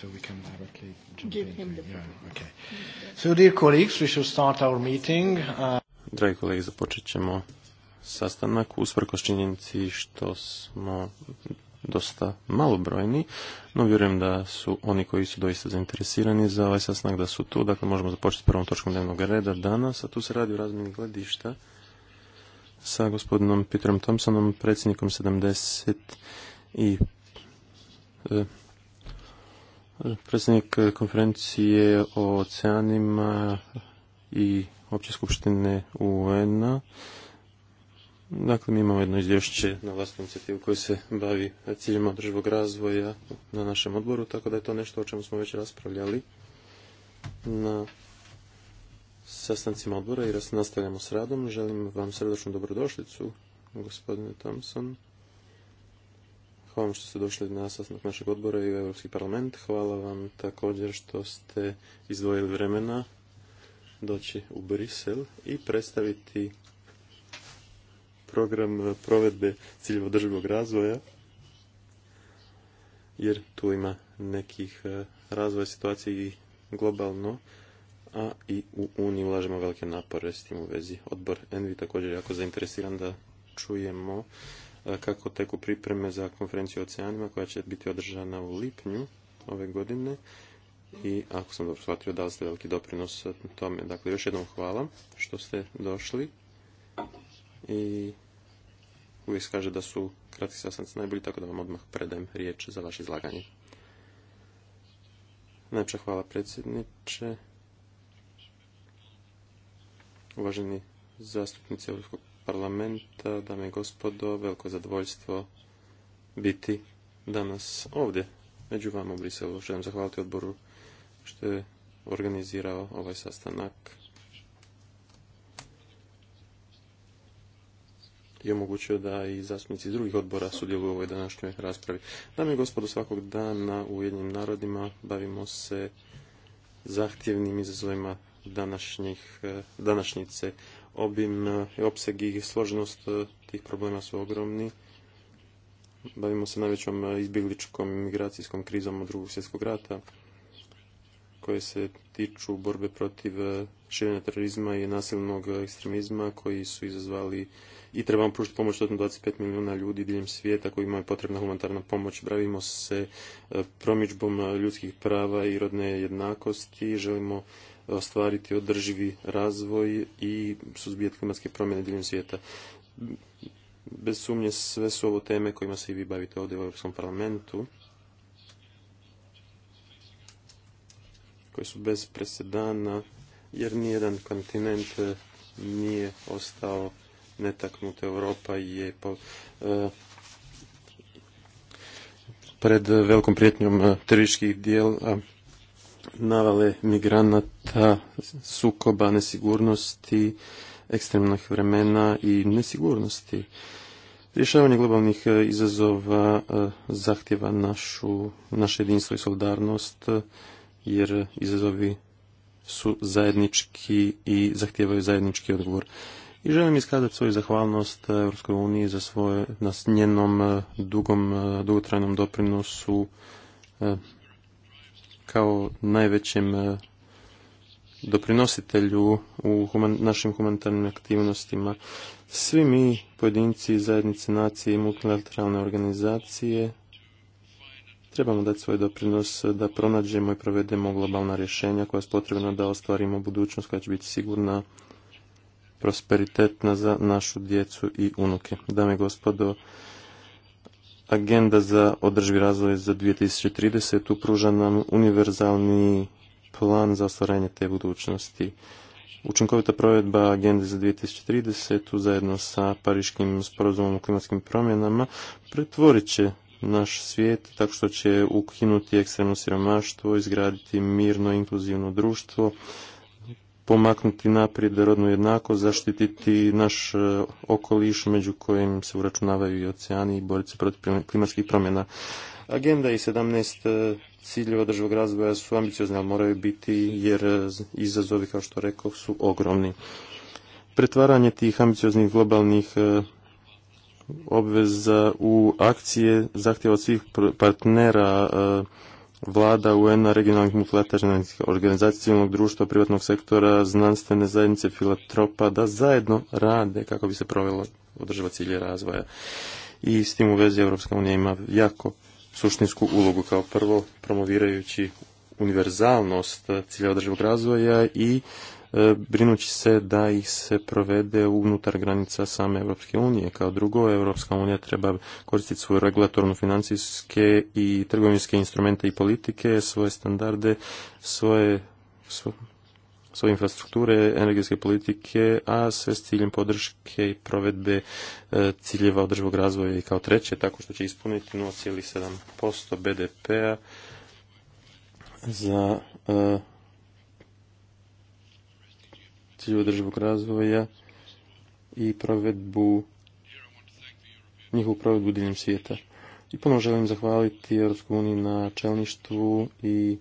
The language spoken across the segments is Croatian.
so we can directly jump Yeah, okay. So dear colleagues, we start our meeting. Uh, Dragi kolege, započet ćemo sastanak usprkos činjenici što smo dosta malobrojni, no vjerujem da su oni koji su doista zainteresirani za ovaj sastanak da su tu. Dakle, možemo započeti s prvom točkom dnevnog reda danas, a tu se radi o razmjeni gledišta sa gospodinom Peterom Thompsonom, predsjednikom 70 i e, predsjednik konferencije o oceanima i opće skupštine UN-a. Dakle, mi imamo jedno izvješće na vlastnu inicijativu koje se bavi ciljima održivog razvoja na našem odboru, tako da je to nešto o čemu smo već raspravljali na sastancima odbora i nastavljamo s radom. Želim vam srdečnu dobrodošlicu, gospodine Thompson. Hvala vam što ste došli na sastanak našeg odbora i u Europski parlament. Hvala vam također što ste izdvojili vremena doći u Brisel i predstaviti program provedbe ciljeva održivog razvoja jer tu ima nekih e, razvoja situacije i globalno, a i u Uniji ulažemo velike napore s tim u vezi. Odbor Envi također jako zainteresiran da čujemo E, kako teku pripreme za konferenciju o oceanima koja će biti održana u lipnju ove godine i ako sam dobro shvatio dali ste veliki doprinos tome. Dakle, još jednom hvala što ste došli i uvijek kaže da su kratki sastanci najbolji, tako da vam odmah predajem riječ za vaše izlaganje. Najpša hvala predsjedniče. Uvaženi zastupnici parlamenta, dame i gospodo, veliko zadovoljstvo biti danas ovdje među vama u Briselu. Želim zahvaliti odboru što je organizirao ovaj sastanak i omogućio da i zastupnici drugih odbora sudjeluju u ovoj današnjoj raspravi. Dame i gospodo, svakog dana u Ujedinjenim narodima bavimo se zahtjevnim izazovima današnjih, eh, današnjice obim, e, opseg i složenost e, tih problema su ogromni. Bavimo se najvećom e, izbjegličkom migracijskom krizom od drugog svjetskog rata koje se tiču borbe protiv širenja terorizma i nasilnog ekstremizma koji su izazvali i trebamo pružiti pomoć 125 milijuna ljudi diljem svijeta koji imaju potrebna humanitarna pomoć. Bravimo se promičbom ljudskih prava i rodne jednakosti. Želimo ostvariti održivi razvoj i suzbijati klimatske promjene diljem svijeta. Bez sumnje sve su ovo teme kojima se i vi bavite ovdje u Europskom parlamentu. koje su bez presedana, jer nijedan kontinent e, nije ostao netaknut. Europa je e, pred velikom prijetnjom e, terorističkih dijela navale migranata, sukoba, nesigurnosti, ekstremnih vremena i nesigurnosti. Rješavanje globalnih e, izazova e, zahtjeva našu, naše jedinstvo i solidarnost, e, jer izazovi su zajednički i zahtijevaju zajednički odgovor. I želim iskazati svoju zahvalnost Europskoj uniji za svoje, na njenom dugom, dugotrajnom doprinosu kao najvećem e, doprinositelju u našim humanitarnim aktivnostima. Svi mi, pojedinci, zajednice nacije i multilateralne organizacije, trebamo dati svoj doprinos da pronađemo i provedemo globalna rješenja koja je potrebna da ostvarimo budućnost koja će biti sigurna, prosperitetna za našu djecu i unuke. Dame i gospodo, agenda za održivi razvoj za 2030 pruža nam univerzalni plan za ostvarenje te budućnosti. Učinkovita provedba agende za 2030 zajedno sa Pariškim sporazumom o klimatskim promjenama pretvorit će naš svijet tako što će ukinuti ekstremno siromaštvo, izgraditi mirno inkluzivno društvo, pomaknuti naprijed rodnu jednakost, zaštititi naš e, okoliš među kojim se uračunavaju i oceani i boriti se protiv klimatskih promjena. Agenda i 17 e, ciljeva državog razvoja su ambiciozne, ali moraju biti jer e, izazovi, kao što rekao, su ogromni. Pretvaranje tih ambicioznih globalnih obveza u akcije zahtjeva od svih partnera vlada UN-a, regionalnih multilateralnih organizacija civilnog društva, privatnog sektora, znanstvene zajednice, filatropa, da zajedno rade kako bi se provjelo održava cilje razvoja. I s tim u vezi Europska unija ima jako suštinsku ulogu kao prvo promovirajući univerzalnost cilja održivog razvoja i E, brinući se da ih se provede unutar granica same Europske unije. Kao drugo, Europska unija treba koristiti svoje regulatorno financijske i trgovinske instrumente i politike, svoje standarde, svoje, svoje infrastrukture, energetske politike, a sve s ciljem podrške i provedbe e, ciljeva održivog razvoja i kao treće, tako što će ispuniti 0,7% BDP-a za e, cilju održivog razvoja i provedbu njihovu provedbu diljem svijeta. I ponovno želim zahvaliti Europsku uniju na čelništvu i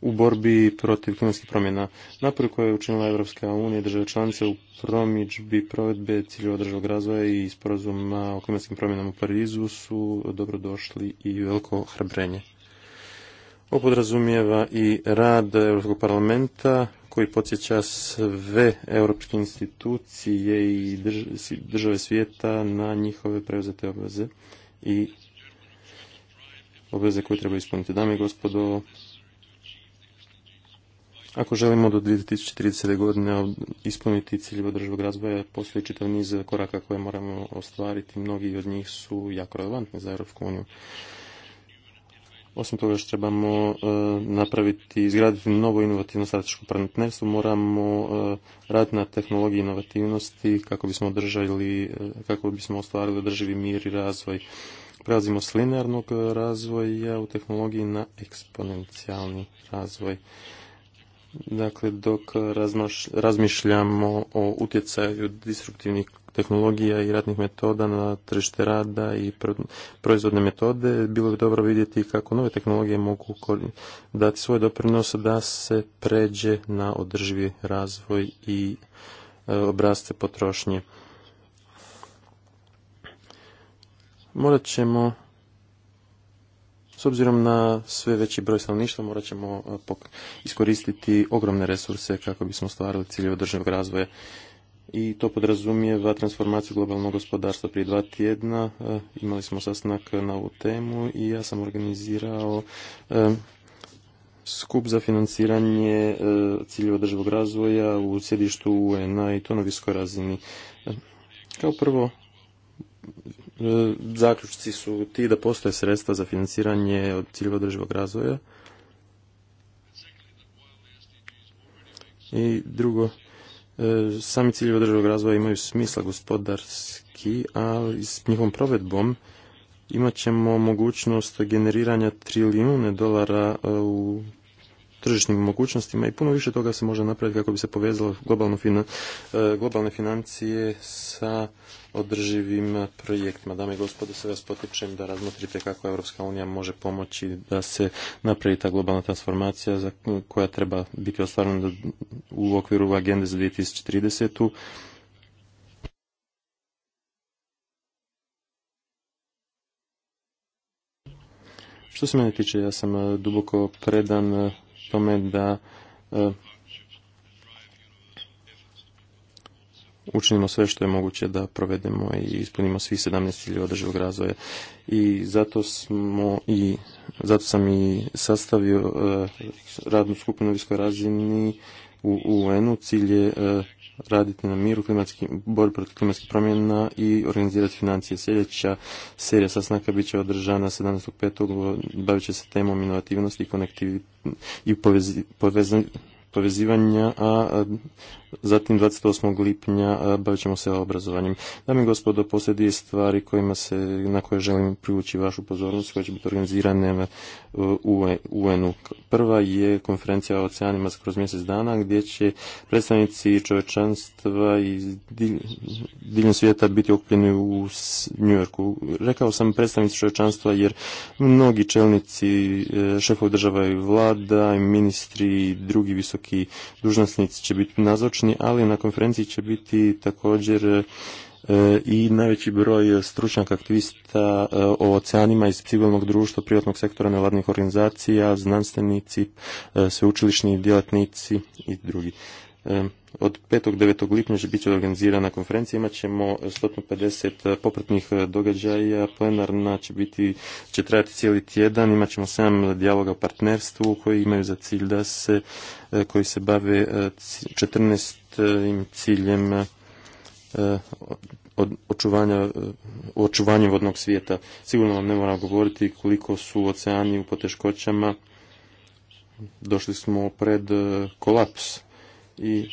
u borbi protiv klimatskih promjena. Napor koje je učinila Europska unija i države članice u promičbi provedbe ciljeva održivog razvoja i sporazuma o klimatskim promjenama u Parizu su dobrodošli i veliko hrabrenje. Ovo podrazumijeva i rad Europskog parlamenta koji podsjeća sve europske institucije i države svijeta na njihove preuzete obveze i obveze koje treba ispuniti. Dame i gospodo, ako želimo do 2030. godine ispuniti ciljeve održivog razvoja, postoji čitav niz koraka koje moramo ostvariti. Mnogi od njih su jako relevantni za Europsku uniju. Osim toga što trebamo e, napraviti, izgraditi novo inovativno strateško partnerstvo, moramo e, raditi na tehnologiji inovativnosti kako bismo održali, e, kako bismo ostvarili održivi mir i razvoj. Prelazimo s linearnog razvoja u tehnologiji na eksponencijalni razvoj. Dakle, dok razmišljamo o utjecaju disruptivnih tehnologija i radnih metoda na tržište rada i proizvodne metode, bilo bi dobro vidjeti kako nove tehnologije mogu dati svoj doprinos da se pređe na održivi razvoj i e, obrazce potrošnje. Morat ćemo s obzirom na sve veći broj stanovništva morat ćemo e, iskoristiti ogromne resurse kako bismo stvarili ciljeve održivog razvoja i to podrazumijeva transformaciju globalnog gospodarstva. Prije dva tjedna eh, imali smo sastanak na ovu temu i ja sam organizirao eh, skup za financiranje eh, ciljeva održivog razvoja u sjedištu UN-a i to na viskoj razini. Kao prvo, zaključci su ti da postoje sredstva za financiranje od ciljeva održivog razvoja. I drugo, E, sami ciljevi određenog razvoja imaju smisla gospodarski, ali s njihovom provedbom imat ćemo mogućnost generiranja trilijune dolara e, u tržišnim mogućnostima i puno više toga se može napraviti kako bi se povezalo e, globalne financije sa održivim projektima. Dame i gospodo, sve vas potičem da razmotrite kako Europska unija može pomoći da se napravi ta globalna transformacija za, koja treba biti ostvarena u okviru agende za 2030. Što se mene tiče, ja sam e, duboko predan e, tome da e, učinimo sve što je moguće da provedemo i ispunimo svi 17 ciljeva održivog razvoja. I zato smo i zato sam i sastavio e, radnu skupinu na viskoj razini u UN-u. Cilj je e, raditi na miru, klimatski, borbi protiv klimatskih promjena i organizirati financije. Sljedeća serija sasnaka bit će održana 17.5. Bavit će se temom inovativnosti i, konektiv... i povezi povezivanja, a zatim 28. lipnja bavit ćemo se obrazovanjem. Dame i gospodo, poslije dvije stvari kojima se, na koje želim privući vašu pozornost, koje će biti organizirane UN-u. Prva je konferencija o oceanima skroz mjesec dana, gdje će predstavnici čovečanstva i diljem svijeta biti okupljeni u Yorku. Rekao sam predstavnici čovečanstva jer mnogi čelnici, e, šefov država i vlada, ministri i drugi visoki visoki dužnosnici će biti nazočni, ali na konferenciji će biti također e, i najveći broj stručnjaka aktivista e, o oceanima iz civilnog društva, privatnog sektora, nevladnih organizacija, znanstvenici, e, sveučilišni djelatnici i drugi od 5. 9. lipnja će biti organizirana konferencija, imat ćemo 150 eh, popratnih eh, događaja, plenarna će biti, će trajati cijeli tjedan, imat ćemo 7 dijaloga o partnerstvu koji imaju za cilj da se, eh, koji se bave 14 ciljem od očuvanja, očuvanju vodnog svijeta. Sigurno vam ne moram govoriti koliko su oceani u poteškoćama. Došli smo pred kolaps i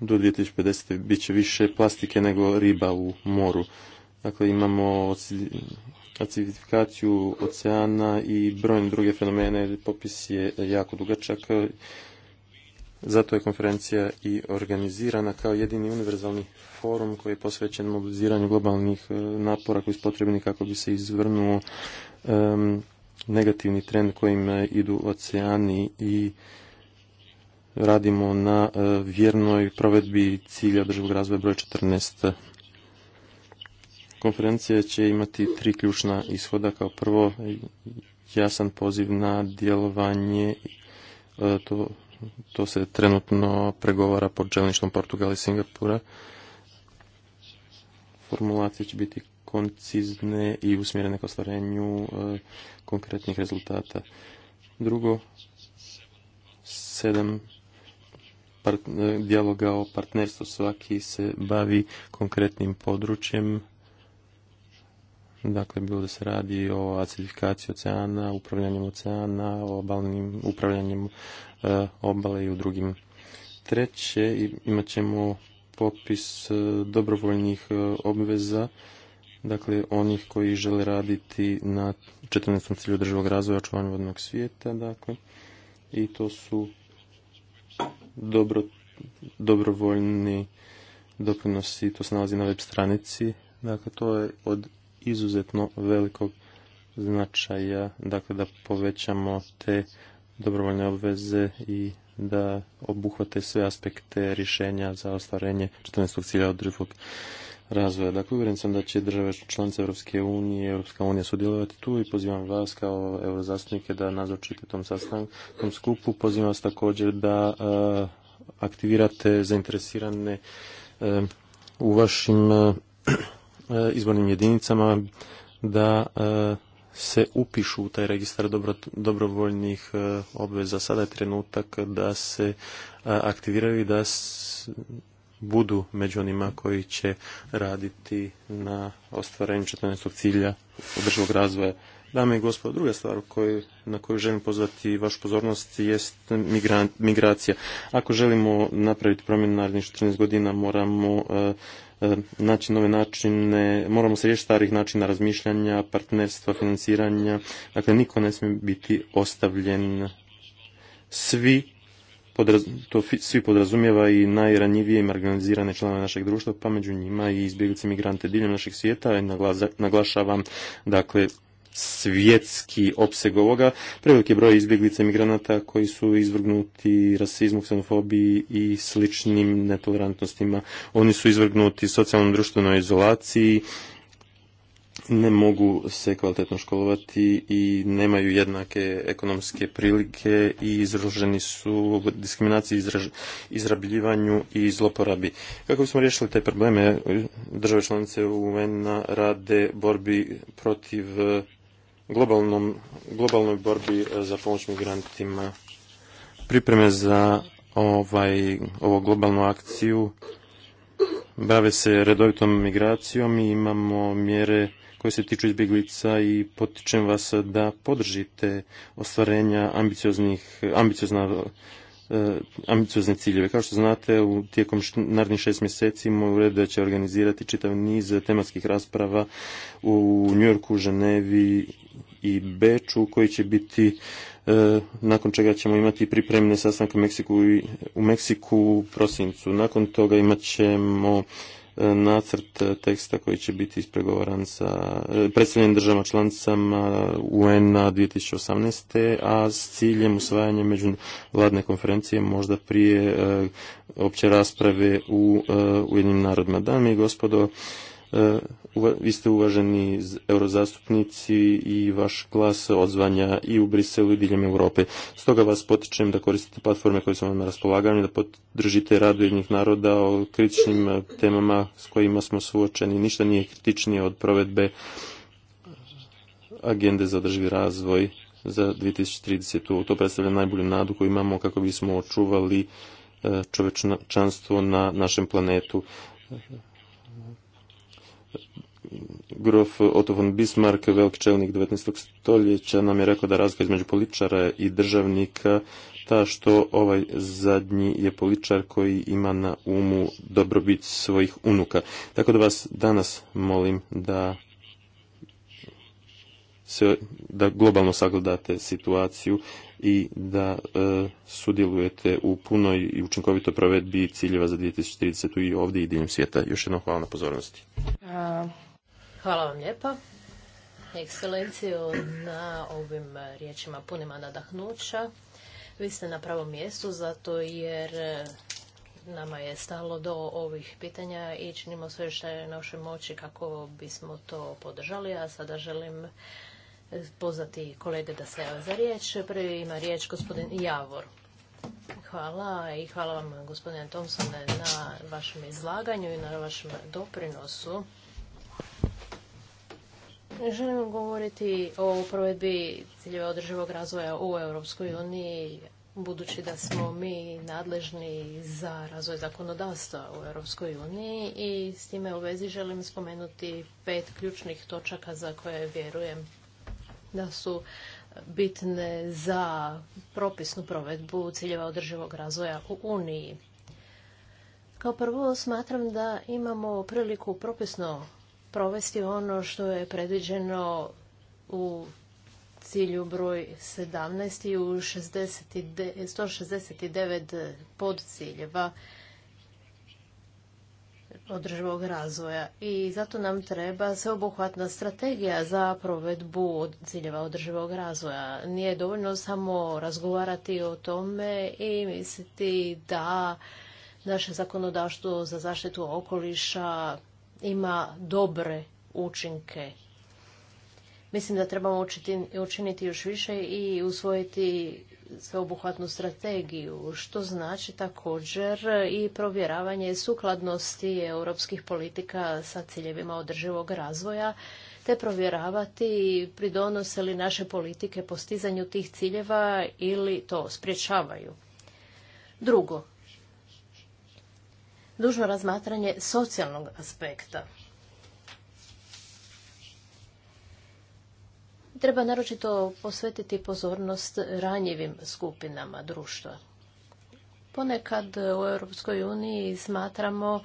do 2050. bit će više plastike nego riba u moru. Dakle, imamo acidifikaciju oceana i brojne druge fenomene. Popis je jako dugačak. Zato je konferencija i organizirana kao jedini univerzalni forum koji je posvećen mobiliziranju globalnih e, napora koji su potrebni kako bi se izvrnuo negativni trend kojim e, idu oceani i radimo na e, vjernoj provedbi cilja održivog razvoja broj 14. Konferencija će imati tri ključna ishoda. Kao prvo, jasan poziv na djelovanje, e, to, to se trenutno pregovara pod želništom Portugala i Singapura. Formulacije će biti koncizne i usmjerene k ostvarenju e, konkretnih rezultata. Drugo, sedam dijaloga o partnerstvu. Svaki se bavi konkretnim područjem, dakle bilo da se radi o acidifikaciji oceana, upravljanjem oceana, obalnim, upravljanjem e, obale i u drugim. Treće, imat ćemo popis e, dobrovoljnih e, obveza, dakle onih koji žele raditi na 14. cilju državog razvoja očuvanju vodnog svijeta, dakle, i to su dobrovoljni doprinosi, to se nalazi na web stranici. Dakle, to je od izuzetno velikog značaja, dakle, da povećamo te dobrovoljne obveze i da obuhvate sve aspekte rješenja za ostvarenje 14. cilja održivog razvoja. Dakle, uvjeren sam da će države članice Europske unije, Europska unija sudjelovati tu i pozivam vas kao eurozastupnike da nazočite tom sastanku, tom skupu. Pozivam vas također da eh, aktivirate zainteresirane eh, u vašim eh, izbornim jedinicama da se upišu u taj registar dobrovoljnih obveza. Sada je trenutak da se aktiviraju i da budu među onima koji će raditi na ostvarenju 14. cilja održivog razvoja. Dame i gospodo, druga stvar na koju želim pozvati vašu pozornost jest migracija. Ako želimo napraviti promjenu narednih 14 godina, moramo e, e, naći nove načine, moramo se riješiti starih načina razmišljanja, partnerstva, financiranja. Dakle, niko ne smije biti ostavljen. Svi podraz, to svi podrazumijeva i najranjivije i marginalizirane članove našeg društva, pa među njima i izbjeglice migrante diljem našeg svijeta. naglašavam, dakle, svjetski opseg ovoga. Preveliki broj izbjeglica imigranata migranata koji su izvrgnuti rasizmu, ksenofobiji i sličnim netolerantnostima. Oni su izvrgnuti socijalno-društvenoj izolaciji, ne mogu se kvalitetno školovati i nemaju jednake ekonomske prilike i izraženi su diskriminaciji, izrabljivanju i zloporabi. Kako bismo riješili te probleme, države članice UN rade borbi protiv globalnoj borbi za pomoć migrantima. Pripreme za ovaj, ovu globalnu akciju bave se redovitom migracijom i imamo mjere koje se tiču izbjeglica i potičem vas da podržite ostvarenja ambicioznih, eh, ambiciozne ciljeve. Kao što znate, u tijekom narednih šest mjeseci moj ured će organizirati čitav niz tematskih rasprava u Njujorku, Ženevi i Beču, koji će biti eh, nakon čega ćemo imati pripremne sastanke u Meksiku, u Meksiku u prosincu. Nakon toga imat ćemo nacrt teksta koji će biti ispregovaran sa e, predstavljen državama članicama UN-a 2018. a s ciljem usvajanja međuvladne konferencije možda prije e, opće rasprave u e, Ujedinim narodima. Dame i gospodo, E, vi ste uvaženi eurozastupnici i vaš glas odzvanja i u Briselu i diljem Europe. Stoga vas potičem da koristite platforme koje su vam na raspolaganju, da podržite rad jednih naroda o kritičnim e, temama s kojima smo suočeni. Ništa nije kritičnije od provedbe agende za održivi razvoj za 2030. To predstavlja najbolju nadu koju imamo kako bismo očuvali e, čovečanstvo na našem planetu Grof Otto von Bismarck, veliki čelnik 19. stoljeća, nam je rekao da razlika između političara i državnika ta što ovaj zadnji je političar koji ima na umu dobrobit svojih unuka. Tako da vas danas molim da da globalno sagledate situaciju i da e, sudjelujete u punoj i učinkovitoj provedbi ciljeva za 2030. i ovdje i diljem svijeta. Još jednom hvala na pozornosti. Uh, Hvala vam lijepa. Ekscelenciju na ovim riječima punima nadahnuća. Vi ste na pravom mjestu zato jer e, nama je stalo do ovih pitanja i činimo sve što je našoj moći kako bismo to podržali. A sada želim pozvati kolege da se jave za riječ. Prvi ima riječ gospodin Javor. Hvala i hvala vam gospodine Tomsone na vašem izlaganju i na vašem doprinosu Želim govoriti o provedbi ciljeva održivog razvoja u Europskoj uniji, budući da smo mi nadležni za razvoj zakonodavstva u Europskoj uniji i s time u vezi želim spomenuti pet ključnih točaka za koje vjerujem da su bitne za propisnu provedbu ciljeva održivog razvoja u Uniji. Kao prvo smatram da imamo priliku propisno provesti ono što je predviđeno u cilju broj 17 i u 169 podciljeva održivog razvoja i zato nam treba sveobuhvatna strategija za provedbu ciljeva održivog razvoja. Nije dovoljno samo razgovarati o tome i misliti da naše zakonodavstvo za zaštitu okoliša ima dobre učinke. Mislim da trebamo učiti, učiniti još više i usvojiti sveobuhvatnu strategiju, što znači također i provjeravanje sukladnosti europskih politika sa ciljevima održivog razvoja, te provjeravati pridonose li naše politike postizanju tih ciljeva ili to sprječavaju. Drugo, dužno razmatranje socijalnog aspekta. Treba naročito posvetiti pozornost ranjivim skupinama društva. Ponekad u Europskoj uniji smatramo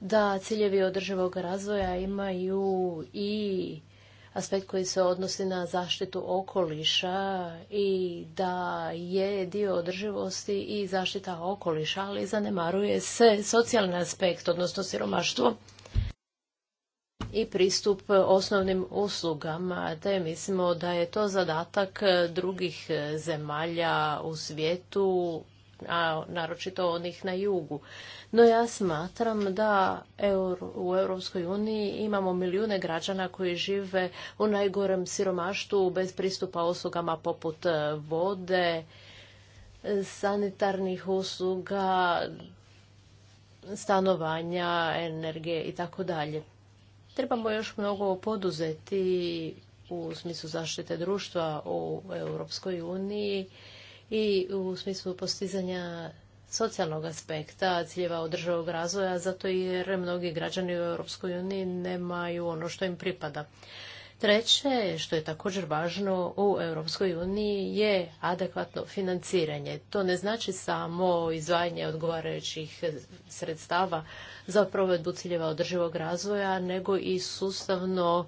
da ciljevi održivog razvoja imaju i aspekt koji se odnosi na zaštitu okoliša i da je dio održivosti i zaštita okoliša, ali zanemaruje se socijalni aspekt, odnosno siromaštvo i pristup osnovnim uslugama, te mislimo da je to zadatak drugih zemalja u svijetu a naročito onih na jugu. No ja smatram da u Europskoj uniji imamo milijune građana koji žive u najgorem siromaštu bez pristupa uslugama poput e, vode, sanitarnih usluga, stanovanja, energije i tako dalje. Trebamo još mnogo poduzeti u smislu zaštite društva u Europskoj uniji i u smislu postizanja socijalnog aspekta ciljeva održavog razvoja, zato jer mnogi građani u Europskoj uniji nemaju ono što im pripada. Treće, što je također važno u Europskoj uniji je adekvatno financiranje. To ne znači samo izvajanje odgovarajućih sredstava za provedbu ciljeva održivog razvoja, nego i sustavno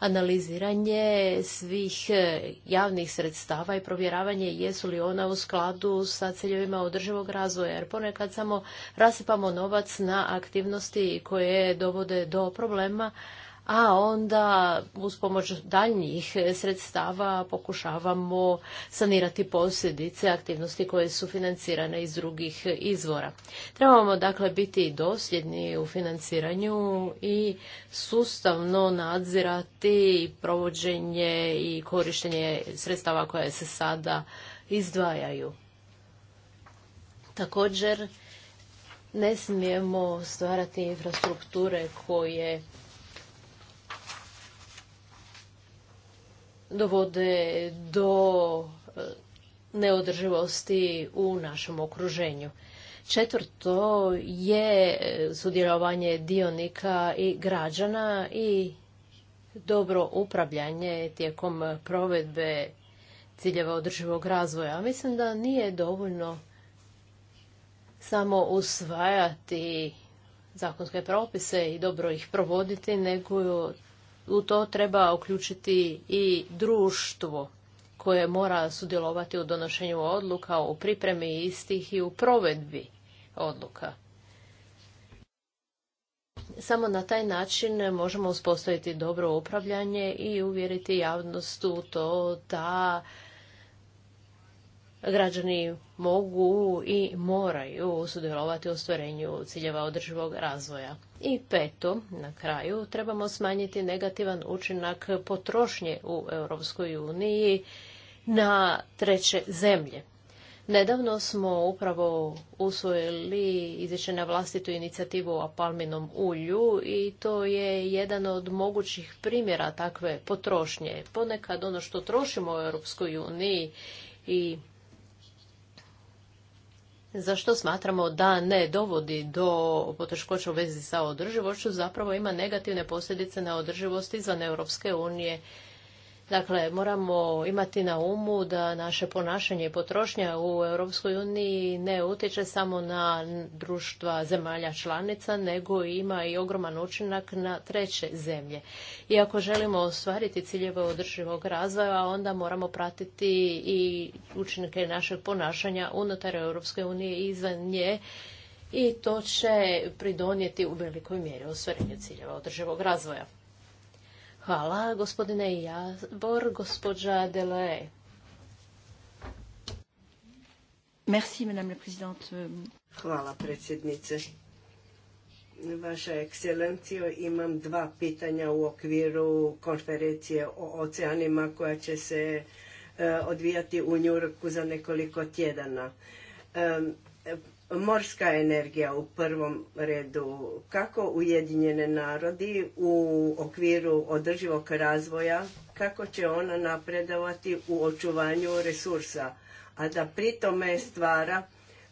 analiziranje svih e, javnih sredstava i provjeravanje jesu li ona u skladu sa ciljevima održivog razvoja. Jer ponekad samo rasipamo novac na aktivnosti koje dovode do problema, a onda uz pomoć daljnjih sredstava pokušavamo sanirati posljedice aktivnosti koje su financirane iz drugih izvora. Trebamo dakle biti dosljedni u financiranju i sustavno nadzirati provođenje i korištenje sredstava koje se sada izdvajaju. Također ne smijemo stvarati infrastrukture koje dovode do e, neodrživosti u našem okruženju. Četvrto je e, sudjelovanje dionika i građana i dobro upravljanje tijekom provedbe ciljeva održivog razvoja. Mislim da nije dovoljno samo usvajati zakonske propise i dobro ih provoditi, nego u to treba uključiti i društvo koje mora sudjelovati u donošenju odluka, u pripremi istih i u provedbi odluka. Samo na taj način možemo uspostaviti dobro upravljanje i uvjeriti javnost u to da građani mogu i moraju sudjelovati u ostvarenju ciljeva održivog razvoja. I peto, na kraju, trebamo smanjiti negativan učinak potrošnje u Europskoj uniji na treće zemlje. Nedavno smo upravo usvojili izvješće na vlastitu inicijativu o palminom ulju i to je jedan od mogućih primjera takve potrošnje. Ponekad ono što trošimo u Europskoj uniji i što smatramo da ne dovodi do poteškoća u vezi sa održivošću, zapravo ima negativne posljedice na održivost izvan Europske unije Dakle, moramo imati na umu da naše ponašanje i potrošnja u Europskoj uniji ne utječe samo na društva zemalja članica, nego ima i ogroman učinak na treće zemlje. I ako želimo ostvariti ciljeve održivog razvoja, onda moramo pratiti i učinke našeg ponašanja unutar Europske unije i izvan nje i to će pridonijeti u velikoj mjeri ostvarenju ciljeva održivog razvoja. Hvala, gospodine Javor, gospođa Delae. Merci, madame la présidente. Hvala, predsjednice. Vaša ekscelencijo, imam dva pitanja u okviru konferencije o oceanima koja će se e, odvijati u Njurku za nekoliko tjedana. E, morska energija u prvom redu, kako Ujedinjene narodi u okviru održivog razvoja, kako će ona napredovati u očuvanju resursa, a da pritome stvara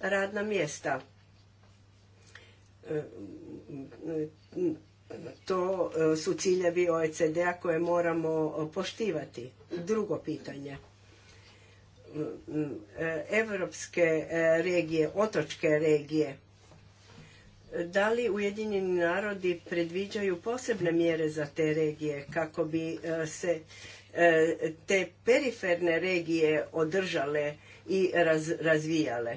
radna mjesta. To e, su ciljevi OECD-a koje moramo poštivati. Drugo pitanje – evropske e, regije, otočke regije. Da li Ujedinjeni narodi predviđaju posebne mjere za te regije kako bi e, se e, te periferne regije održale i razvijale?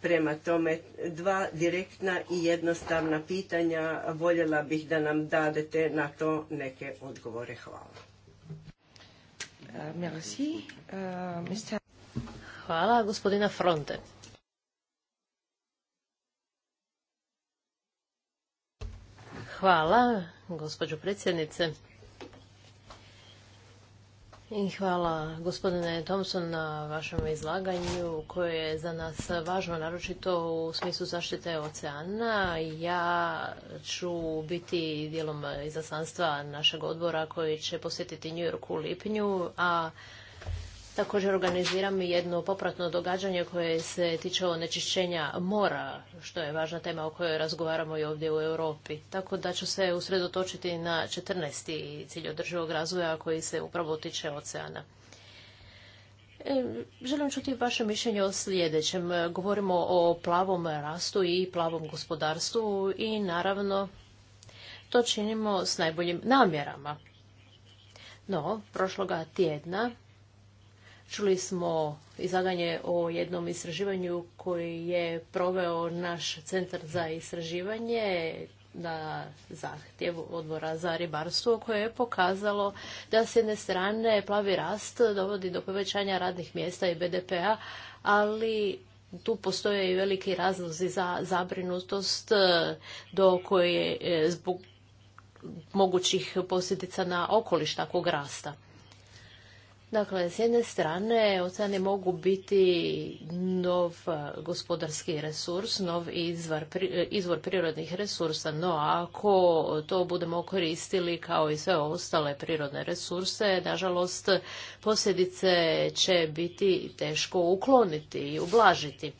Prema tome, dva direktna i jednostavna pitanja. Voljela bih da nam dadete na to neke odgovore. Hvala. Uh, merci. Uh, Hvala, gospodina Fronte. Hvala, gospođo predsjednice. I hvala gospodine Thompson na vašem izlaganju koje je za nas važno, naročito u smislu zaštite oceana. Ja ću biti dijelom izaslanstva našeg odbora koji će posjetiti New York u lipnju, a Također organiziram jedno popratno događanje koje se tiče onečišćenja mora, što je važna tema o kojoj razgovaramo i ovdje u Europi. Tako da ću se usredotočiti na 14. cilj održivog razvoja koji se upravo tiče oceana. E, želim čuti vaše mišljenje o sljedećem. Govorimo o plavom rastu i plavom gospodarstvu i naravno to činimo s najboljim namjerama. No, prošloga tjedna Čuli smo izlaganje o jednom istraživanju koji je proveo naš Centar za istraživanje na zahtjev odbora za ribarstvo koje je pokazalo da s jedne strane plavi rast dovodi do povećanja radnih mjesta i BDP-a, ali tu postoje i veliki razlozi za zabrinutost e, do koje e, zbog mogućih posljedica na okoliš takvog rasta. Dakle, s jedne strane, oceani mogu biti nov eh, gospodarski resurs, nov izvor, eh, izvor prirodnih resursa, no ako to budemo koristili kao i sve ostale prirodne resurse, nažalost, posljedice će biti teško ukloniti i ublažiti.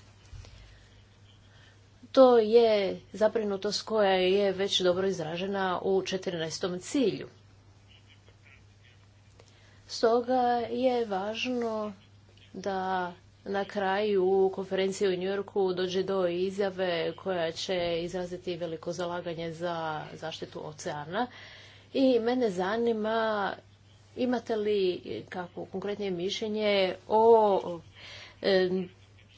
To je zabrinutost koja je već dobro izražena u 14. cilju. Stoga je važno da na kraju konferencije u Yorku dođe do izjave koja će izraziti veliko zalaganje za zaštitu oceana. I mene zanima imate li kako konkretnije mišljenje o e,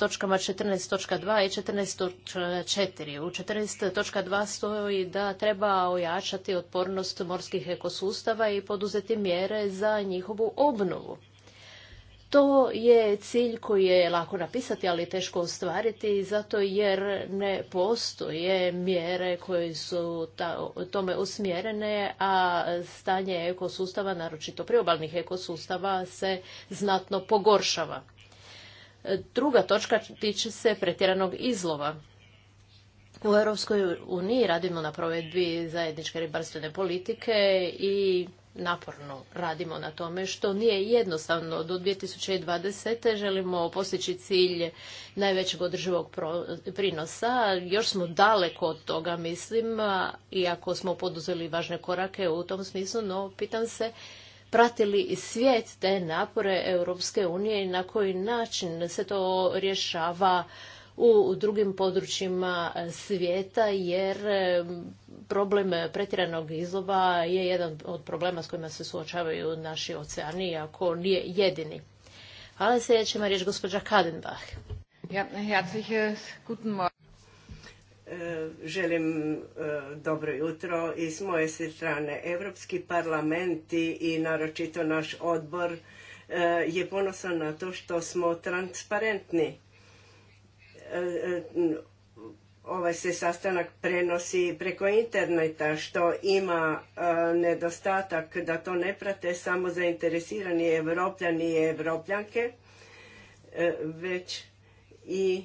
točkama 14.2 i 14.4. U 14.2 stoji da treba ojačati otpornost morskih ekosustava i poduzeti mjere za njihovu obnovu. To je cilj koji je lako napisati, ali teško ostvariti, zato jer ne postoje mjere koje su tome usmjerene, a stanje ekosustava, naročito priobalnih ekosustava, se znatno pogoršava. Druga točka tiče se pretjeranog izlova. U Europskoj uniji radimo na provedbi zajedničke ribarstvene politike i naporno radimo na tome što nije jednostavno. Do 2020. želimo postići cilj najvećeg održivog prinosa. Još smo daleko od toga, mislim, iako smo poduzeli važne korake u tom smislu, no pitam se pratili i svijet te napore Europske unije i na koji način se to rješava u drugim područjima svijeta jer problem pretjeranog izlova je jedan od problema s kojima se suočavaju naši oceani, ako nije jedini. Hvala ćemo riječ gospođa Kadenbach. Ja, herzliches Želim e, dobro jutro i s moje strane Europski parlament i naročito naš odbor e, je ponosan na to što smo transparentni. E, ovaj se sastanak prenosi preko interneta što ima nedostatak da to ne prate samo zainteresirani evropljani i evropljanke već i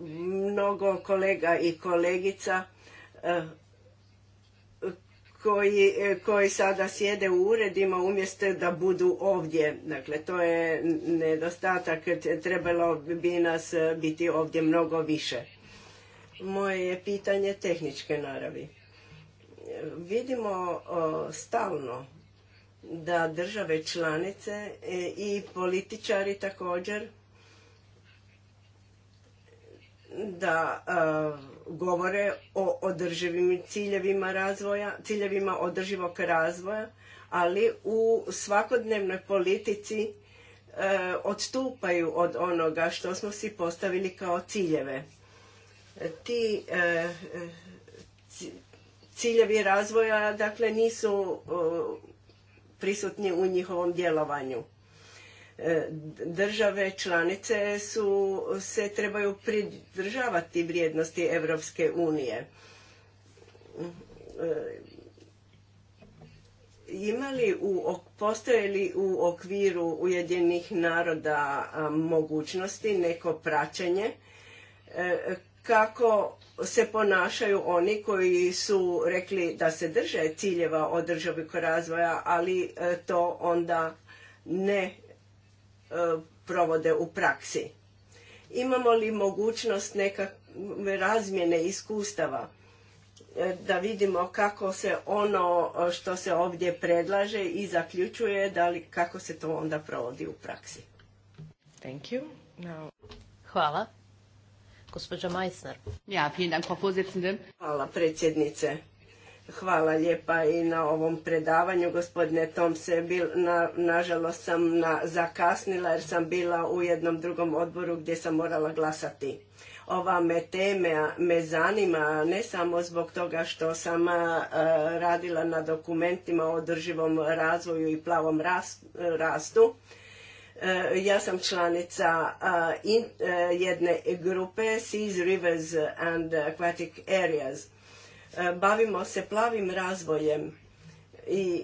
mnogo kolega i kolegica e, e, koji, sada sjede u uredima umjesto da budu ovdje. Dakle, to je nedostatak, trebalo bi nas biti ovdje mnogo više. Moje je pitanje tehničke naravi. Vidimo stalno da države članice e, i političari također da e, govore o održivim ciljevima razvoja, ciljevima održivog razvoja, ali u svakodnevnoj politici e, odstupaju od onoga što smo si postavili kao ciljeve. Ti e, ciljevi razvoja dakle nisu prisutni u njihovom djelovanju. E, države članice su, se trebaju pridržavati vrijednosti Europske unije. E, imali u, postoje li u okviru Ujedinjenih naroda mogućnosti neko praćenje e, kako se ponašaju oni koji su rekli da se drže ciljeva održivog razvoja, ali to onda ne E, provode u praksi. Imamo li mogućnost nekakve razmjene iskustava e, da vidimo kako se ono e, što se ovdje predlaže i zaključuje, da li, kako se to onda provodi u praksi. Thank you. Hvala. Gospođa Majsner. Ja, vielen Hvala, predsjednice. Hvala lijepa i na ovom predavanju, gospodine Tomse. Bil, nažalost sam zakasnila jer sam bila u jednom drugom odboru gdje sam morala glasati. Ova me teme me zanima ne samo zbog toga što sam radila na dokumentima o održivom razvoju i plavom rastu, e, ja sam članica e, jedne grupe Seas, Rivers and Aquatic Areas E, bavimo se plavim razvojem i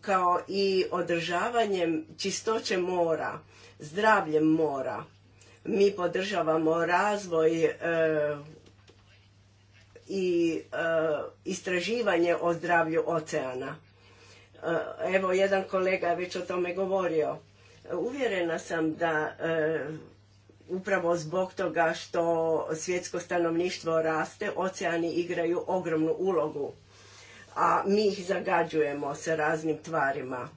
kao i održavanjem čistoće mora, zdravljem mora. Mi podržavamo razvoj e, i e, istraživanje o zdravlju oceana. Evo, jedan kolega je već o tome govorio. Uvjerena sam da upravo zbog toga što svjetsko stanovništvo raste, oceani igraju ogromnu ulogu, a mi ih zagađujemo sa raznim tvarima.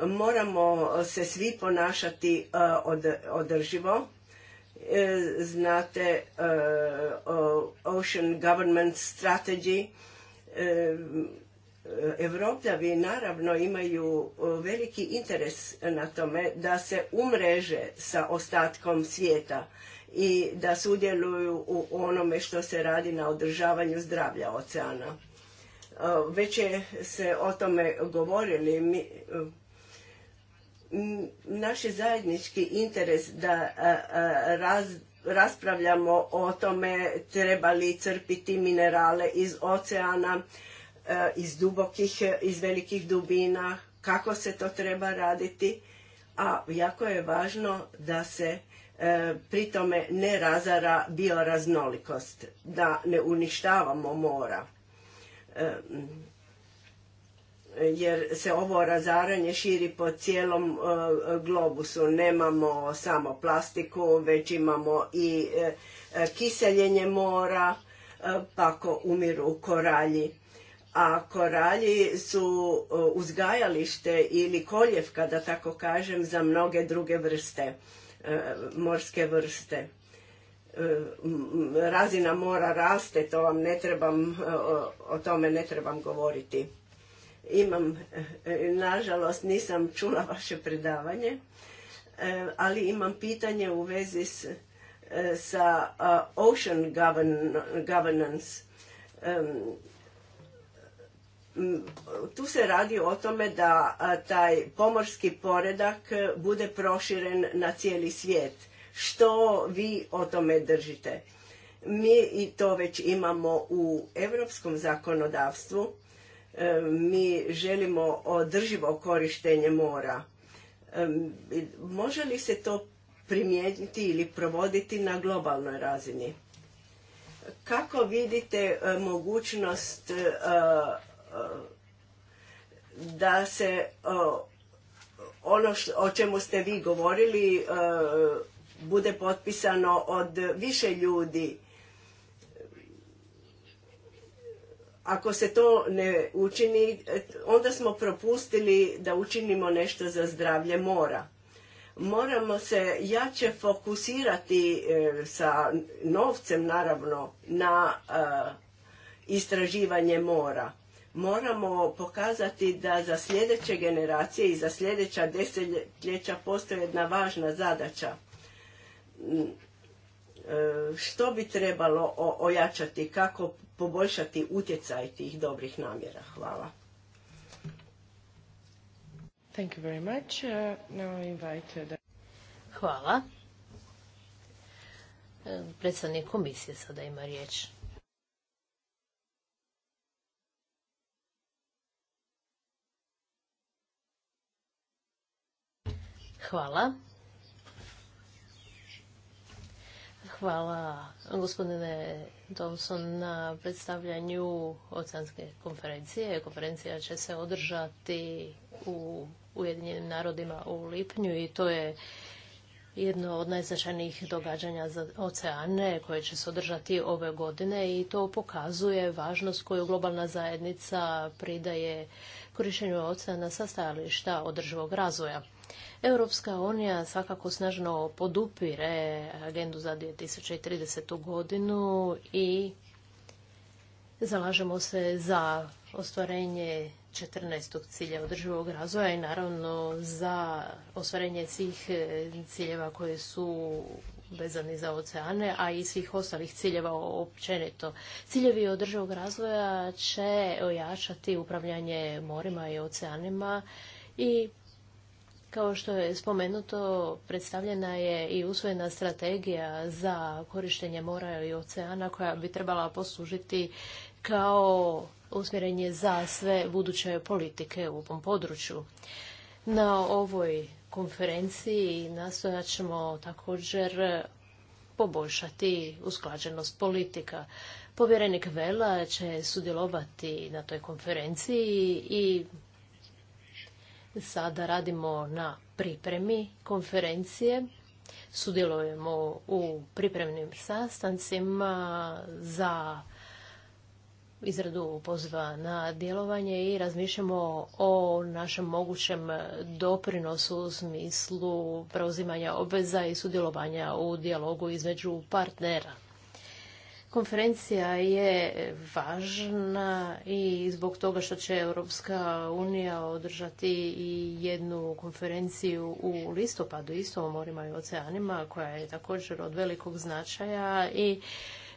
Moramo se svi ponašati e, održivo. E, znate, e, Ocean Government Strategy Evropljavi naravno imaju e, veliki interes na tome da se umreže sa ostatkom svijeta i da sudjeluju u onome što se radi na održavanju zdravlja oceana. E, već je se o tome govorili. E, naš je zajednički interes da raspravljamo o tome treba li crpiti minerale iz oceana, Eh, iz dubokih, eh, iz velikih dubina, kako se to treba raditi, a jako je važno da se pritome eh, pri tome ne razara bioraznolikost, da ne uništavamo mora. jer se ovo razaranje širi po cijelom globusu. Nemamo samo plastiku, već imamo i kiseljenje mora, pa ako umiru koralji a koralji su e, uzgajalište ili koljevka, da tako kažem, za mnoge druge vrste, e, morske vrste. E, razina mora raste, to vam ne trebam, o tome ne trebam govoriti. Imam, nažalost, nisam čula vaše predavanje, ali imam pitanje u vezi s, sa Ocean Governance Mm, tu se radi o tome da taj pomorski poredak e, bude proširen na cijeli svijet. Što vi o tome držite? Mi i to već imamo u europskom zakonodavstvu. E, mi želimo održivo korištenje mora. E, može li se to primijeniti ili provoditi na globalnoj razini? Kako vidite mogućnost da se ono o čemu ste vi govorili e, bude potpisano od više ljudi. Ako se to ne učini, e, onda smo propustili da učinimo nešto za zdravlje mora. Moramo se jače fokusirati e, sa novcem, naravno, na istraživanje mora moramo pokazati da za sljedeće generacije i za sljedeća desetljeća postoje jedna važna zadaća. Mm, e, što bi trebalo ojačati, kako poboljšati utjecaj tih dobrih namjera? Hvala. Hvala. Predstavnik komisije sada ima riječ. Hvala. Hvala gospodine Thompson na predstavljanju oceanske konferencije. Konferencija će se održati u Ujedinjenim narodima u lipnju i to je jedno od najznačajnijih događanja za oceane koje će se održati ove godine i to pokazuje važnost koju globalna zajednica pridaje korištenju oceana sa stajališta održivog razvoja. Europska unija svakako snažno podupire agendu za 2030. godinu i zalažemo se za ostvarenje 14. cilja održivog razvoja i naravno za ostvarenje svih e, ciljeva koji su vezani za oceane, a i svih ostalih ciljeva općenito. Ciljevi održivog razvoja će ojačati upravljanje morima i oceanima i kao što je spomenuto, predstavljena je i usvojena strategija za korištenje mora i oceana koja bi trebala poslužiti kao usmjerenje za sve buduće politike u ovom području. Na ovoj konferenciji nastojat ćemo također poboljšati usklađenost politika. Povjerenik Vela će sudjelovati na toj konferenciji i Sada radimo na pripremi konferencije, sudjelujemo u pripremnim sastancima za izradu pozva na djelovanje i razmišljamo o našem mogućem doprinosu u smislu preuzimanja obveza i sudjelovanja u dijalogu između partnera. Konferencija je važna i zbog toga što će Europska unija održati i jednu konferenciju u listopadu isto o morima i oceanima koja je također od velikog značaja i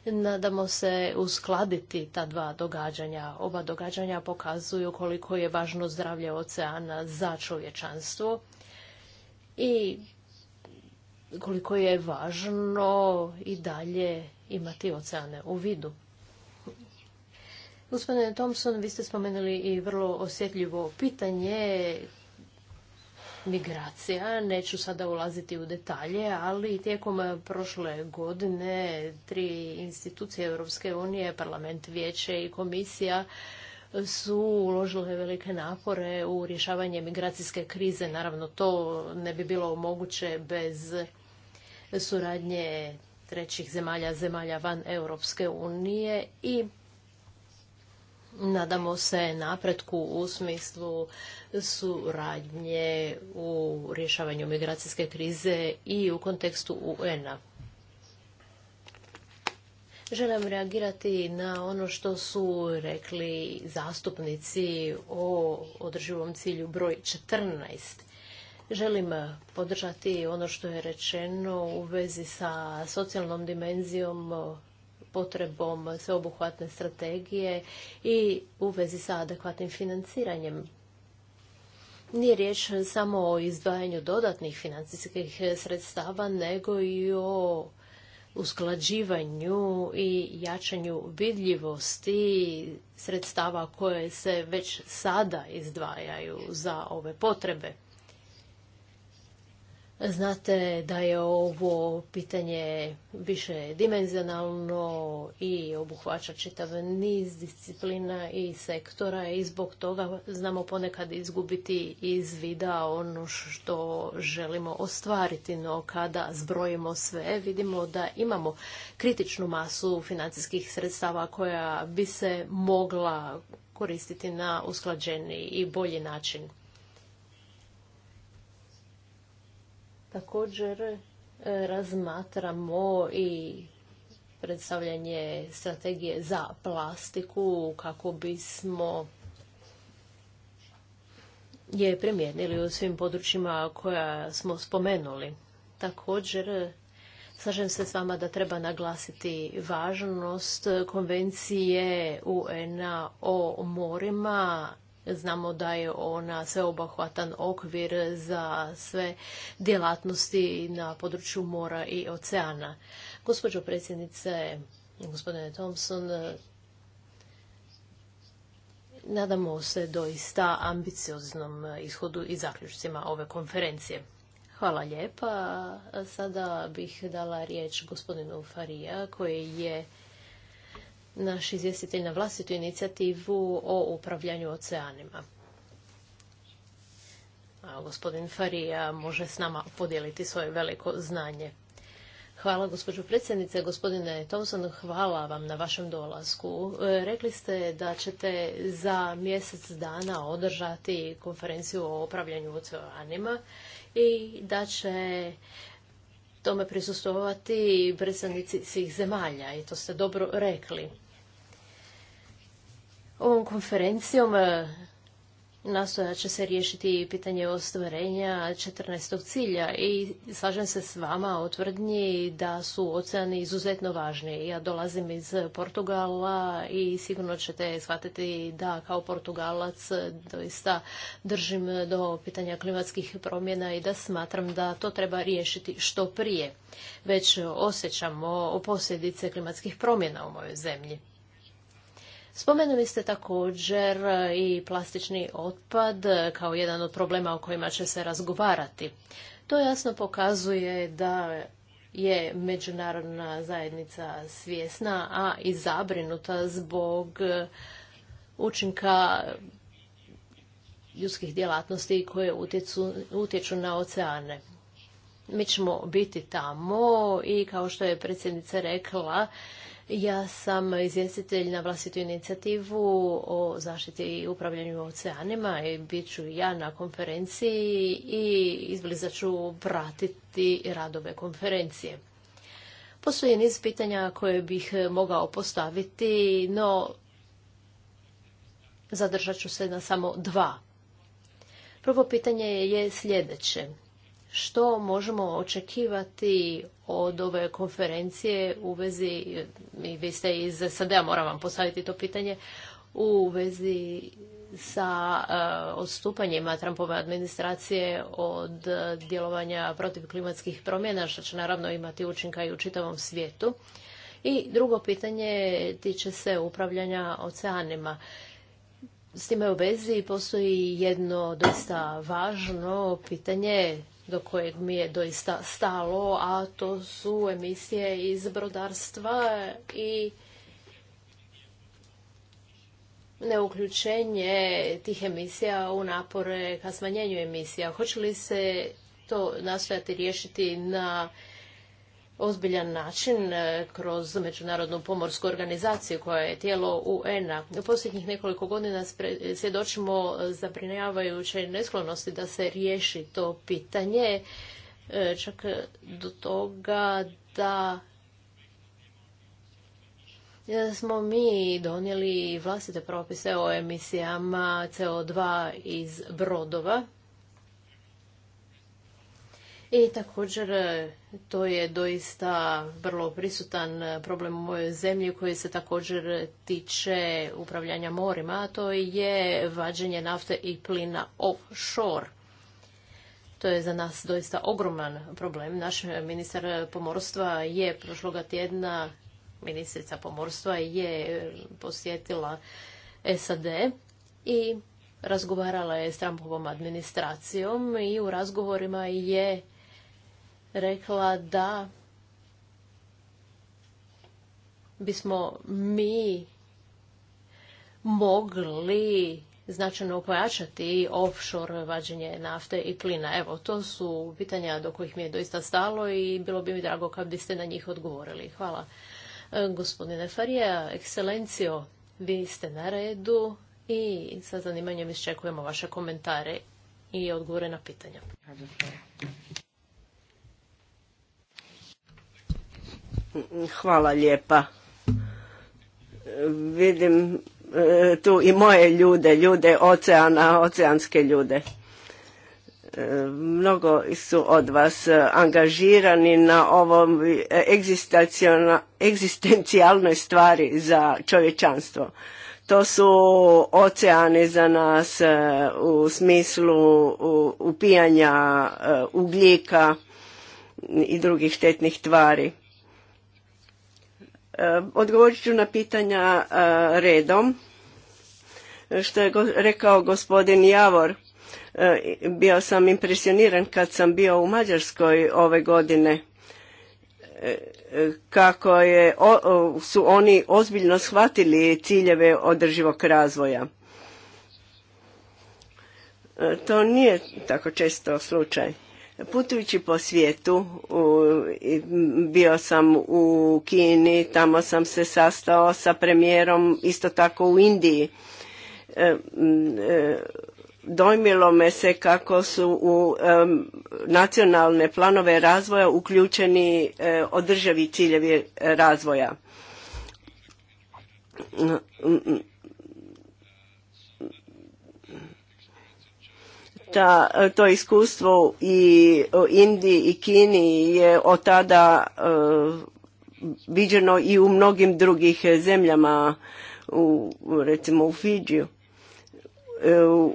nadamo se uskladiti ta dva događanja. Oba događanja pokazuju koliko je važno zdravlje oceana za čovječanstvo i koliko je važno i dalje imati oceane u vidu. Gospodine Thompson, vi ste spomenuli i vrlo osjetljivo pitanje migracija. Neću sada ulaziti u detalje, ali tijekom prošle godine tri institucije Europske unije, parlament, vijeće i komisija su uložile velike napore u rješavanje migracijske krize. Naravno, to ne bi bilo moguće bez suradnje trećih zemalja, zemalja van Europske unije i nadamo se napretku u smislu suradnje u rješavanju migracijske krize i u kontekstu UN-a. Želim reagirati na ono što su rekli zastupnici o održivom cilju broj 14. Želim eh, podržati ono što je rečeno u vezi sa socijalnom dimenzijom, eh, potrebom sveobuhvatne strategije i u vezi sa adekvatnim financiranjem. Nije riječ samo o izdvajanju dodatnih financijskih sredstava, nego i o usklađivanju i jačanju vidljivosti sredstava koje se već sada izdvajaju za ove potrebe. Znate da je ovo pitanje više dimenzionalno i obuhvaća čitav niz disciplina i sektora i zbog toga znamo ponekad izgubiti iz vida ono što želimo ostvariti, no kada zbrojimo sve vidimo da imamo kritičnu masu financijskih sredstava koja bi se mogla koristiti na usklađeni i bolji način. Također e, razmatramo i predstavljanje strategije za plastiku kako bismo je primijenili u svim područjima koja smo spomenuli. Također, slažem se s vama da treba naglasiti važnost konvencije UN-a o morima Znamo da je ona sveobuhvatan okvir za sve djelatnosti na području mora i oceana. Gospođo predsjednice, gospodine Thompson, nadamo se doista ambicioznom ishodu i zaključcima ove konferencije. Hvala lijepa. Sada bih dala riječ gospodinu Farija koji je naš izvjestitelj na vlastitu inicijativu o upravljanju oceanima. A gospodin Farija može s nama podijeliti svoje veliko znanje. Hvala gospođo predsjednice, gospodine Thompson, hvala vam na vašem dolasku. E, rekli ste da ćete za mjesec dana održati konferenciju o upravljanju oceanima i da će tome prisustovati predstavnici svih zemalja i to ste dobro rekli. Ovom konferencijom e, nastoja će se riješiti pitanje ostvarenja 14. cilja i slažem se s vama o tvrdnji da su oceani izuzetno važni. Ja dolazim iz Portugala i sigurno ćete shvatiti da kao Portugalac doista držim do pitanja klimatskih promjena i da smatram da to treba riješiti što prije. Već osjećamo posljedice klimatskih promjena u mojoj zemlji. Spomenuli ste također i plastični otpad kao jedan od problema o kojima će se razgovarati. To jasno pokazuje da je međunarodna zajednica svjesna, a i zabrinuta zbog učinka ljudskih djelatnosti koje utječu na oceane. Mi ćemo biti tamo i kao što je predsjednica rekla, ja sam izvjestitelj na vlastitu inicijativu o zaštiti i upravljanju oceanima i bit ću ja na konferenciji i izbliza ću pratiti radove konferencije. Postoje niz pitanja koje bih mogao postaviti, no zadržat ću se na samo dva. Prvo pitanje je sljedeće što možemo očekivati od ove konferencije u vezi, i vi ste iz SAD-a, moram vam postaviti to pitanje, u vezi sa e, odstupanjima Trumpove administracije od djelovanja protiv klimatskih promjena, što će naravno imati učinka i u čitavom svijetu. I drugo pitanje tiče se upravljanja oceanima. S time u vezi postoji jedno dosta važno pitanje do kojeg mi je doista stalo, a to su emisije iz brodarstva i neuključenje tih emisija u napore ka smanjenju emisija. Hoće li se to nastojati riješiti na ozbiljan način e, kroz Međunarodnu pomorsku organizaciju koja je tijelo UN-a. U posljednjih nekoliko godina svjedočimo zabrinjavajuće nesklonosti da se riješi to pitanje, e, čak do toga da smo mi donijeli vlastite propise o emisijama CO2 iz brodova i također e, to je doista vrlo prisutan problem u mojoj zemlji koji se također tiče upravljanja morima, a to je vađenje nafte i plina offshore. To je za nas doista ogroman problem. Naš ministar pomorstva je prošloga tjedna, ministrica pomorstva je posjetila SAD i razgovarala je s Trumpovom administracijom i u razgovorima je rekla da bismo mi mogli značajno pojačati offshore vađenje nafte i plina. Evo, to su pitanja do kojih mi je doista stalo i bilo bi mi drago kad biste na njih odgovorili. Hvala. E, gospodine Farija, ekscelencijo, vi ste na redu i sa zanimanjem iščekujemo vaše komentare i odgovore na pitanja. Hvala lijepa. Vidim e, tu i moje ljude, ljude oceana, oceanske ljude. E, mnogo su od vas angažirani na ovom e, egzistencijalnoj stvari za čovječanstvo. To su oceani za nas u smislu upijanja ugljika i drugih štetnih tvari E, odgovorit ću na pitanja e, redom. Što je rekao gospodin Javor, e, bio sam impresioniran kad sam bio u Mađarskoj ove godine kako je, su oni ozbiljno shvatili ciljeve održivog razvoja. To nije tako često slučaj. Putujući po svijetu, bio sam u Kini, tamo sam se sastao sa premijerom, isto tako u Indiji. E, e, dojmilo me se kako su u e, nacionalne planove razvoja uključeni održavi ciljevi razvoja ta, e, to iskustvo i u e, Indiji i Kini je od tada e, viđeno i u mnogim drugih zemljama, u, recimo u Fidžiju.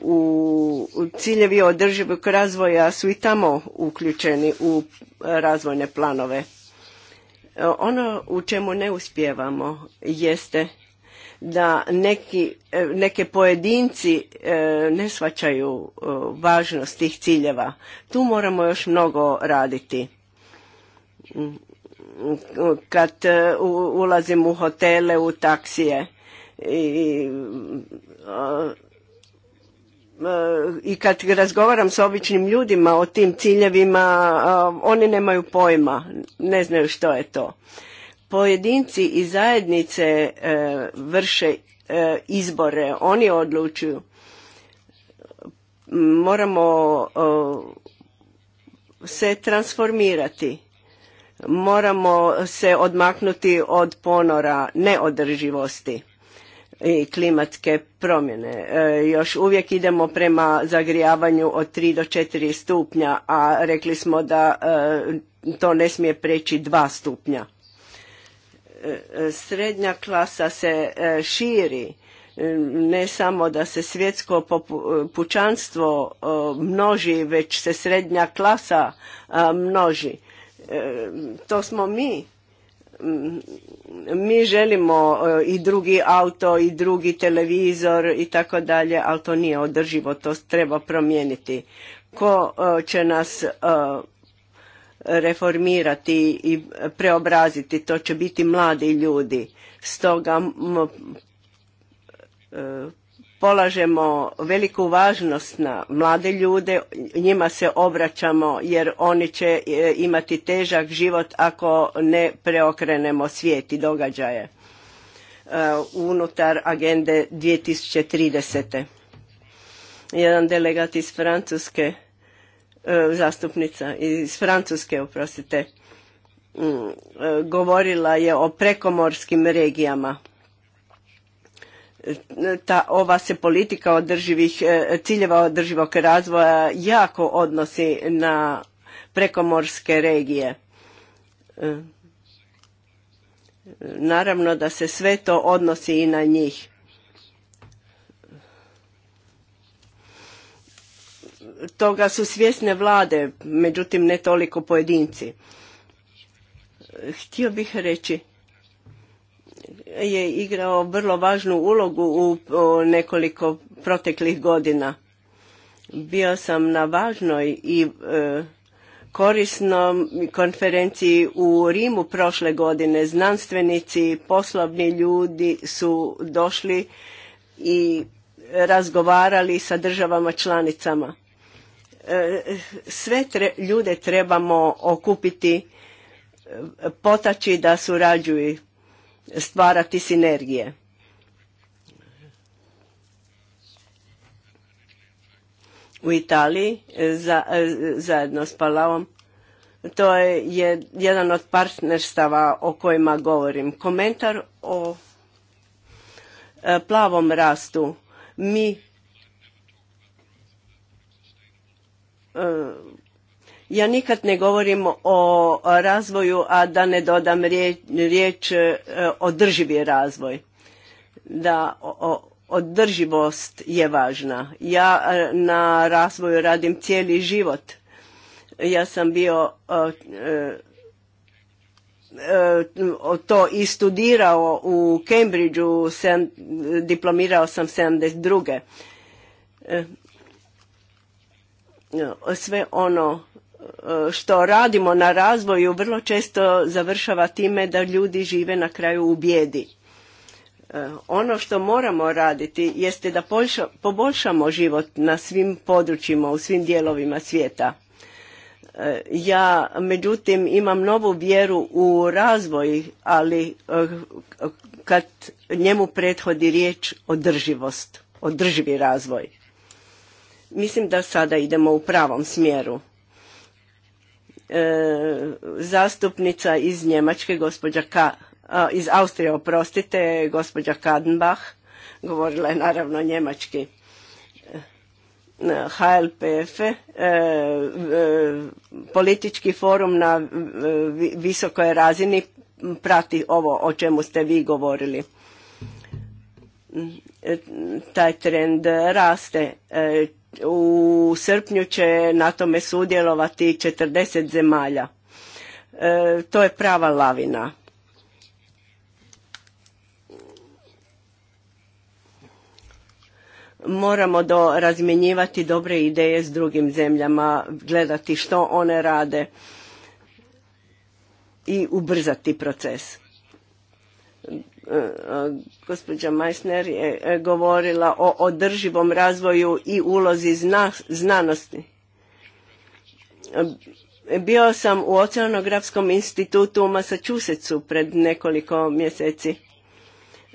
u, ciljevi održivog razvoja su i tamo uključeni u razvojne planove. ono u čemu ne uspijevamo jeste da neki, e, neke pojedinci e, ne shvaćaju e, važnost tih ciljeva. Tu moramo još mnogo raditi. Kad ulazim u hotele, u taksije i, i kad razgovaram s običnim ljudima o tim ciljevima, oni nemaju pojma, ne znaju što je to pojedinci i zajednice e, vrše e, izbore, oni odlučuju. Moramo se transformirati. Moramo se odmaknuti od ponora neodrživosti i klimatske promjene. E, još uvijek idemo prema zagrijavanju od 3 do 4 stupnja, a rekli smo da to ne smije preći 2 stupnja srednja klasa se e, širi, e, ne samo da se svjetsko pučanstvo e, množi, već se srednja klasa množi. To smo mi. Mm, mi želimo i drugi auto, i drugi televizor i tako dalje, ali to nije održivo, to treba promijeniti. Ko će nas reformirati i preobraziti. To će biti mladi ljudi. Stoga e, polažemo veliku važnost na mlade ljude, njima se obraćamo jer oni će e, imati težak život ako ne preokrenemo svijet i događaje e, unutar agende 2030. Jedan delegat iz Francuske E, zastupnica iz Francuske, oprostite, mm, e, govorila je o prekomorskim regijama. E, ta, ova se politika održivih, ciljeva održivog razvoja jako odnosi na prekomorske regije. Naravno da se sve to odnosi i na njih. toga su svjesne vlade, međutim ne toliko pojedinci. Htio bih reći je igrao vrlo važnu ulogu u nekoliko proteklih godina. Bio sam na važnoj i e, korisnom konferenciji u Rimu prošle godine. Znanstvenici, poslovni ljudi su došli i razgovarali sa državama članicama sve ljude trebamo okupiti, e, potaći da surađuju, stvarati sinergije. U Italiji e, za, e, zajedno s Palavom to je jedan od partnerstava o kojima govorim. Komentar o plavom rastu. Mi E, ja nikad ne govorim o razvoju, a da ne dodam riječ, riječ održivi razvoj. Da, održivost je važna. Ja e, na razvoju radim cijeli život. Ja sam bio e, to i studirao u Cambridgeu, diplomirao sam 72. E, E, sve ono e, što radimo na razvoju vrlo često završava time da ljudi žive na kraju u bijedi. E, ono što moramo raditi jeste da poboljšamo život na svim područjima, u svim dijelovima svijeta. Ja, međutim, imam novu vjeru u razvoj, ali kad njemu prethodi riječ održivost, održivi razvoj. Mislim da sada idemo u pravom smjeru. E, zastupnica iz Njemačke, gospođa iz Austrije, oprostite, gospođa Kadenbach, govorila je naravno njemački. E, HLPF, e, e, politički forum na visokoj razini prati ovo o čemu ste vi govorili. Taj trend raste. U srpnju će na tome sudjelovati 40 zemalja. E, to je prava lavina. Moramo do, razmjenjivati dobre ideje s drugim zemljama, gledati što one rade i ubrzati proces. E, e, gospođa Meissner je e, govorila o održivom razvoju i ulozi znanosti. Bio sam u Oceanografskom institutu u Massachusettsu pred nekoliko mjeseci.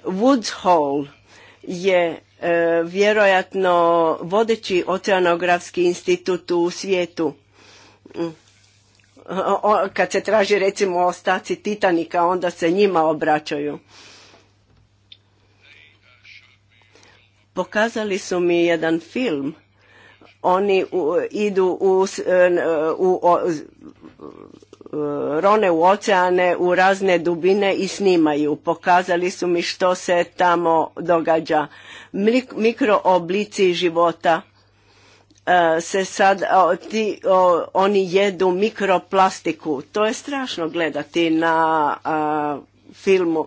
Woods Hole je vjerojatno vodeći oceanografski institut u svijetu. Mm. kad se traži recimo ostaci Titanika, onda se njima obraćaju. Pokazali su mi jedan film. Oni idu u, e, e, u, e, rone u oceane, u razne dubine i snimaju. Pokazali su mi što se tamo događa. Mikrooblici života se sad, oni jedu mikroplastiku. To je strašno gledati na filmu.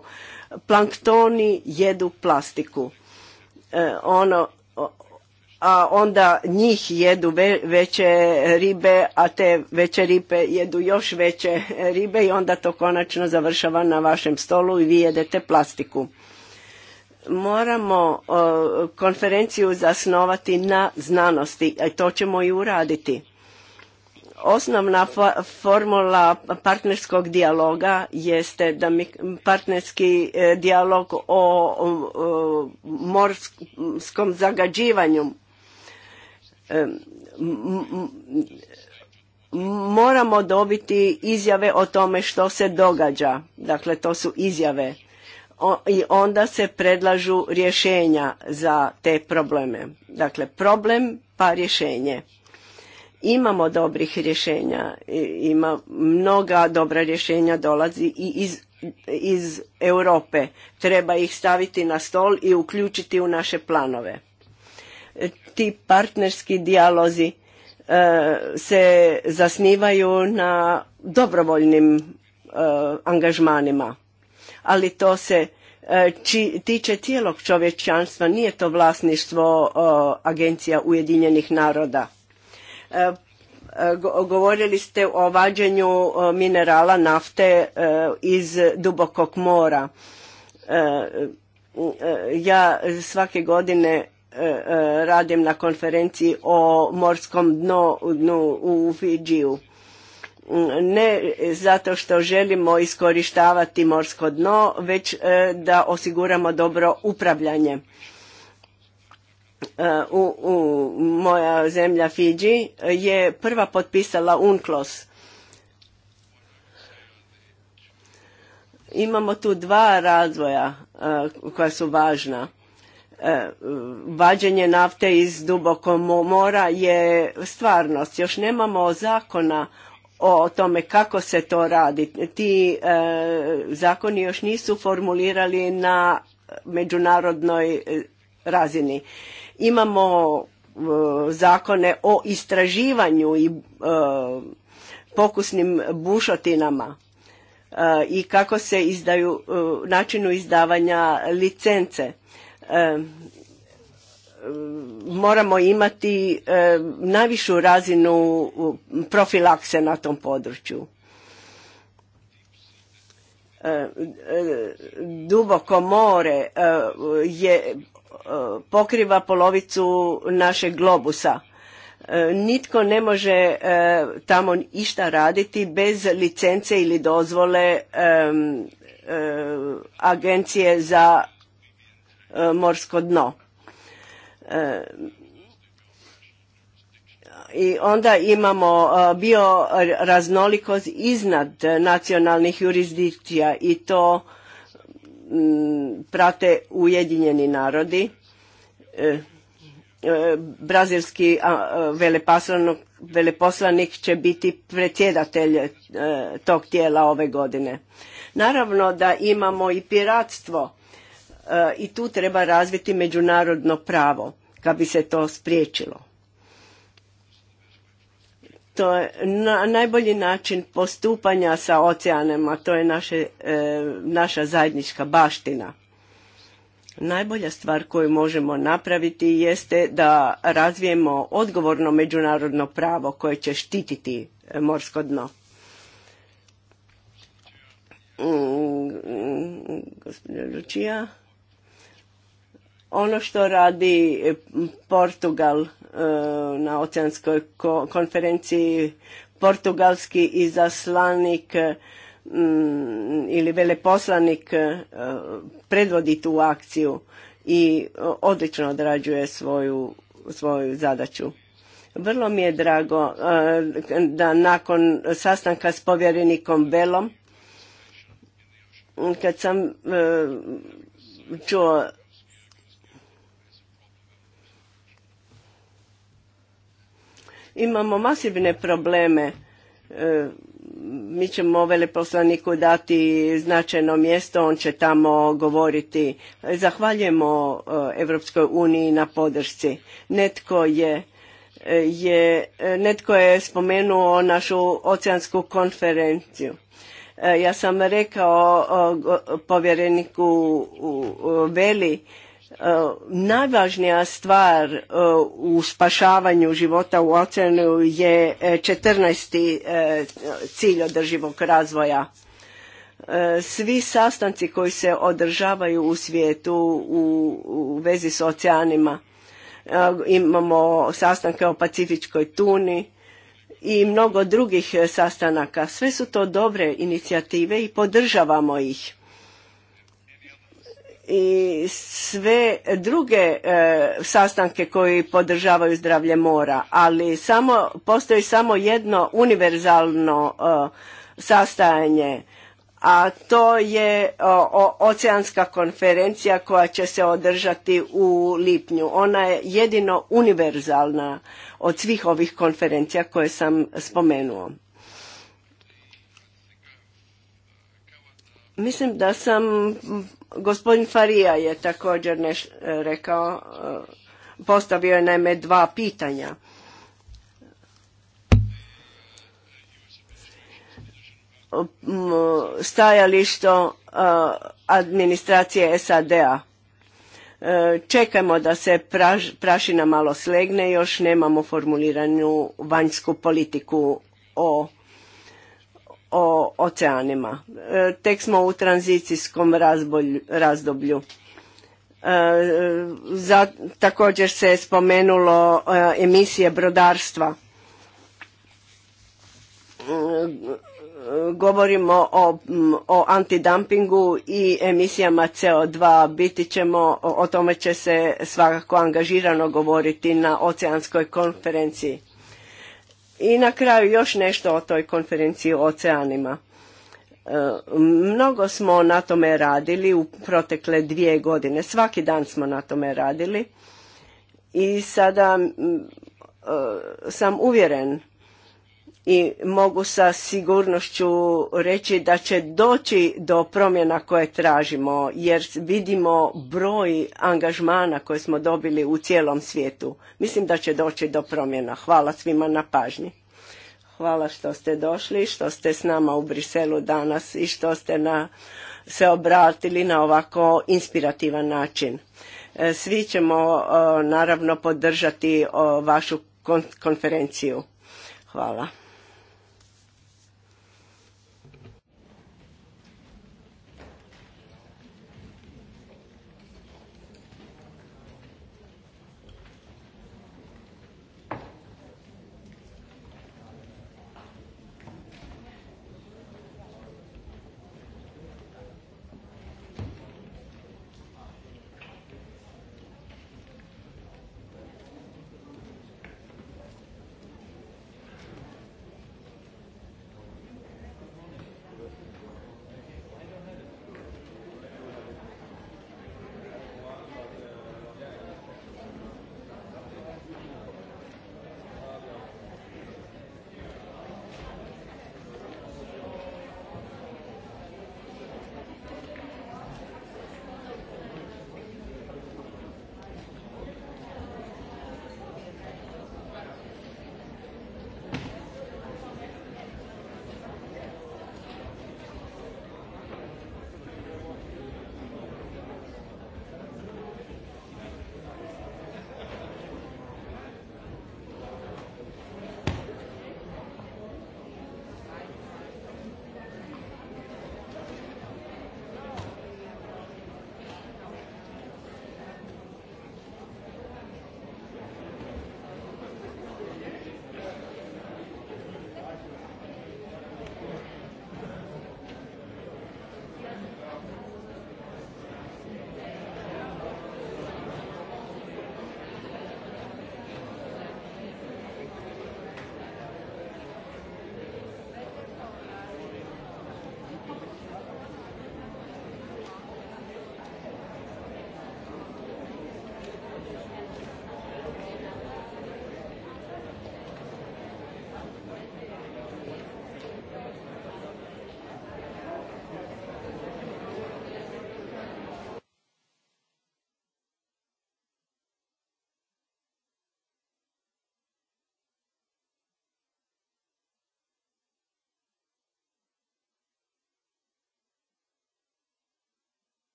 Planktoni jedu plastiku. E, ono a onda njih jedu veće ribe, a te veće ribe jedu još veće ribe i onda to konačno završava na vašem stolu i vi jedete plastiku. Moramo konferenciju zasnovati na znanosti, a to ćemo i uraditi. Osnovna formula partnerskog dijaloga jeste da mi partnerski e, dijalog o morskom zagađivanju e, moramo dobiti izjave o tome što se događa. Dakle, to su izjave. I onda se predlažu rješenja za te probleme. Dakle, problem pa rješenje. Imamo dobrih rješenja, ima mnoga dobra rješenja dolazi i iz, iz Europe. Treba ih staviti na stol i uključiti u naše planove. E, ti partnerski dijalozi e, se zasnivaju na dobrovoljnim e, angažmanima, ali to se Či, tiče cijelog čovječanstva, nije to vlasništvo agencija Ujedinjenih naroda. E, e, govorili ste o vađenju e, minerala nafte iz dubokog mora. Ja svake godine radim na konferenciji o morskom dnu u Fidžiju. Ne zato što želimo iskorištavati morsko dno, već da osiguramo dobro upravljanje. E, u, u moja zemlja Fiji je prva potpisala UNCLOS. Imamo tu dva razvoja e, koja su važna. E, vađenje nafte iz duboko mora je stvarnost. Još nemamo zakona o tome kako se to radi. Ti zakoni još nisu formulirali na međunarodnoj razini Imamo e, zakone o istraživanju i e, pokusnim bušotinama e, i kako se izdaju načinu izdavanja licence. Moramo imati najvišu razinu profilakse na tom području. Duboko more je E, pokriva polovicu našeg globusa. E, nitko ne može e, tamo išta raditi bez licence ili dozvole agencije za morsko dno. I onda imamo bio raznolikost iznad nacionalnih jurisdikcija i to Mm, prate Ujedinjeni narodi, e, e, brazilski veleposlanik će biti predsjedatelj e, tog tijela ove godine. Naravno da imamo i piratstvo i tu treba razviti međunarodno pravo kad bi se to spriječilo to je na, najbolji način postupanja sa oceanima to je naše, e, naša zajednička baština najbolja stvar koju možemo napraviti jeste da razvijemo odgovorno međunarodno pravo koje će štititi e, morsko dno mm, mm ono što radi e, Portugal e, na oceanskoj konferenciji, portugalski izaslanik e, mm, ili veleposlanik predvodi tu akciju i odlično odrađuje svoju, svoju zadaću. Vrlo mi je drago da nakon sastanka s povjerenikom Belom, kad sam čuo imamo masivne probleme. E, mi ćemo veleposlaniku dati značajno mjesto, on će tamo govoriti. Zahvaljujemo Europskoj uniji na podršci. Netko je e, je, e, netko je spomenuo našu oceansku konferenciju. Ja sam rekao povjereniku Veli Eh, najvažnija stvar eh, u spašavanju života u oceanu je 14. Eh, cilj održivog razvoja. Svi sastanci koji se održavaju u svijetu u, u vezi s oceanima, imamo sastanke o Pacifičkoj tuni i mnogo drugih sastanaka. Sve su to dobre inicijative i podržavamo ih i sve druge e, sastanke koji podržavaju zdravlje mora, ali samo, postoji samo jedno univerzalno e, sastajanje, a to je oceanska konferencija koja će se održati u lipnju. Ona je jedino univerzalna od svih ovih konferencija koje sam spomenuo. Mislim da sam Gospodin Farija je također e, rekao, e, postavio je naime dva pitanja. Stajališto e, administracije SAD-a. Čekajmo da se prašina malo slegne, još nemamo formuliranu vanjsku politiku o o oceanima. E, tek smo u tranzicijskom razdoblju. E, za, također se je spomenulo e, emisije brodarstva. Govorimo o, o antidumpingu i emisijama CO2. Biti ćemo, o tome će se svakako angažirano govoriti na oceanskoj konferenciji i na kraju još nešto o toj konferenciji o oceanima. E, mnogo smo na tome radili u protekle dvije godine. Svaki dan smo na tome radili. I sada e, sam uvjeren i mogu sa sigurnošću reći da će doći do promjena koje tražimo jer vidimo broj angažmana koje smo dobili u cijelom svijetu. Mislim da će doći do promjena. Hvala svima na pažnji. Hvala što ste došli, što ste s nama u Briselu danas i što ste na, se obratili na ovako inspirativan način. E, svi ćemo e, naravno podržati vašu konferenciju. Hvala.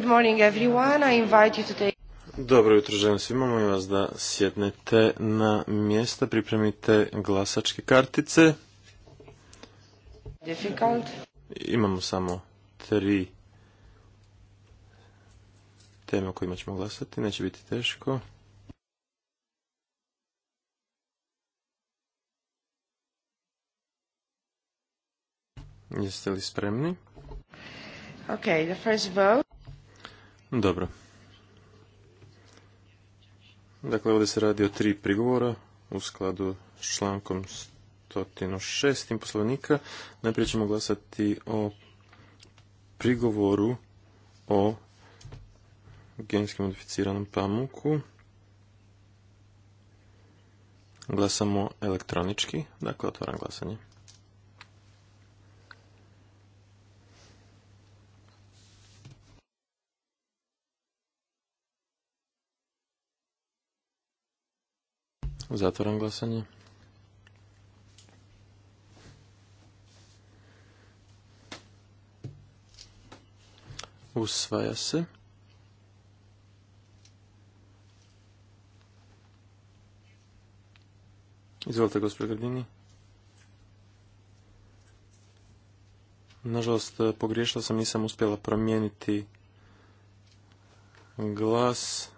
Good I Dobro jutro želim svima, molim vas da sjednete na mjesta, pripremite glasačke kartice. Imamo samo tri teme o kojima ćemo glasati, neće biti teško. Jeste li spremni? Okay, the first vote. Dobro. Dakle, ovdje se radi o tri prigovora u skladu s člankom 106. poslovnika. Najprije ćemo glasati o prigovoru o genski modificiranom pamuku. Glasamo elektronički, dakle otvaram glasanje. Zatvoram glasanje. Usvaja se. Izvolite, gospodin Gardini. Nažalost, pogriješila sam, nisam uspjela promijeniti glas.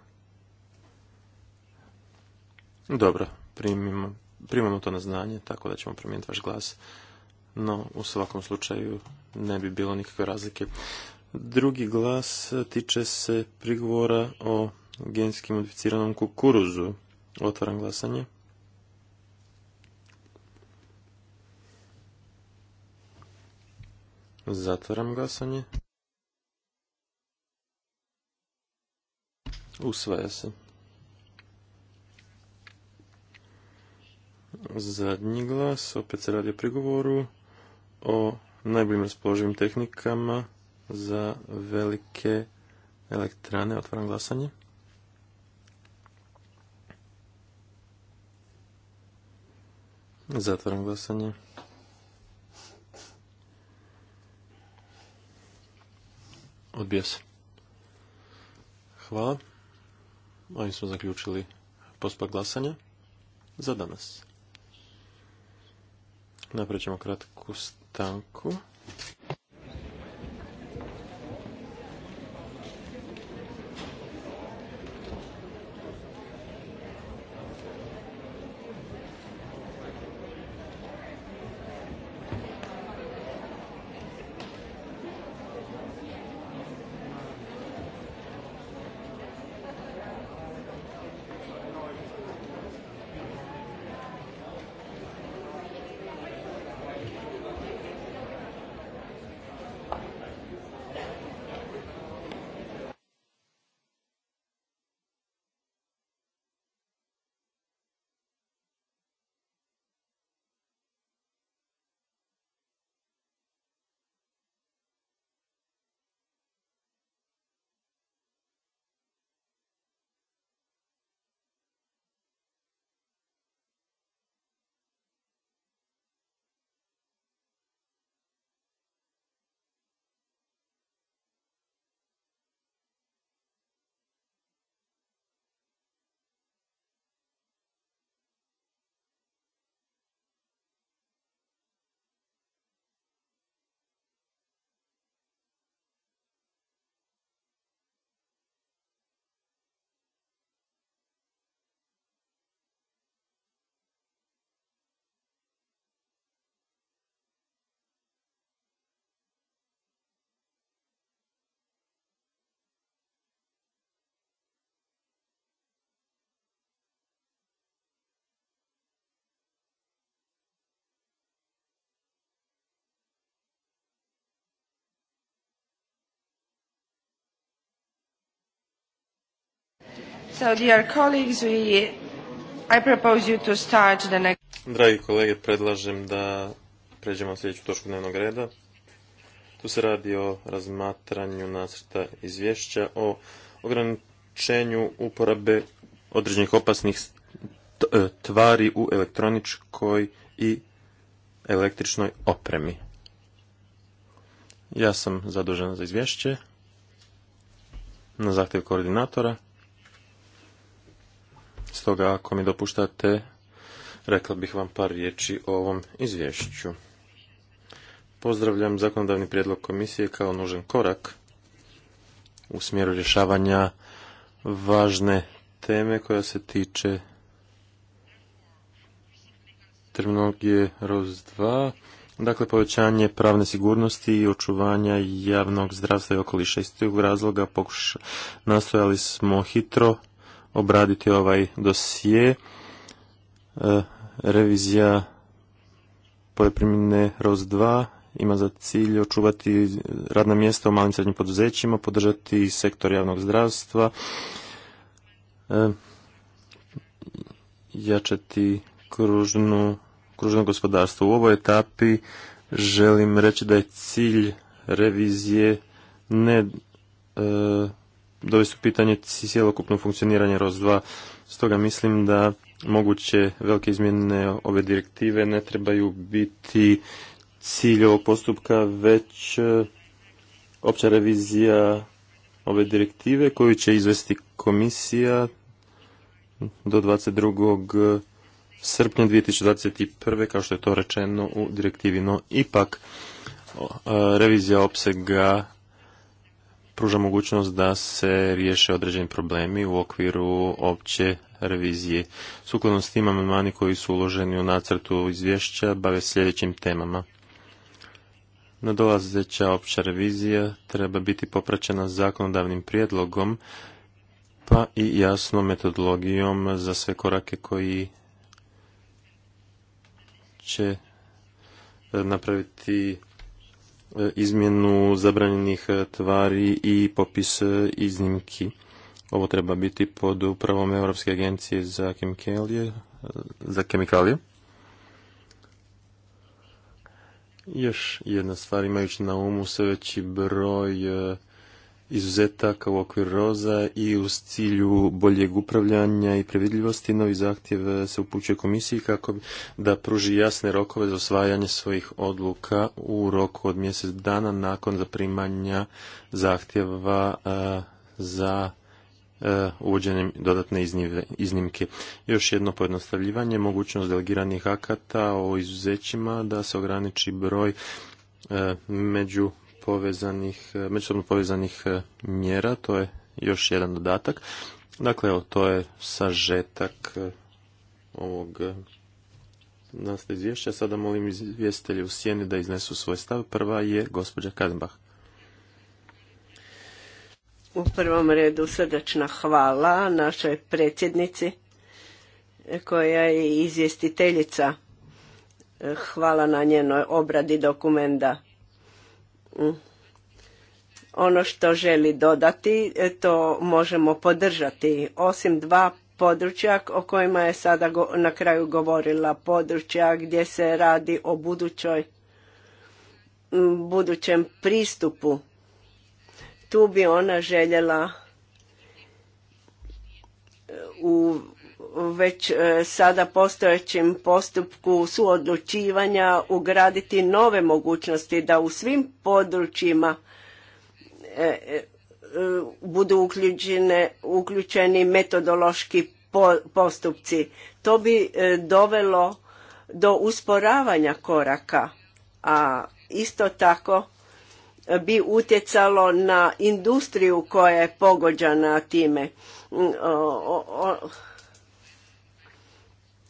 Dobro, primimo, primamo to na znanje, tako da ćemo promijeniti vaš glas. No, u svakom slučaju ne bi bilo nikakve razlike. Drugi glas tiče se prigovora o genski modificiranom kukuruzu. Otvaram glasanje. Zatvaram glasanje. Usvaja se. Zadnji glas, opet se radi o prigovoru o najboljim raspoloživim tehnikama za velike elektrane. Otvaram glasanje. Zatvaram glasanje. Odbija se. Hvala. Ovim smo zaključili postupak glasanja za danas. Napravit ćemo kratku stanku. dear colleagues, to Dragi kolege, predlažem da pređemo na sljedeću točku dnevnog reda. Tu se radi o razmatranju nacrta izvješća o ograničenju uporabe određenih opasnih e, tvari u elektroničkoj i električnoj opremi. Ja sam zadužen za izvješće na zahtjev koordinatora. Stoga, ako mi dopuštate, rekla bih vam par riječi o ovom izvješću. Pozdravljam zakonodavni prijedlog komisije kao nužan korak u smjeru rješavanja važne teme koja se tiče terminologije ROS 2, dakle povećanje pravne sigurnosti i očuvanja javnog zdravstva i okoliša. Iz tog razloga nastojali smo hitro obraditi ovaj dosije. E, revizija poljoprivredne ROS 2 ima za cilj očuvati radna mjesta u malim srednjim poduzećima, podržati sektor javnog zdravstva, e, jačati kružnu, kružno gospodarstvo. U ovoj etapi želim reći da je cilj revizije ne e, dovesti u pitanje cijelokupno funkcioniranje ROS2. Stoga mislim da moguće velike izmjene ove direktive ne trebaju biti cilj ovog postupka, već e, opća revizija ove direktive koju će izvesti komisija do 22. srpnja 2021. kao što je to rečeno u direktivi. No, ipak e, revizija opsega pruža mogućnost da se riješe određeni problemi u okviru opće revizije. Sukladno s tim amandmani koji su uloženi u nacrtu izvješća bave sljedećim temama. Nadolazeća opća revizija treba biti popraćena zakonodavnim prijedlogom pa i jasnom metodologijom za sve korake koji će napraviti E, izmjenu zabranjenih e, tvari i popis e, iznimki. Ovo treba biti pod upravom Europske agencije za kemikalije. Za kemikalije. Još jedna stvar, imajući na umu sve veći broj izuzetaka u okvir roza i u cilju boljeg upravljanja i previdljivosti novi zahtjev se upućuje komisiji kako da pruži jasne rokove za osvajanje svojih odluka u roku od mjesec dana nakon zaprimanja zahtjeva e, za e, uvođenjem dodatne iznimke. Još jedno pojednostavljivanje, mogućnost delegiranih akata o izuzećima da se ograniči broj e, među povezanih, e, međusobno povezanih e, mjera, to je još jedan dodatak. Dakle, evo, to je sažetak e, ovog nastavlja izvješća. Sada molim izvjestitelje u sjeni da iznesu svoj stav. Prva je gospođa Kazenbach. U prvom redu srdečna hvala našoj predsjednici koja je izvjestiteljica. Hvala na njenoj obradi dokumenta. Ono što želi dodati, e, to možemo podržati. Osim dva područja o kojima je sada na kraju govorila područja gdje se radi o budućoj budućem pristupu tu bi ona željela e, u već e, sada postojećem postupku suodlučivanja ugraditi nove mogućnosti da u svim područjima e, e, budu uključeni metodološki postupci. To bi dovelo do usporavanja koraka, a isto tako bi utjecalo na industriju koja je pogođana time. Mm,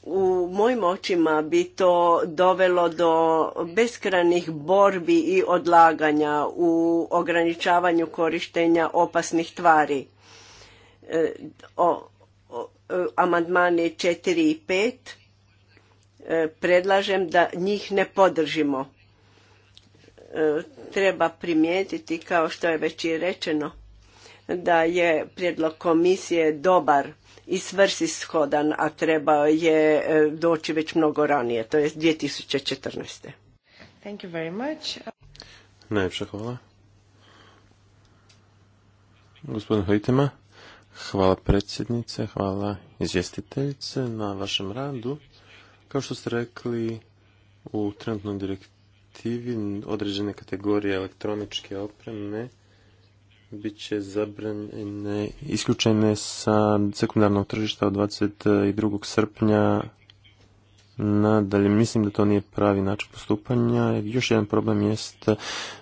u mojim očima bi to dovelo do beskranih borbi i odlaganja u ograničavanju korištenja opasnih tvari. E, o, o, e, amandmani 4 i 5 e, predlažem da njih ne podržimo. treba primijetiti, kao što je već i rečeno, da je prijedlog komisije dobar i svrsishodan, a treba je e, doći već mnogo ranije, to je 2014. Thank you very much. Najljepša hvala. Gospodin Hojtema, hvala predsjednice, hvala izvjestiteljice na vašem radu. Kao što ste rekli u trenutnoj direktivi određene kategorije elektroničke opreme bit će zabranjene, isključene sa sekundarnog tržišta od 22. srpnja nadalje. Mislim da to nije pravi način postupanja. Još jedan problem jest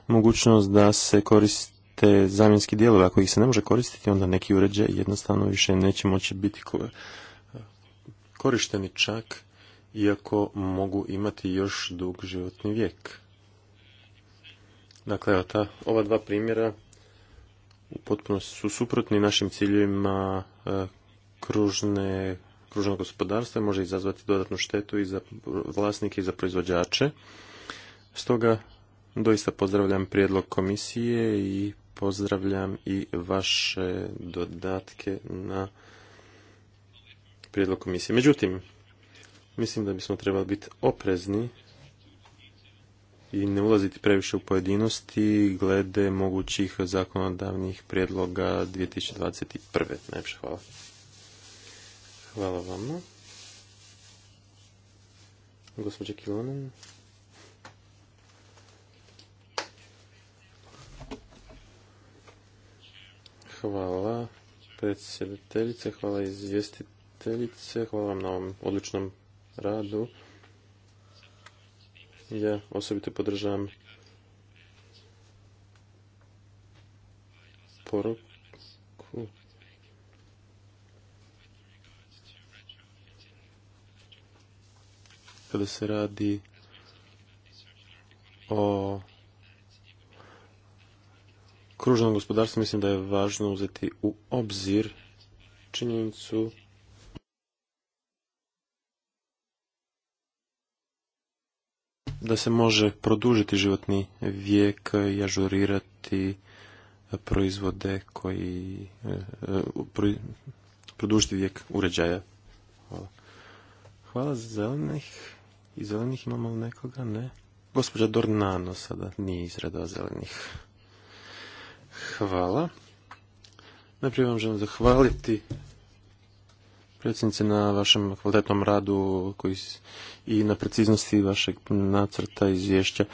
mogućnost da se koriste zamjenski dijelovi. Ako ih se ne može koristiti, onda neki uređaj jednostavno više neće moći biti korišteni čak, iako mogu imati još dug životni vijek. Dakle, ova dva primjera u potpunosti su suprotni našim ciljevima e, kružne, kružnog gospodarstva može izazvati dodatnu štetu i za vlasnike i za proizvođače. Stoga doista pozdravljam prijedlog komisije i pozdravljam i vaše dodatke na prijedlog komisije. Međutim, mislim da bismo trebali biti oprezni i ne ulaziti previše u pojedinosti glede mogućih zakonodavnih prijedloga 2021. Najpše hvala. Hvala vama. Gospođa Kilonen. Hvala predsjedateljice, hvala izvjestiteljice, hvala vam na ovom odličnom radu ja osobito podržavam poruku kada se radi o kružnom gospodarstvu mislim da je važno uzeti u obzir činjenicu da se može produžiti životni vijek i ažurirati proizvode koji e, e, produžiti vijek uređaja. Hvala. Hvala za zelenih. I zelenih imamo li nekoga? Ne. Gospođa Dornano sada nije iz zelenih. Hvala. Najprije vam želim zahvaliti predsjednice na vašem kvalitetnom radu i na preciznosti vašeg nacrta izvješća.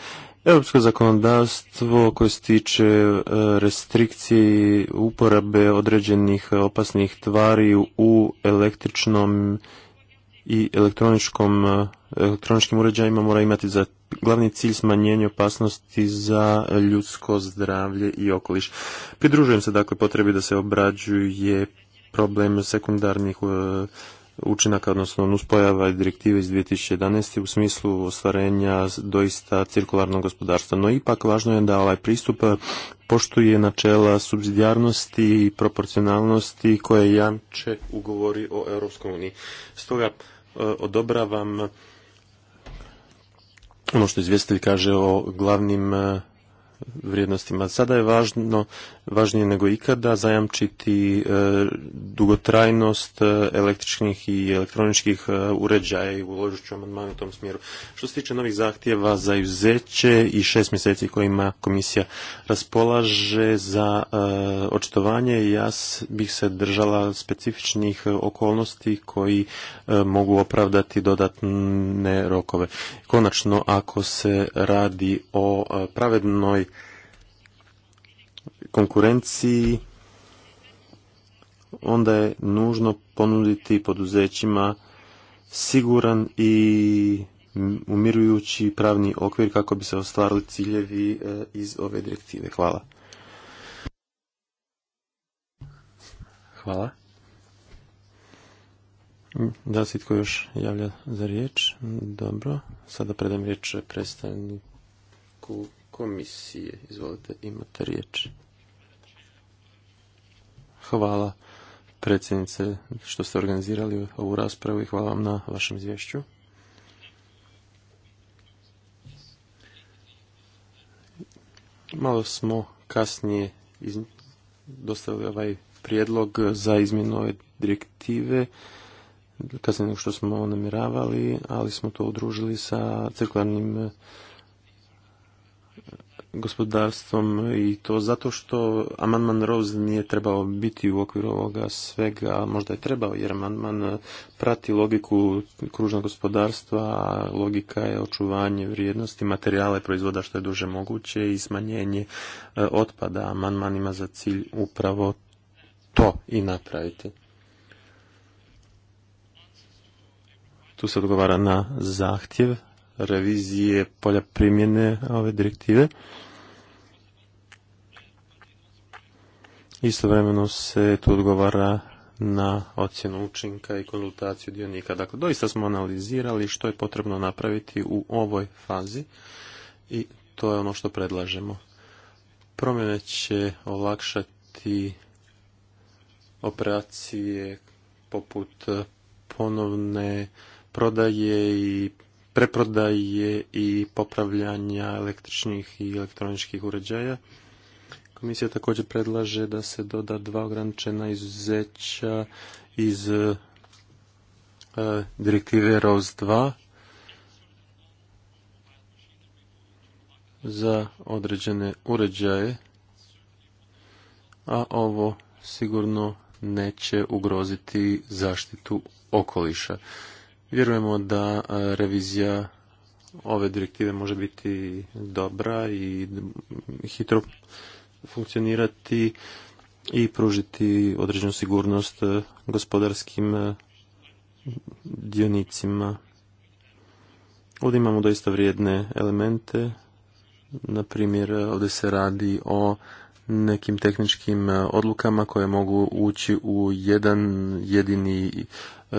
Europsko zakonodavstvo koje se tiče e, restrikcije uporabe određenih opasnih tvari u električnom i elektroničkom, e, elektroničkim uređajima mora imati za glavni cilj smanjenje opasnosti za ljudsko zdravlje i okoliš. Pridružujem se dakle potrebi da se obrađuje problem sekundarnih e, učinaka, odnosno nuspojava direktive iz 2011. u smislu ostvarenja doista cirkularnog gospodarstva. No ipak važno je da ovaj pristup e, poštuje načela subsidijarnosti i proporcionalnosti koje jamče ugovori o Europskoj uniji. Stoga e, odobravam ono što izvjestitelj kaže o glavnim vrijednostima. Sada je važno, važnije nego ikada zajamčiti e, dugotrajnost e, električnih i elektroničkih e, uređaja i uložit ću amandman u tom smjeru. Što se tiče novih zahtjeva za izuzeće i šest mjeseci kojima komisija raspolaže za očitovanje, ja bih se držala specifičnih okolnosti koji mogu opravdati dodatne rokove. Konačno, ako se radi o pravednoj konkurenciji, onda je nužno ponuditi poduzećima siguran i umirujući pravni okvir kako bi se ostvarili ciljevi e, iz ove direktive. Hvala. Hvala. Da se još javlja za riječ? Dobro. Sada predam riječ predstavniku komisije. Izvolite, imate riječ. Hvala predsjednice što ste organizirali ovu raspravu i hvala vam na vašem izvješću. Malo smo kasnije iz... dostavili ovaj prijedlog za izmjenu ove direktive kasnije nego što smo namjeravali, ali smo to udružili sa cirkularnim gospodarstvom i to zato što amandman Rose nije trebao biti u okviru ovoga svega, možda je trebao jer amandman prati logiku kružnog gospodarstva, a logika je očuvanje vrijednosti materijala i proizvoda što je duže moguće i smanjenje e, otpada. Amandman ima za cilj upravo to i napraviti. Tu se odgovara na zahtjev revizije polja primjene ove direktive. Istovremeno se tu odgovara na ocjenu učinka i konzultaciju dionika. Dakle, doista smo analizirali što je potrebno napraviti u ovoj fazi i to je ono što predlažemo. Promjene će olakšati operacije poput ponovne prodaje i preprodaje i popravljanja električnih i elektroničkih uređaja. Komisija također predlaže da se doda dva ograničena izuzeća iz e, direktive ROS 2 za određene uređaje, a ovo sigurno neće ugroziti zaštitu okoliša. Vjerujemo da revizija ove direktive može biti dobra i hitro funkcionirati i pružiti određenu sigurnost gospodarskim dionicima. Ovdje imamo doista vrijedne elemente, na primjer ovdje se radi o nekim tehničkim e, odlukama koje mogu ući u jedan jedini e,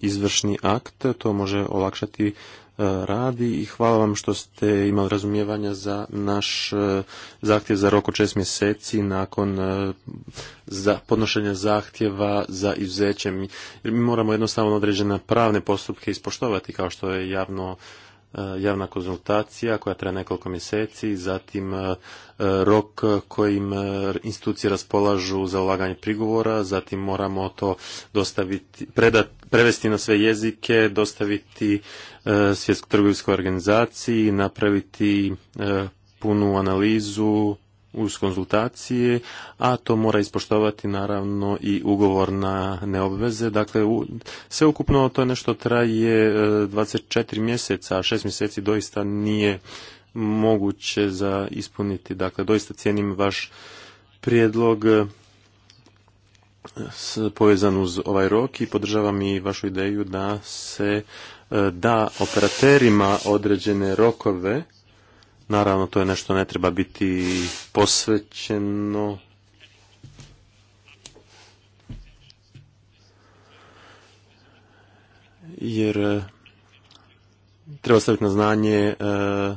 izvršni akt. To može olakšati e, radi i hvala vam što ste imali razumijevanja za naš zahtjev za rok od šest mjeseci nakon za podnošenja zahtjeva za izuzećem. Mi moramo jednostavno određene pravne postupke ispoštovati kao što je javno E, javna konzultacija koja traje nekoliko mjeseci, zatim e, e, rok kojim institucije raspolažu za ulaganje prigovora, zatim moramo to dostaviti, predat, prevesti na sve jezike, dostaviti svjetskoj trgovinskoj organizaciji, napraviti punu analizu uz konzultacije, a to mora ispoštovati naravno i ugovor na neobveze. Dakle, sve ukupno to je nešto traje 24 e, mjeseca, a 6 mjeseci doista nije moguće za ispuniti. Dakle, doista cijenim vaš prijedlog e, povezan uz ovaj rok i podržavam i vašu ideju da se e, da operaterima određene rokove Naravno, to je nešto ne treba biti posvećeno. Jer eh, treba staviti na znanje eh,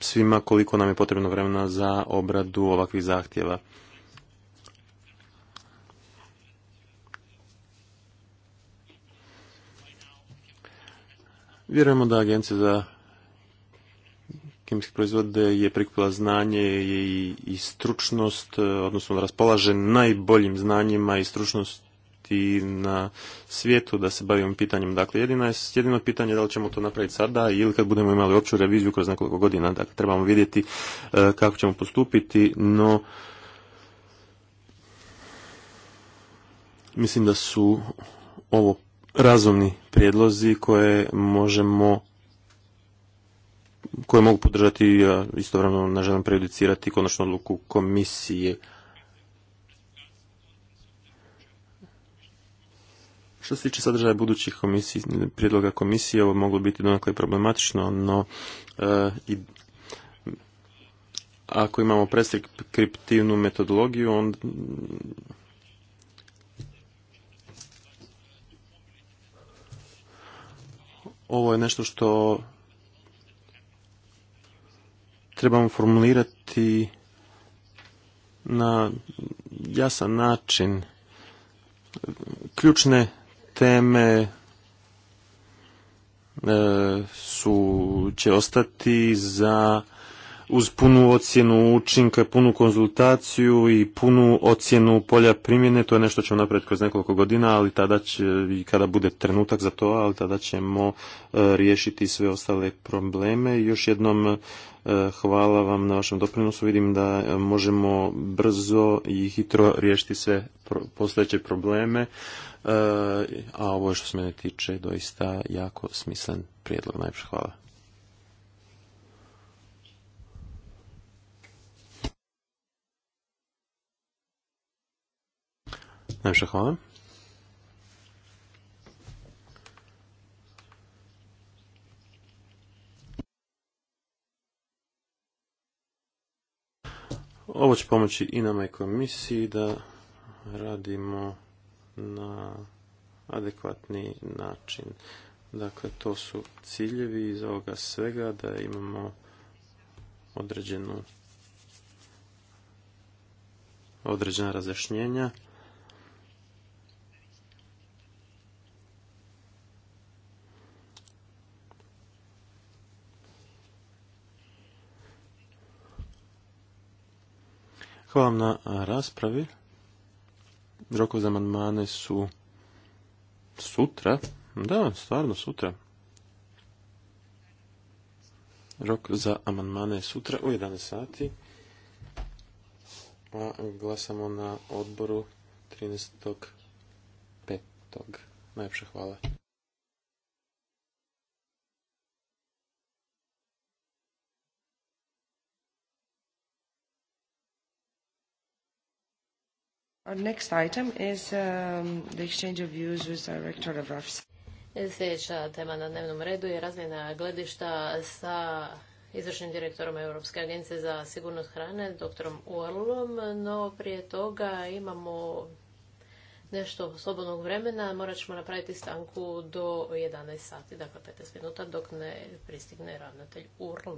svima koliko nam je potrebno vremena za obradu ovakvih zahtjeva. Vjerujemo da agencija za kemijske proizvode je prikupila znanje i, stručnost, e, odnosno raspolaže najboljim znanjima i stručnosti na svijetu da se bavimo pitanjem. Dakle, jedino je, jedino pitanje je da li ćemo to napraviti sada ili kad budemo imali opću reviziju kroz nekoliko godina. Dakle, trebamo vidjeti e, kako ćemo postupiti, no mislim da su ovo razumni prijedlozi koje možemo koje mogu podržati istovremeno ne želim prejudicirati konačnu odluku komisije. Što se tiče sadržaja budućih prijedloga komisije, ovo moglo biti donekle problematično, no e, i ako imamo preskriptivnu metodologiju, onda ovo je nešto što trebamo formulirati na jasan način ključne teme e, su će ostati za uz punu ocjenu učinka, punu konzultaciju i punu ocjenu polja primjene, to je nešto ćemo napraviti kroz nekoliko godina, ali tada će, i kada bude trenutak za to, ali tada ćemo e, riješiti sve ostale probleme. Još jednom E, hvala vam na vašem doprinosu. Vidim da e, možemo brzo i hitro riješiti sve postojeće probleme. E, a ovo što se mene tiče doista jako smislen prijedlog. Najprej hvala. Najprej hvala. Ovo će pomoći i nama i komisiji da radimo na adekvatni način. Dakle, to su ciljevi iz ovoga svega da imamo određenu određena razjašnjenja. Hvala vam na raspravi. Rokov za amandmane su sutra. Da, stvarno sutra. Rok za amandmane je sutra u 11 sati. A glasamo na odboru 13.5. Najljepše hvala. Our next item is um, the exchange of views with director of Sljedeća tema na dnevnom redu je razmjena gledišta sa izvršnim direktorom Europske agencije za sigurnost hrane, doktorom Urlom, no prije toga imamo nešto slobodnog vremena, morat ćemo napraviti stanku do 11 sati, dakle 15 minuta, dok ne pristigne ravnatelj Url.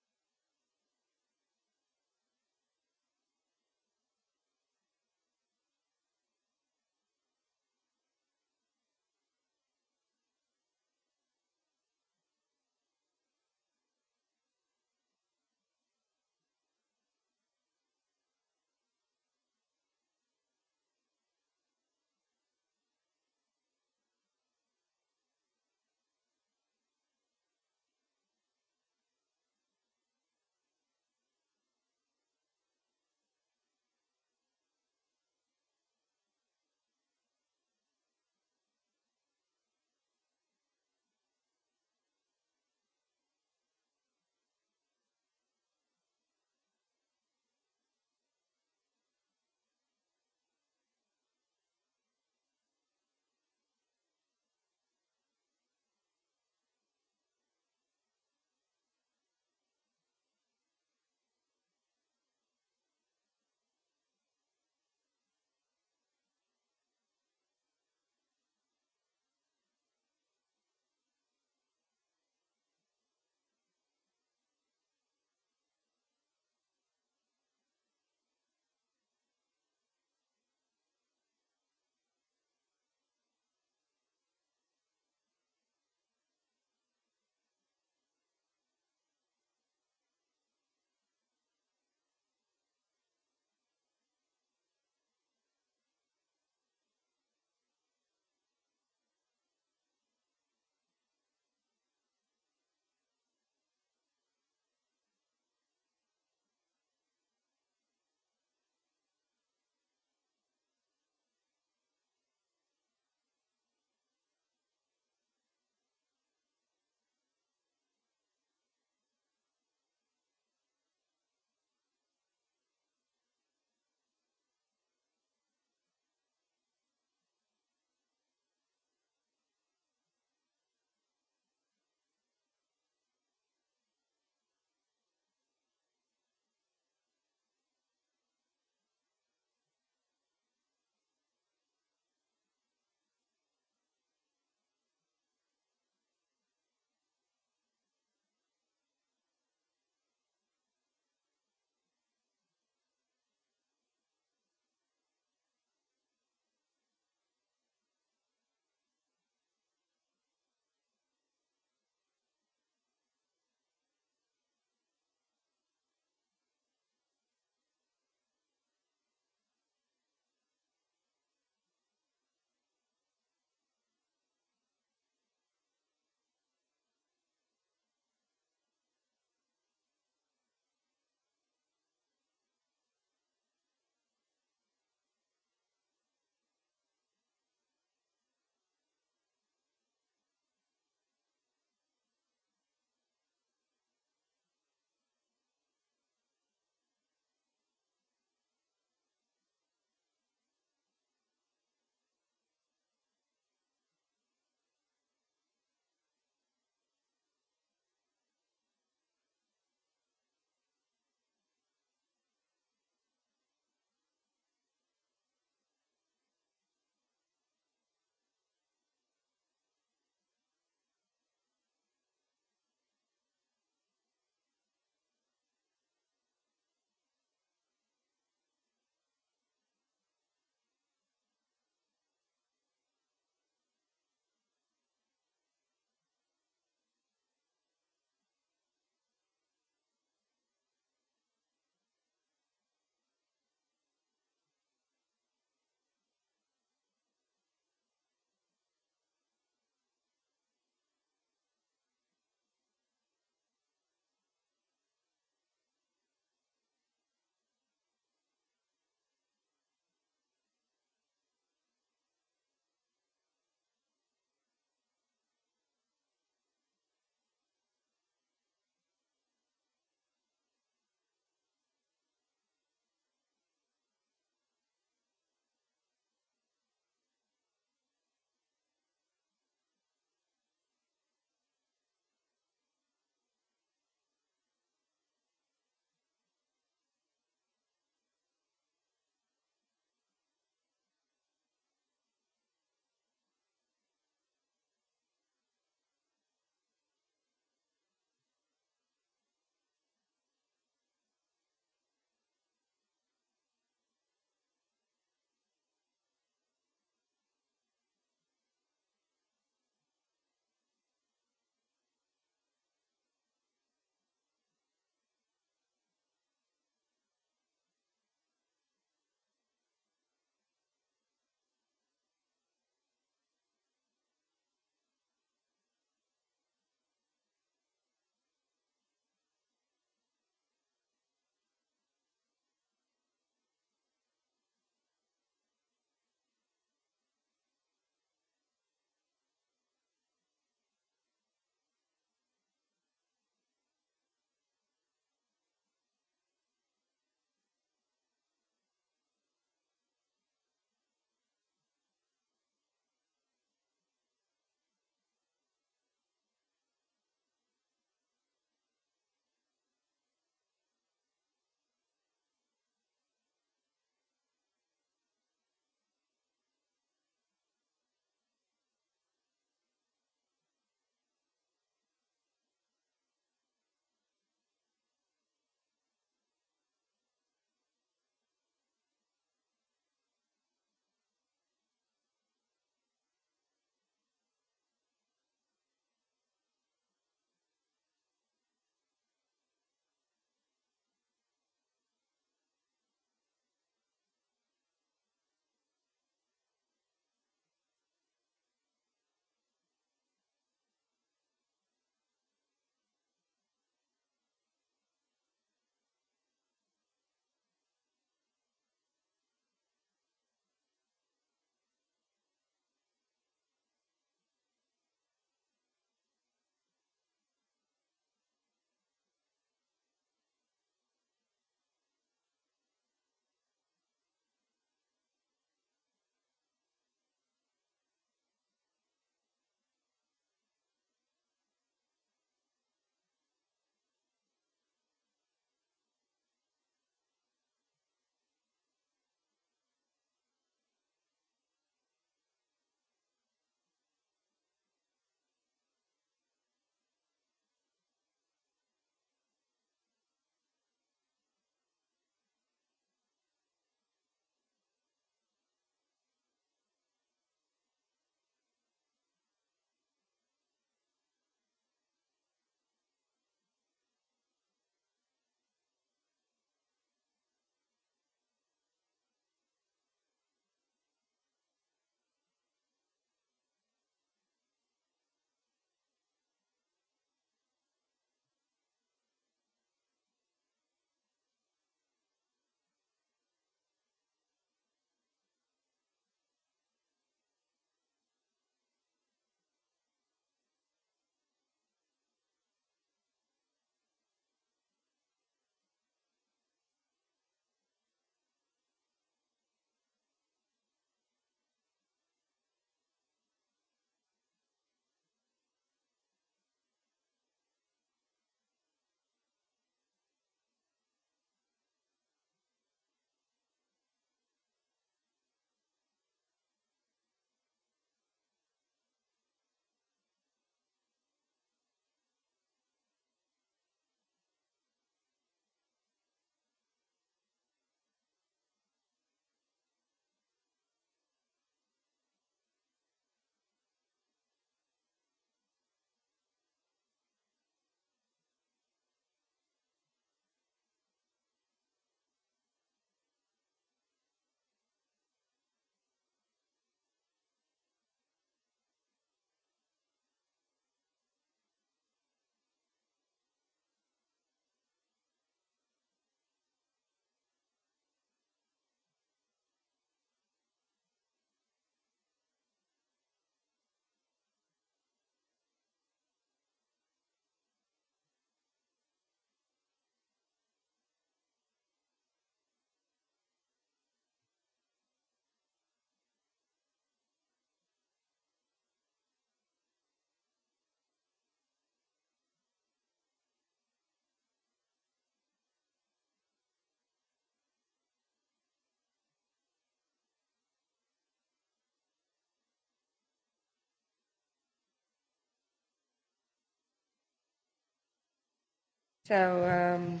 So, um,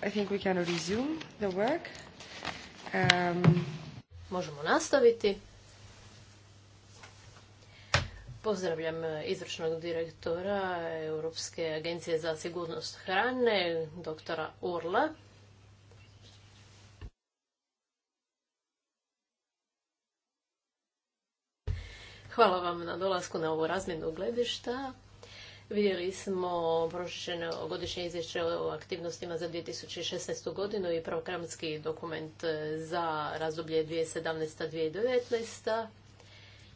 I think we can resume the work. Um... Možemo nastaviti. Pozdravljam izvršnog direktora Europske agencije za sigurnost hrane, doktora Orla. Hvala vam na dolasku na ovu razmjenu gledišta. Vidjeli smo godišnje izvješće o aktivnostima za 2016. godinu i programski dokument za razdoblje 2017-2019.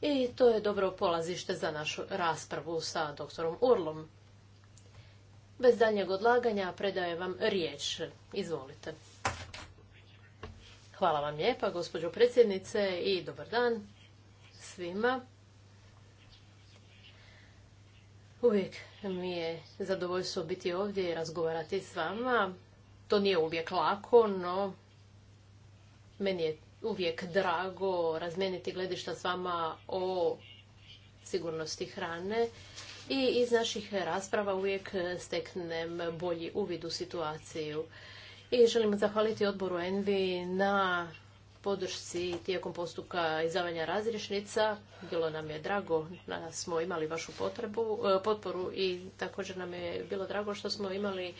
I to je dobro polazište za našu raspravu sa doktorom Urlom. Bez daljnjeg odlaganja predajem vam riječ. Izvolite. Hvala vam lijepa, gospođo predsjednice, i dobar dan svima. Uvijek mi je zadovoljstvo biti ovdje i razgovarati s vama. To nije uvijek lako, no meni je uvijek drago razmijeniti gledišta s vama o sigurnosti hrane i iz naših rasprava uvijek steknem bolji uvid u situaciju. I želim zahvaliti odboru Envi na podršci tijekom postupka izdavanja razrješnica. Bilo nam je drago da smo imali vašu potrebu, e, potporu i također nam je bilo drago što smo imali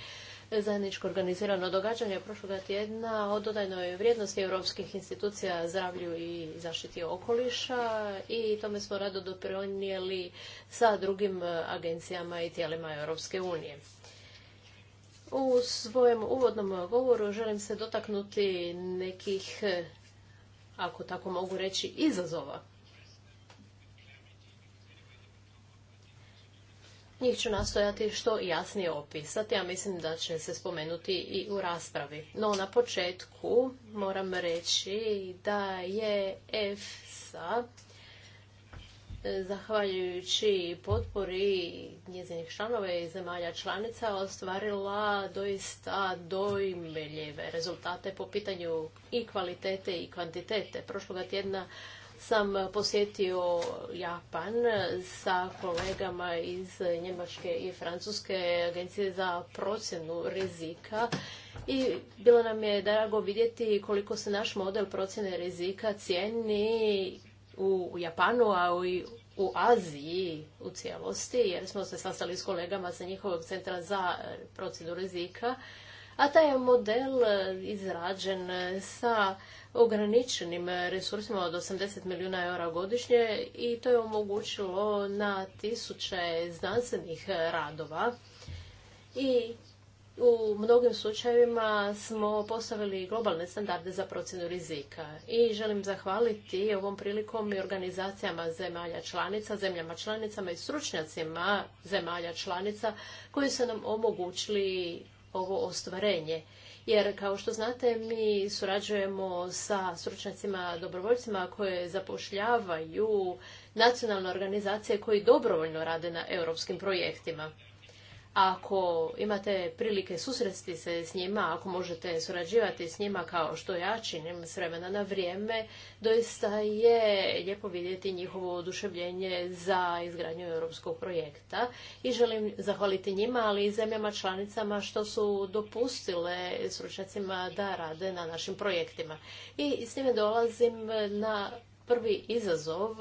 zajedničko organizirano događanje prošloga tjedna o dodajnoj vrijednosti europskih institucija zdravlju i zaštiti okoliša i tome smo rado doprinijeli sa drugim agencijama i tijelima Europske unije. U svojem uvodnom govoru želim se dotaknuti nekih ako tako mogu reći, izazova. Njih ću nastojati što jasnije opisati, a mislim da će se spomenuti i u raspravi. No na početku moram reći da je EFSA zahvaljujući potpori njezinih članova i zemalja članica ostvarila doista dojmeljive rezultate po pitanju i kvalitete i kvantitete. Prošloga tjedna sam posjetio Japan sa kolegama iz Njemačke i Francuske agencije za procjenu rizika i bilo nam je drago vidjeti koliko se naš model procjene rizika cijeni u Japanu, a i u Aziji u cijelosti, jer smo se sastali s kolegama sa njihovog centra za e, procjenu rizika, a taj je model e, izrađen e, sa ograničenim resursima od 80 milijuna eura godišnje i to je omogućilo na tisuće znanstvenih radova i u mnogim slučajevima smo postavili globalne standarde za procjenu rizika i želim zahvaliti ovom prilikom i organizacijama zemalja članica, zemljama članicama i stručnjacima zemalja članica koji su nam omogućili ovo ostvarenje. Jer, kao što znate, mi surađujemo sa stručnjacima, dobrovoljcima koje zapošljavaju nacionalne organizacije koji dobrovoljno rade na europskim projektima. Ako imate prilike susresti se s njima, ako možete surađivati s njima kao što ja činim s vremena na vrijeme, doista je lijepo vidjeti njihovo oduševljenje za izgradnju europskog projekta. I želim zahvaliti njima, ali i zemljama članicama što su dopustile stručnjacima da rade na našim projektima. I s time dolazim na prvi izazov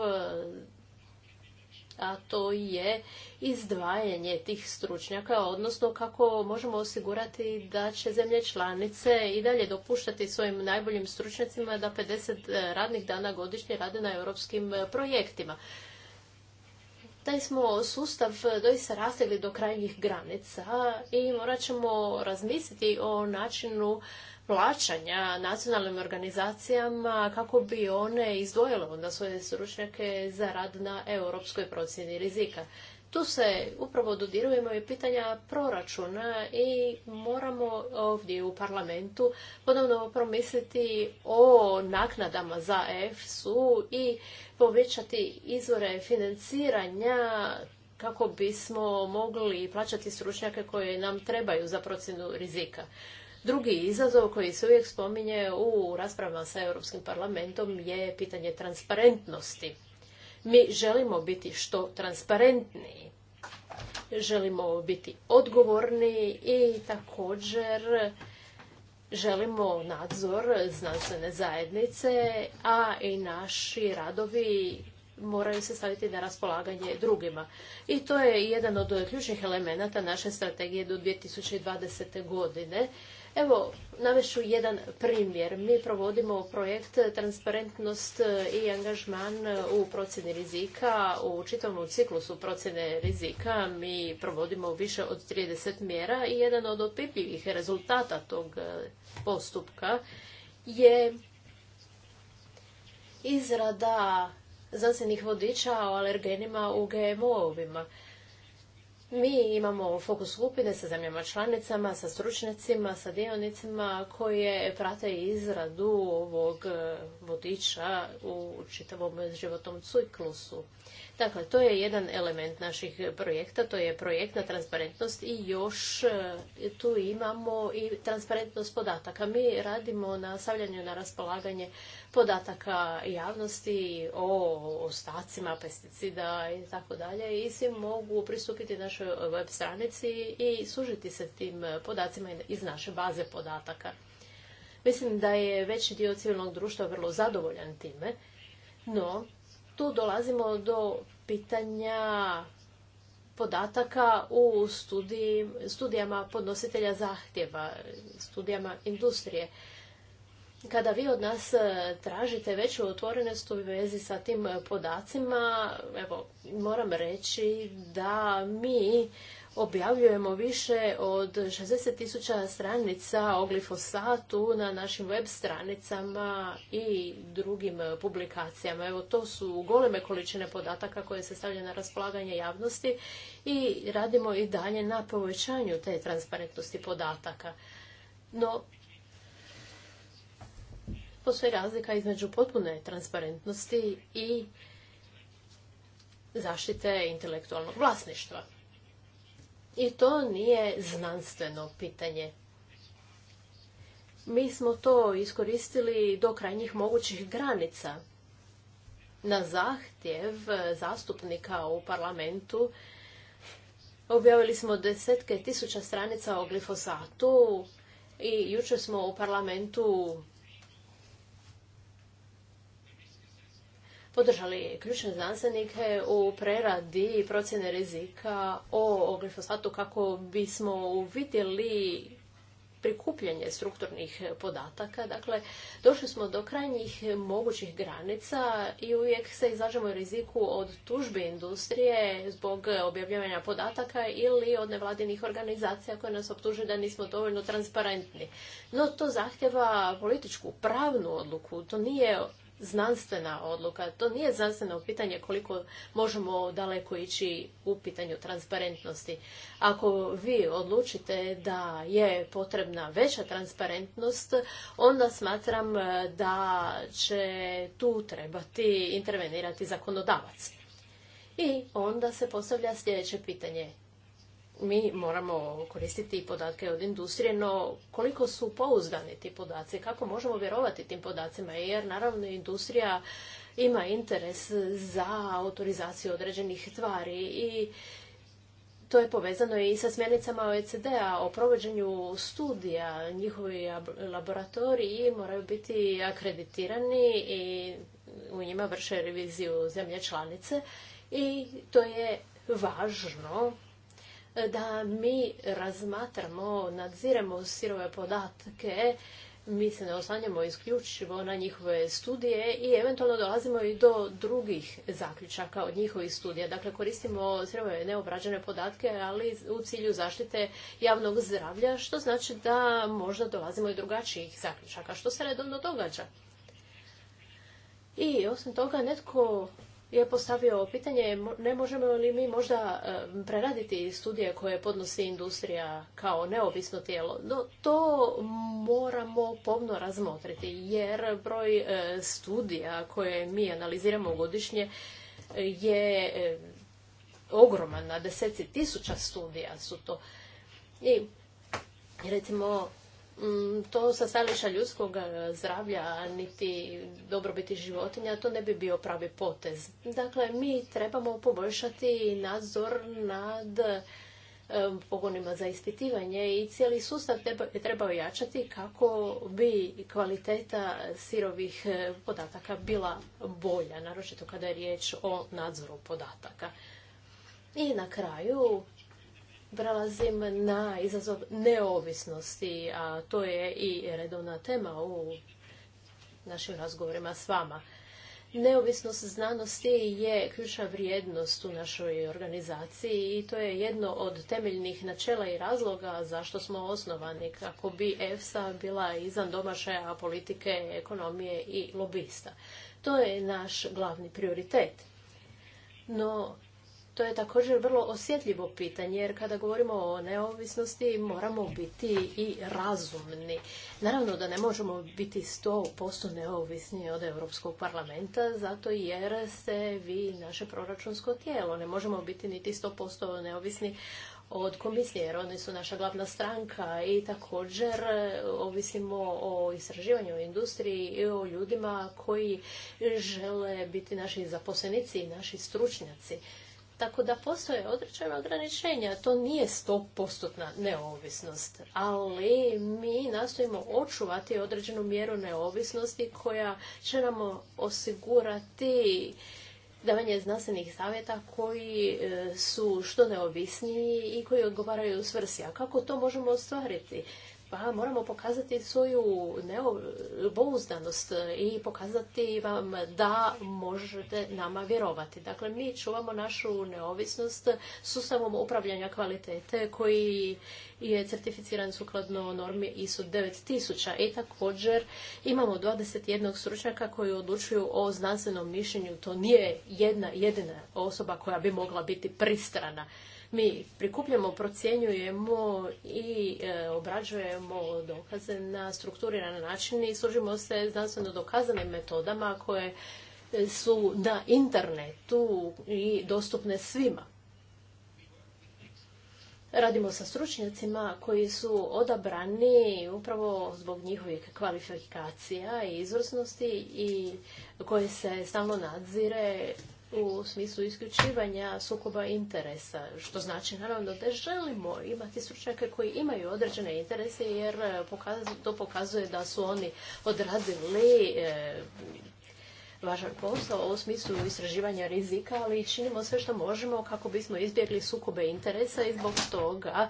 a to je izdvajanje tih stručnjaka, odnosno kako možemo osigurati da će zemlje članice i dalje dopuštati svojim najboljim stručnjacima da 50 e, radnih dana godišnje rade na europskim e, projektima. Taj smo sustav e, doista rastegli do krajnjih granica i morat ćemo razmisliti o načinu plaćanja nacionalnim organizacijama kako bi one izdvojile onda svoje stručnjake za rad na europskoj procjeni rizika. Tu se upravo dodirujemo i pitanja proračuna i moramo ovdje u parlamentu ponovno promisliti o naknadama za EFSU i povećati izvore financiranja kako bismo mogli plaćati stručnjake koje nam trebaju za procjenu rizika. Drugi izazov koji se uvijek spominje u raspravama sa Europskim parlamentom je pitanje transparentnosti. Mi želimo biti što transparentniji, želimo biti odgovorni i također želimo nadzor znanstvene zajednice, a i naši radovi moraju se staviti na raspolaganje drugima. I to je jedan od ključnih elemenata naše strategije do 2020. godine Evo, navešu jedan primjer. Mi provodimo projekt Transparentnost e, i angažman e, u procjeni rizika. U čitavom ciklusu procjene rizika mi provodimo više od 30 mjera i jedan od opipljivih rezultata tog e, postupka je izrada znanstvenih vodiča o alergenima u GMO-ovima. Mi imamo fokus skupine sa zemljama članicama, sa stručnjacima, sa dionicima koje prate izradu ovog e, vodiča u čitavom životnom ciklusu. Dakle, to je jedan element naših projekta, to je projektna transparentnost i još e, tu imamo i transparentnost podataka. Mi radimo na stavljanju na raspolaganje podataka javnosti o ostacima pesticida i tako dalje i svi mogu pristupiti našoj web stranici i služiti se tim podacima iz naše baze podataka. Mislim da je veći dio civilnog društva vrlo zadovoljan time, no tu dolazimo do pitanja podataka u studijama podnositelja zahtjeva, studijama industrije kada vi od nas e, tražite veću otvorenost u vezi sa tim podacima, evo, moram reći da mi objavljujemo više od 60 tisuća stranica o glifosatu na našim web stranicama i drugim publikacijama. Evo, to su goleme količine podataka koje se stavljaju na raspolaganje javnosti i radimo i dalje na povećanju te transparentnosti podataka. No, postoji razlika između potpune transparentnosti i zaštite intelektualnog vlasništva. I to nije znanstveno pitanje. Mi smo to iskoristili do krajnjih mogućih granica. Na zahtjev zastupnika u parlamentu objavili smo desetke tisuća stranica o glifosatu i jučer smo u parlamentu podržali ključne znanstvenike u preradi procjene rizika o glifosatu kako bismo uvidjeli prikupljanje strukturnih podataka. Dakle, došli smo do krajnjih mogućih granica i uvijek se izlažemo riziku od tužbe industrije zbog objavljavanja podataka ili od nevladinih organizacija koje nas optuže da nismo dovoljno transparentni. No, to zahtjeva političku, pravnu odluku. To nije znanstvena odluka. To nije znanstveno pitanje koliko možemo daleko ići u pitanju transparentnosti. Ako vi odlučite da je potrebna veća transparentnost, onda smatram e, da će tu trebati intervenirati zakonodavac. I onda se postavlja sljedeće pitanje mi moramo koristiti podatke od industrije, no koliko su pouzdani ti podaci, kako možemo vjerovati tim podacima, jer naravno industrija ima interes za autorizaciju određenih tvari i to je povezano i sa smjernicama OECD-a o provođenju studija. Njihovi laboratoriji moraju biti akreditirani i u njima vrše reviziju zemlje članice i to je važno da mi razmatramo, nadziremo sirove podatke, mi se ne oslanjamo isključivo na njihove studije i eventualno dolazimo i do drugih zaključaka od njihovih studija. Dakle, koristimo sirove neobrađene podatke, ali u cilju zaštite javnog zdravlja, što znači da možda dolazimo i drugačijih zaključaka, što se redovno događa. I osim toga, netko je postavio pitanje ne možemo li mi možda e, preraditi studije koje podnosi industrija kao neovisno tijelo. No, to moramo pomno razmotriti jer broj e, studija koje mi analiziramo godišnje e, je ogroman, na deseci tisuća studija su to. I recimo Mm, to sa stajališta ljudskog zdravlja niti dobrobiti životinja, to ne bi bio pravi potez. Dakle, mi trebamo poboljšati nadzor nad e, pogonima za ispitivanje i cijeli sustav treba ojačati kako bi kvaliteta sirovih e, podataka bila bolja, naročito kada je riječ o nadzoru podataka. I na kraju prelazim na izazov neovisnosti, a to je i redovna tema u našim razgovorima s vama. Neovisnost znanosti je ključna vrijednost u našoj organizaciji i to je jedno od temeljnih načela i razloga zašto smo osnovani kako bi EFSA bila izvan domašaja politike, ekonomije i lobista. To je naš glavni prioritet. No, to je također vrlo osjetljivo pitanje jer kada govorimo o neovisnosti moramo biti i razumni. Naravno da ne možemo biti 100% neovisni od Europskog parlamenta zato jer ste vi naše proračunsko tijelo. Ne možemo biti niti 100% neovisni od komisije, jer oni su naša glavna stranka i također e, ovisimo o istraživanju o industriji i o ljudima koji žele biti naši zaposlenici i naši stručnjaci. Tako da postoje određena ograničenja. To nije 100% neovisnost, ali mi nastojimo očuvati određenu mjeru neovisnosti koja će nam osigurati davanje znanstvenih savjeta koji e, su što neovisniji i koji odgovaraju svrsi. A kako to možemo ostvariti? pa moramo pokazati svoju neobouzdanost i pokazati vam da možete nama vjerovati. Dakle, mi čuvamo našu neovisnost sustavom upravljanja kvalitete koji je certificiran sukladno normi ISO 9000 i također imamo 21 stručnjaka koji odlučuju o znanstvenom mišljenju. To nije jedna jedina osoba koja bi mogla biti pristrana. Mi prikupljamo, procjenjujemo i e, obrađujemo dokaze na strukturiran način i služimo se znanstveno dokazanim metodama koje su na internetu i dostupne svima. Radimo sa stručnjacima koji su odabrani upravo zbog njihovih kvalifikacija i izvrsnosti i koje se stalno nadzire u smislu isključivanja sukoba interesa, što znači naravno da želimo imati stručnjake koji imaju određene interese jer e, to pokazuje da su oni odradili e, važan posao u smislu istraživanja rizika, ali činimo sve što možemo kako bismo izbjegli sukobe interesa i zbog toga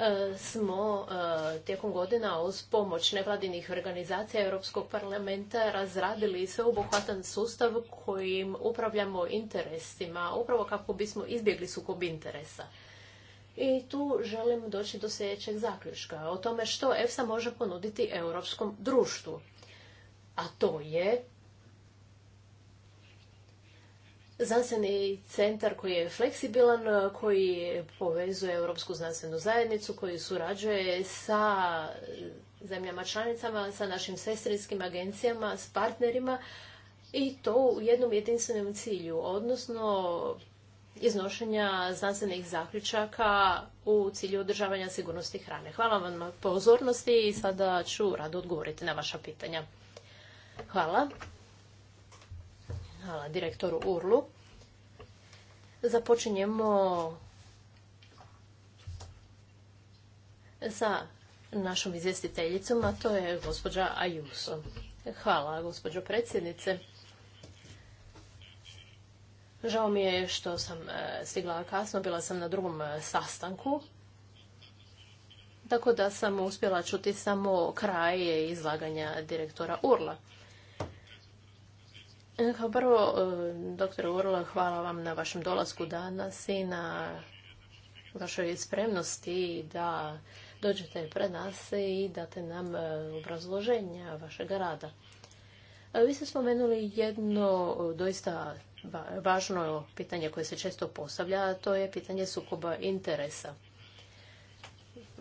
E, smo e, tijekom godina uz pomoć nevladinih organizacija Europskog parlamenta razradili sveobuhvatan sustav kojim upravljamo interesima, upravo kako bismo izbjegli sukob interesa. I tu želim doći do sljedećeg zaključka o tome što EFSA može ponuditi europskom društvu. A to je znanstveni centar koji je fleksibilan, koji povezuje Europsku znanstvenu zajednicu, koji surađuje sa zemljama članicama, sa našim sestrinskim agencijama, s partnerima i to u jednom jedinstvenom cilju, odnosno iznošenja znanstvenih zaključaka u cilju održavanja sigurnosti hrane. Hvala vam na pozornosti i sada ću rado odgovoriti na vaša pitanja. Hvala. Hvala direktoru Urlu. Započinjemo sa našom izvjestiteljicom, a to je gospođa Ajuso. Hvala, gospođo predsjednice. Žao mi je što sam e, stigla kasno, bila sam na drugom e, sastanku, tako da sam uspjela čuti samo kraje izlaganja direktora Urla. Kao prvo, e, doktore Urla, hvala vam na vašem dolasku danas i na vašoj spremnosti da dođete pred nas i date nam e, obrazloženja vašeg rada. E, vi ste spomenuli jedno doista važno pitanje koje se često postavlja, a to je pitanje sukoba interesa.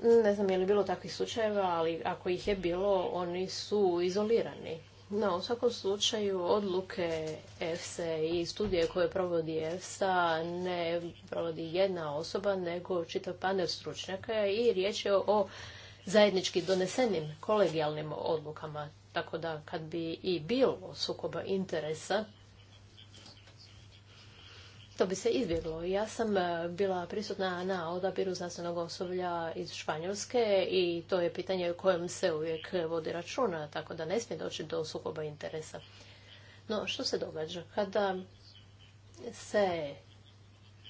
Ne znam je li bilo takvih slučajeva, ali ako ih je bilo, oni su izolirani. No, u svakom slučaju odluke EFSA i studije koje provodi EFSA ne provodi jedna osoba, nego čitav panel stručnjaka i riječ je o zajednički donesenim kolegijalnim odlukama. Tako da kad bi i bilo sukoba interesa, to bi se izbjeglo. Ja sam e, bila prisutna na odabiru znanstvenog osoblja iz Španjolske i to je pitanje u kojem se uvijek vodi računa, tako da ne smije doći do sukoba interesa. No, što se događa? Kada se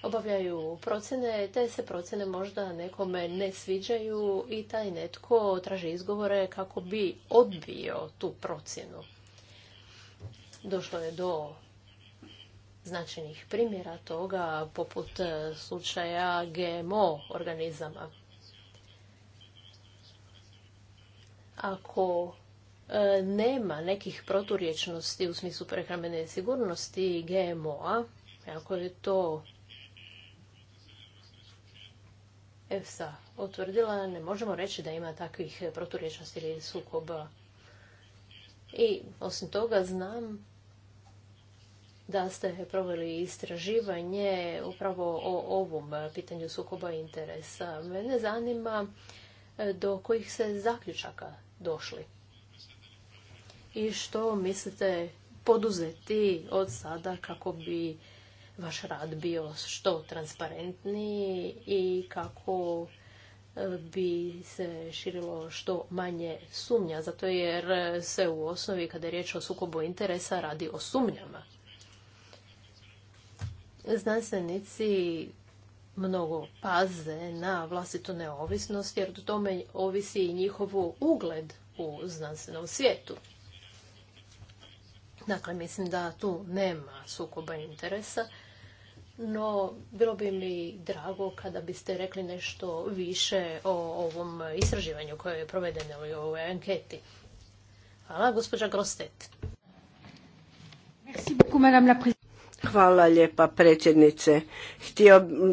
obavljaju procjene, te se procjene možda nekome ne sviđaju i taj netko traži izgovore kako bi odbio tu procjenu. Došlo je do značajnih primjera toga, poput e, slučaja GMO organizama. Ako e, nema nekih proturječnosti u smislu prehrambene sigurnosti GMO-a, ako je to EFSA otvrdila, ne možemo reći da ima takvih proturječnosti ili sukoba. I osim toga znam da ste proveli istraživanje upravo o ovom pitanju sukoba interesa. Mene zanima e, do kojih se zaključaka došli i što mislite poduzeti od sada kako bi vaš rad bio što transparentniji i kako e, bi se širilo što manje sumnja, zato jer se u osnovi kada je riječ o sukobu interesa radi o sumnjama. Znanstvenici mnogo paze na vlastitu neovisnost jer o tome ovisi i njihov ugled u znanstvenom svijetu. Dakle, mislim da tu nema sukoba interesa, no bilo bi mi drago kada biste rekli nešto više o ovom istraživanju koje je provedeno u ovoj anketi. Hvala, gospođa Grostet. Merci beaucoup, madame Hvala lijepa predsjednice.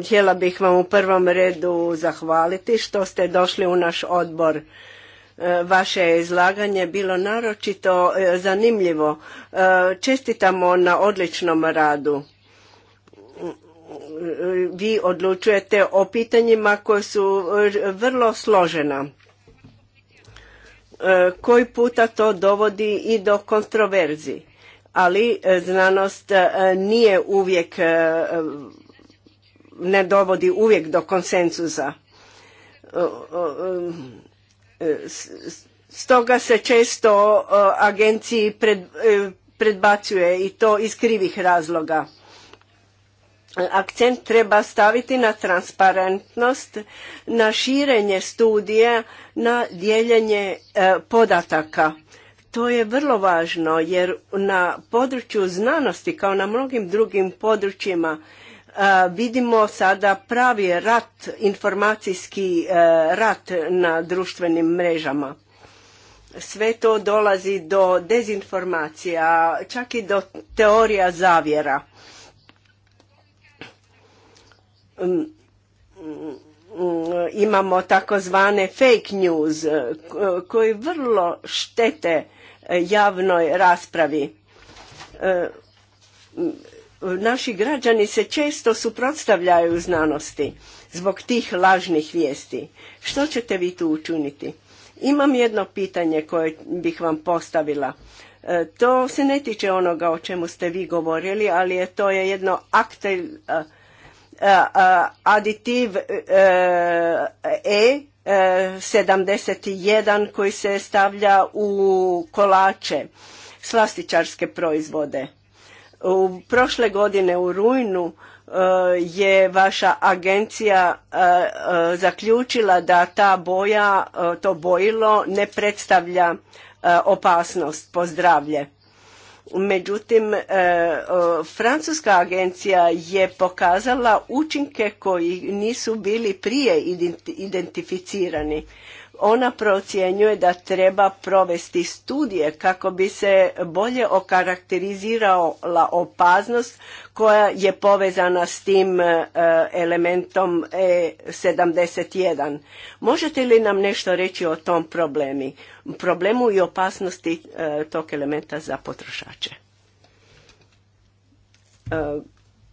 htjela bih vam u prvom redu zahvaliti što ste došli u naš odbor. E, vaše izlaganje bilo naročito e, zanimljivo. E, čestitamo na odličnom radu. Vi odlučujete o pitanjima koje su vrlo složena. Koji puta to dovodi i do kontroverzi ali e, znanost e, nije uvijek, e, ne dovodi uvijek do konsenzusa. Stoga se često agenciji predbacuje i to iz krivih razloga. Akcent treba staviti na transparentnost, na širenje studija, na dijeljenje podataka to je vrlo važno jer na području znanosti kao na mnogim drugim područjima e, vidimo sada pravi rat, informacijski e, rat na društvenim mrežama. Sve to dolazi do dezinformacija, čak i do teorija zavjera. Mm, mm, imamo takozvane fake news e, koji vrlo štete javnoj raspravi. E, naši građani se često suprotstavljaju znanosti zbog tih lažnih vijesti. Što ćete vi tu učiniti? Imam jedno pitanje koje bih vam postavila. E, to se ne tiče onoga o čemu ste vi govorili, ali je to je jedno aktel, e, aditiv E 71 koji se stavlja u kolače, slastičarske proizvode. U prošle godine u rujnu e, je vaša agencija e, e, zaključila da ta boja, to bojilo ne predstavlja opasnost po zdravlje. Međutim, e, Francuska agencija je pokazala učinke koji nisu bili prije identificirani. Ona procjenjuje da treba provesti studije kako bi se bolje okarakterizirala opaznost koja je povezana s tim e, elementom E71. Možete li nam nešto reći o tom problemi, problemu i opasnosti e, tog elementa za potrošače? E,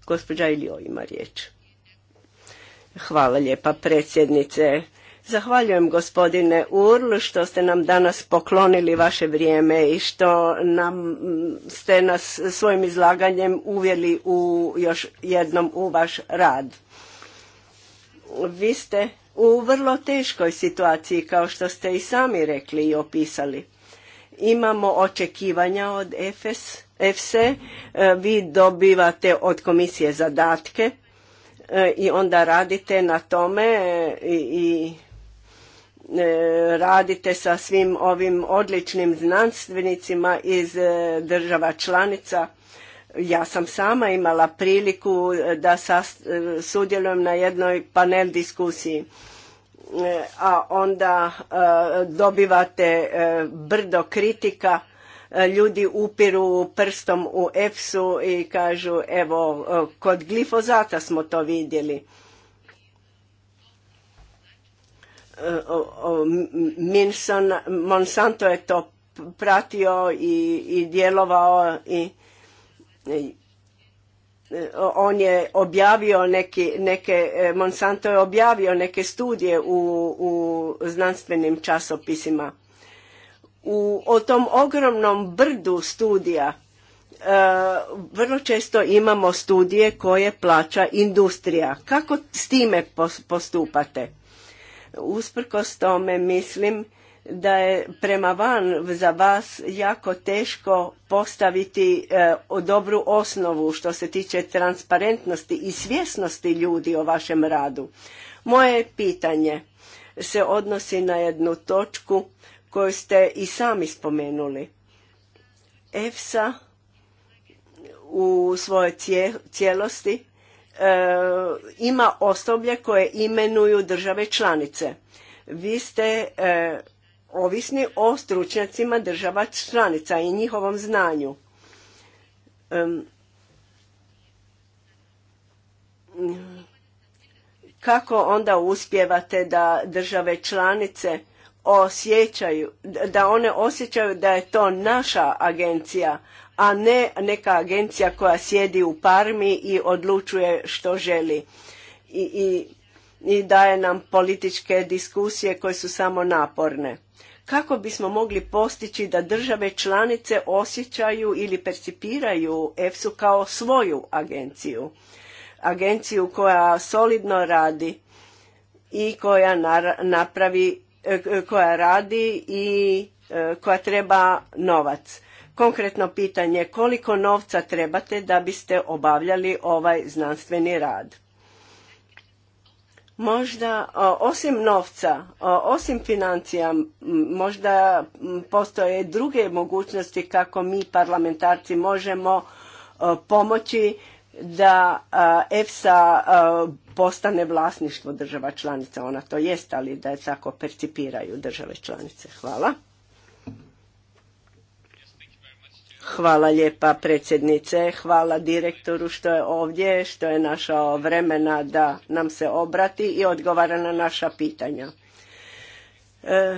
gospođa Ilio ima riječ. Hvala lijepa predsjednice. Zahvaljujem gospodine Url što ste nam danas poklonili vaše vrijeme i što nam ste nas svojim izlaganjem uvjeli u još jednom u vaš rad. Vi ste u vrlo teškoj situaciji kao što ste i sami rekli i opisali. Imamo očekivanja od FS, EFSE, vi dobivate od komisije zadatke e, i onda radite na tome e, i E, radite sa svim ovim odličnim znanstvenicima iz e, država članica. Ja sam sama imala priliku e, da sudjelujem na jednoj panel diskusiji a onda dobivate brdo kritika, ljudi upiru prstom u EFSU i kažu evo kod glifozata smo to vidjeli. Minson, Monsanto je to pratio i, i djelovao i, e, on je objavio neki, neke, e, Monsanto je objavio neke studije u, u znanstvenim časopisima. U o tom ogromnom brdu studija e, vrlo često imamo studije koje plaća industrija. Kako s time postupate? Usprkos tome mislim da je prema van za vas jako teško postaviti e, dobru osnovu što se tiče transparentnosti i svjesnosti ljudi o vašem radu. Moje pitanje se odnosi na jednu točku koju ste i sami spomenuli. EFSA u svojoj cijelosti E, ima osoblje koje imenuju države članice. Vi ste e, ovisni o stručnjacima država članica i njihovom znanju. Kako onda uspjevate da države članice osjećaju, da one osjećaju da je to naša agencija, a ne neka agencija koja sjedi u parmi i odlučuje što želi i, i, i daje nam političke diskusije koje su samo naporne kako bismo mogli postići da države članice osjećaju ili percipiraju EFSU kao svoju agenciju. Agenciju koja solidno radi i koja napravi, e, koja radi i e, koja treba novac. Konkretno pitanje, koliko novca trebate da biste obavljali ovaj znanstveni rad? Možda osim novca, osim financija, možda postoje druge mogućnosti kako mi parlamentarci možemo pomoći da EFSA postane vlasništvo država članica. Ona to jest, ali da je tako percipiraju države članice. Hvala. Hvala lijepa predsjednice, hvala direktoru što je ovdje, što je našao vremena da nam se obrati i odgovara na naša pitanja. E,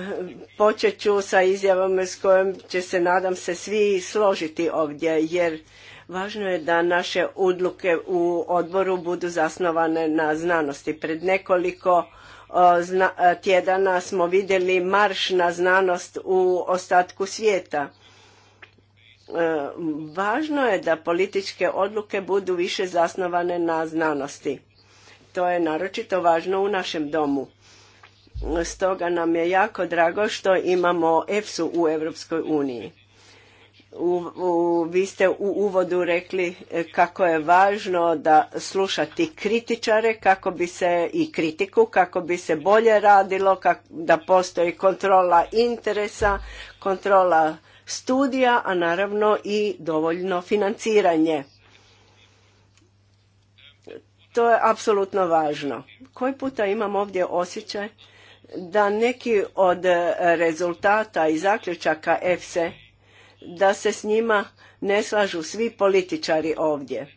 počet ću sa izjavom s kojom će se nadam se svi složiti ovdje jer važno je da naše odluke u odboru budu zasnovane na znanosti. Pred nekoliko tjedana smo vidjeli marš na znanost u ostatku svijeta E, važno je da političke odluke budu više zasnovane na znanosti. To je naročito važno u našem domu. Stoga nam je jako drago što imamo EFSU u Europskoj uniji. u, vi ste u uvodu rekli e, kako je važno da slušati kritičare kako bi se i kritiku kako bi se bolje radilo da postoji kontrola interesa kontrola studija, a naravno i dovoljno financiranje. To je apsolutno važno. Koji puta imam ovdje osjećaj da neki od rezultata i zaključaka EFSE da se s njima ne slažu svi političari ovdje.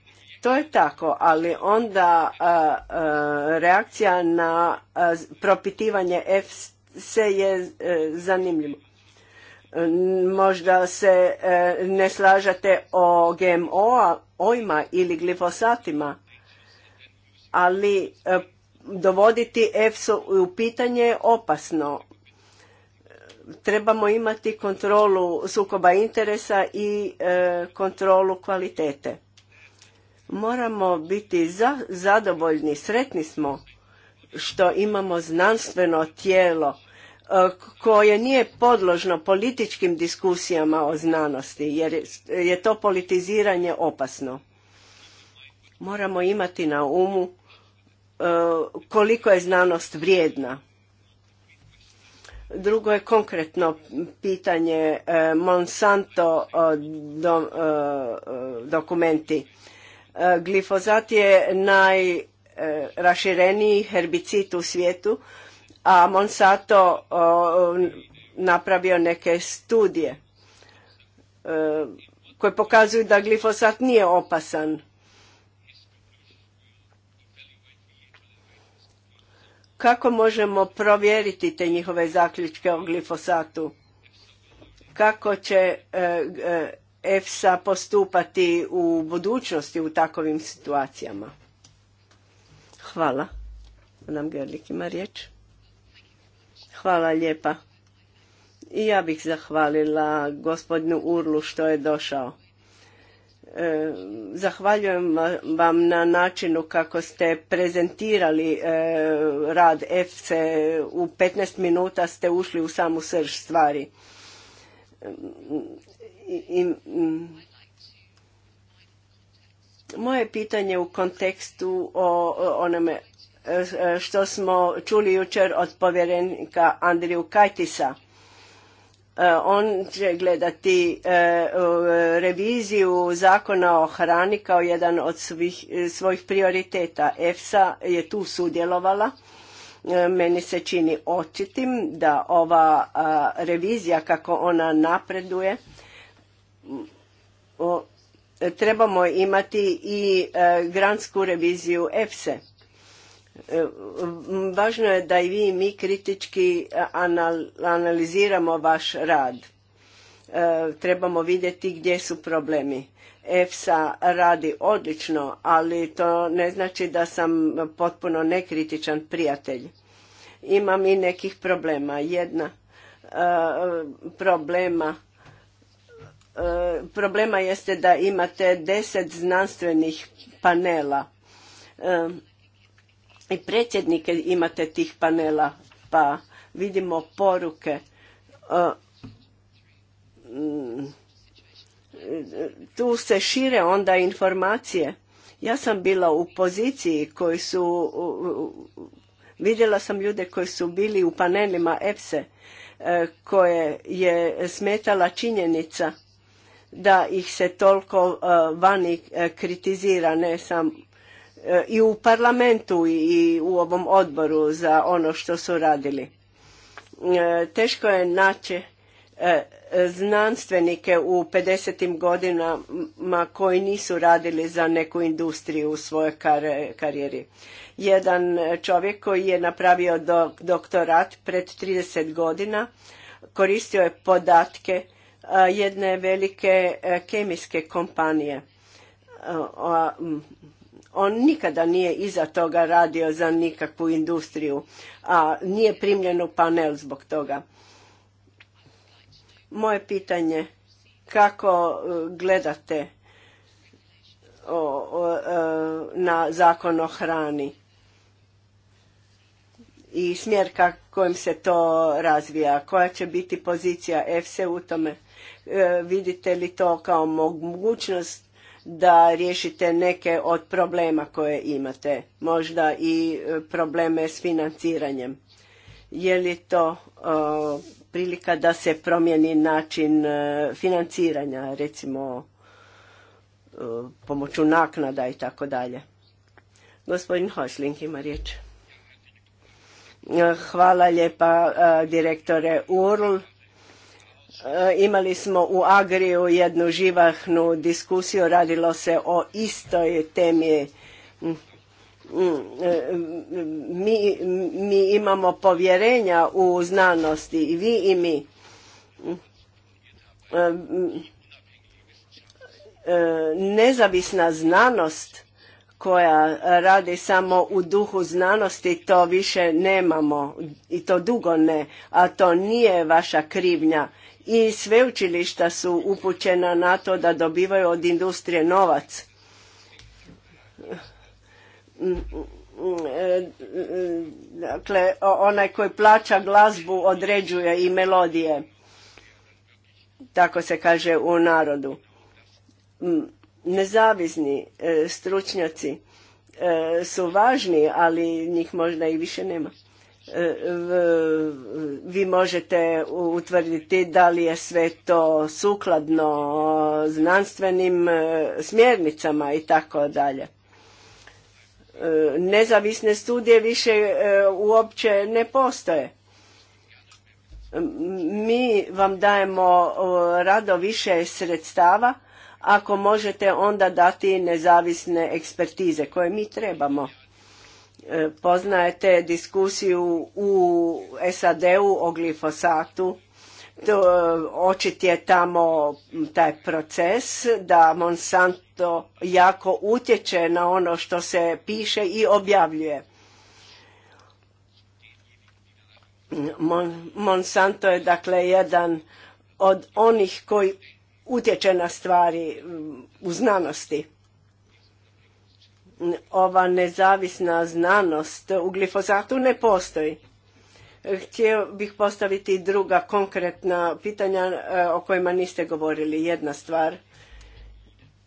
To je tako, ali onda reakcija na propitivanje EFSE je e, zanimljiva možda se e, ne slažete o GMO-ima ili glifosatima, ali e, dovoditi EFSO u pitanje je opasno. Trebamo imati kontrolu sukoba interesa i e, kontrolu kvalitete. Moramo biti za zadovoljni, sretni smo što imamo znanstveno tijelo koje nije podložno političkim diskusijama o znanosti jer je to politiziranje opasno. Moramo imati na umu e, koliko je znanost vrijedna. Drugo je konkretno pitanje e, Monsanto e, dokumenti. Glifozat je najrašireniji herbicid u svijetu a Monsanto napravio neke studije e, koje pokazuju da glifosat nije opasan. Kako možemo provjeriti te njihove zaključke o glifosatu? Kako će EFSA e, postupati u budućnosti u takovim situacijama? Hvala. Nam Gerlik ima riječ. Hvala lijepa. I ja bih zahvalila gospodinu Urlu što je došao. E, zahvaljujem vam na načinu kako ste prezentirali e, rad FC. U 15 minuta ste ušli u samu srž stvari. I, mm, moje pitanje u kontekstu o onome što smo čuli jučer od povjerenika Andriju Kajtisa. E, on će gledati e, e, reviziju zakona o hrani kao jedan od svih, svojih prioriteta. EFSA je tu sudjelovala. Meni se čini očitim da ova revizija kako ona napreduje trebamo imati i gransku reviziju EFSE E, važno je da i vi i mi kritički analiziramo vaš rad. E, trebamo vidjeti gdje su problemi. EFSA radi odlično, ali to ne znači da sam potpuno nekritičan prijatelj. Imam i nekih problema. Jedna e, problema problema jeste da imate deset znanstvenih panela i predsjednike imate tih panela, pa vidimo poruke. E, mm, tu se šire onda informacije. Ja sam bila u poziciji koji su, vidjela sam ljude koji su bili u panelima EPSE, e, koje je smetala činjenica da ih se toliko e, vani kritizira, ne sam i u parlamentu i u ovom odboru za ono što su radili. E, teško je naći e, znanstvenike u 50. godinama koji nisu radili za neku industriju u svojoj karijeri. Jedan čovjek koji je napravio doktorat pred 30 godina koristio je podatke e, jedne velike kemijske kompanije on nikada nije iza toga radio za nikakvu industriju, a nije primljen u panel zbog toga. Moje pitanje, kako e, gledate o, e, na zakon o hrani i smjer kojim se to razvija, koja će biti pozicija EFSE u tome, e, vidite li to kao mogućnost da riješite neke od problema koje imate, možda i e, probleme s financiranjem. Je li to e, prilika da se promijeni način e, financiranja, recimo pomoću naknada i tako dalje? Gospodin Hošling ima riječ. Hvala lijepa direktore Url E, imali smo u Agriju jednu živahnu diskusiju, radilo se o istoj temi. Mm, mm, e, mi, mi imamo povjerenja u znanosti, i vi i mi. Mm, e, nezavisna znanost koja radi samo u duhu znanosti, to više nemamo i to dugo ne, a to nije vaša krivnja i sveučilišta su upućena na to da dobivaju od industrije novac dakle onaj koji plaća glazbu određuje i melodije tako se kaže u narodu nezavisni e, stručnjaci e, su važni ali njih možda i više nema vi možete utvrditi da li je sve to sukladno znanstvenim e, smjernicama i tako dalje. E, nezavisne studije više e, uopće ne postoje. Mi vam dajemo rado više sredstava ako možete onda dati nezavisne ekspertize koje mi trebamo E, poznajete diskusiju u SAD-u o glifosatu. To, e, očit je tamo taj proces da Monsanto jako utječe na ono što se piše i objavljuje. Monsanto je dakle jedan od onih koji utječe na stvari u znanosti ova nezavisna znanost u glifosatu ne postoji. Htio bih postaviti druga konkretna pitanja e, o kojima niste govorili. Jedna stvar,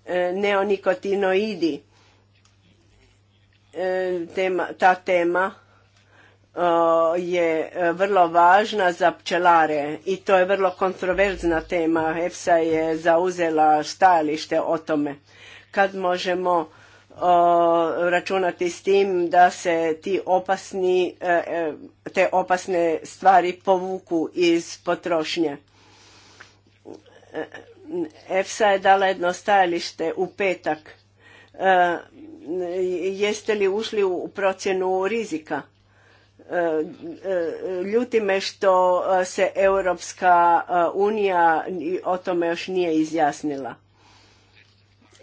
e, neonikotinoidi, e, tema, ta tema je vrlo važna za pčelare i to je vrlo kontroverzna tema. EFSA je zauzela stajalište o tome. Kad možemo Uh, računati s tim da se ti opasni, uh, uh, te opasne stvari povuku iz potrošnje. EFSA je dala jedno stajalište u petak. Jeste li ušli u procjenu rizika? Ljuti me što se Europska unija o tome još nije izjasnila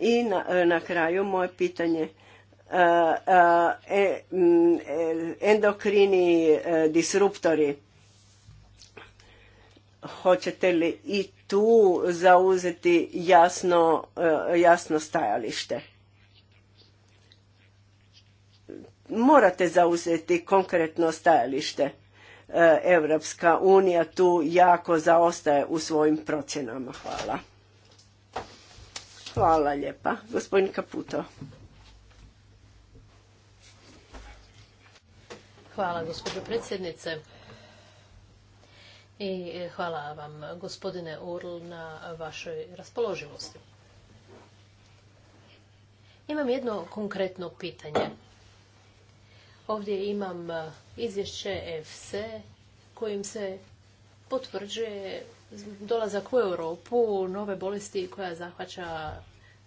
i na, kraju moje pitanje e, e, e, mm, endokrini disruptori. Hoćete li i tu zauzeti jasno, jasno stajalište? Morate zauzeti konkretno stajalište. Evropska unija tu jako zaostaje u svojim procjenama. Hvala. Hvala lijepa. Gospodin Kaputo. Hvala gospođo predsjednice. I e, hvala vam gospodine Url na vašoj raspoloživosti. Imam jedno konkretno pitanje. Ovdje imam e, izvješće EFSE kojim se potvrđuje dolazak u Europu nove bolesti koja zahvaća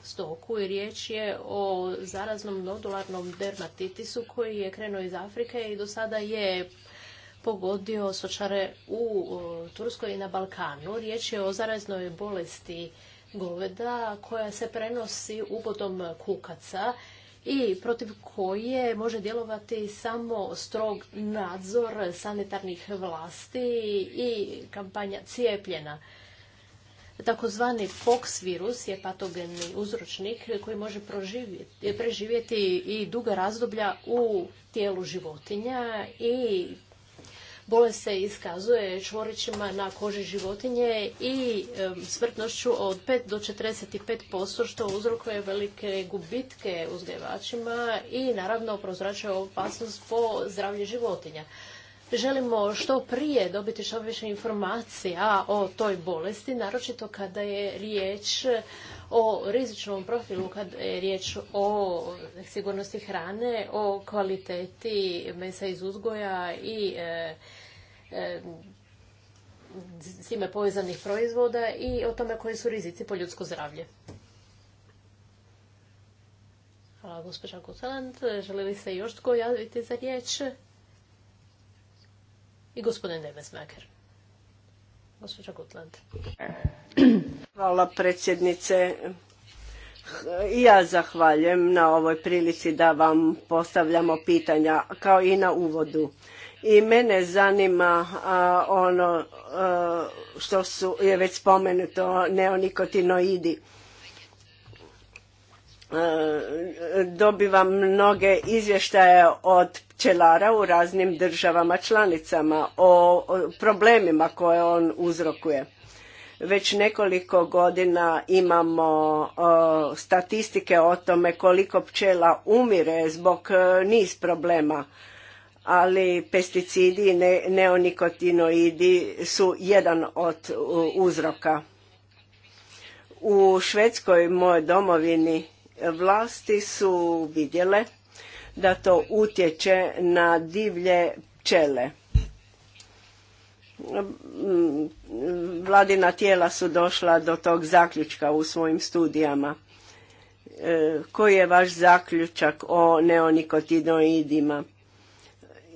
stoku i riječ je o zaraznom nodularnom dermatitisu koji je krenuo iz Afrike i do sada je pogodio sočare u Turskoj i na Balkanu. Riječ je o zaraznoj bolesti goveda koja se prenosi ubodom kukaca i protiv koje može djelovati samo strog nadzor sanitarnih vlasti i kampanja cijepljena. Takozvani Fox virus je patogeni uzročnik koji može preživjeti i duga razdoblja u tijelu životinja i Bolest se iskazuje čvorićima na koži životinje i smrtnošću od 5 do 45%, što uzrokuje velike gubitke uzgajivačima i naravno prozračuje opasnost po zdravlje životinja želimo što prije dobiti što više informacija o toj bolesti, naročito kada je riječ o rizičnom profilu, kada je riječ o sigurnosti hrane, o kvaliteti mesa iz uzgoja i e, e, s time povezanih proizvoda i o tome koji su rizici po ljudsko zdravlje. Hvala, gospođa Kutalant. Želi li se još tko javiti za riječ? i gospodin Gutland. Hvala predsjednice. I ja zahvaljujem na ovoj prilici da vam postavljamo pitanja, kao i na uvodu. I mene zanima ono što su, je već spomenuto, neonikotinoidi. dobivam mnoge izvještaje od pčelara u raznim državama članicama, o problemima koje on uzrokuje. Već nekoliko godina imamo statistike o tome koliko pčela umire zbog e, niz problema, ali pesticidi i neonikotinoidi su jedan od uzroka. U Švedskoj, mojoj domovini, vlasti su vidjele da to utječe na divlje pčele. Vladina tijela su došla do tog zaključka u svojim studijama. E, koji je vaš zaključak o neonikotinoidima?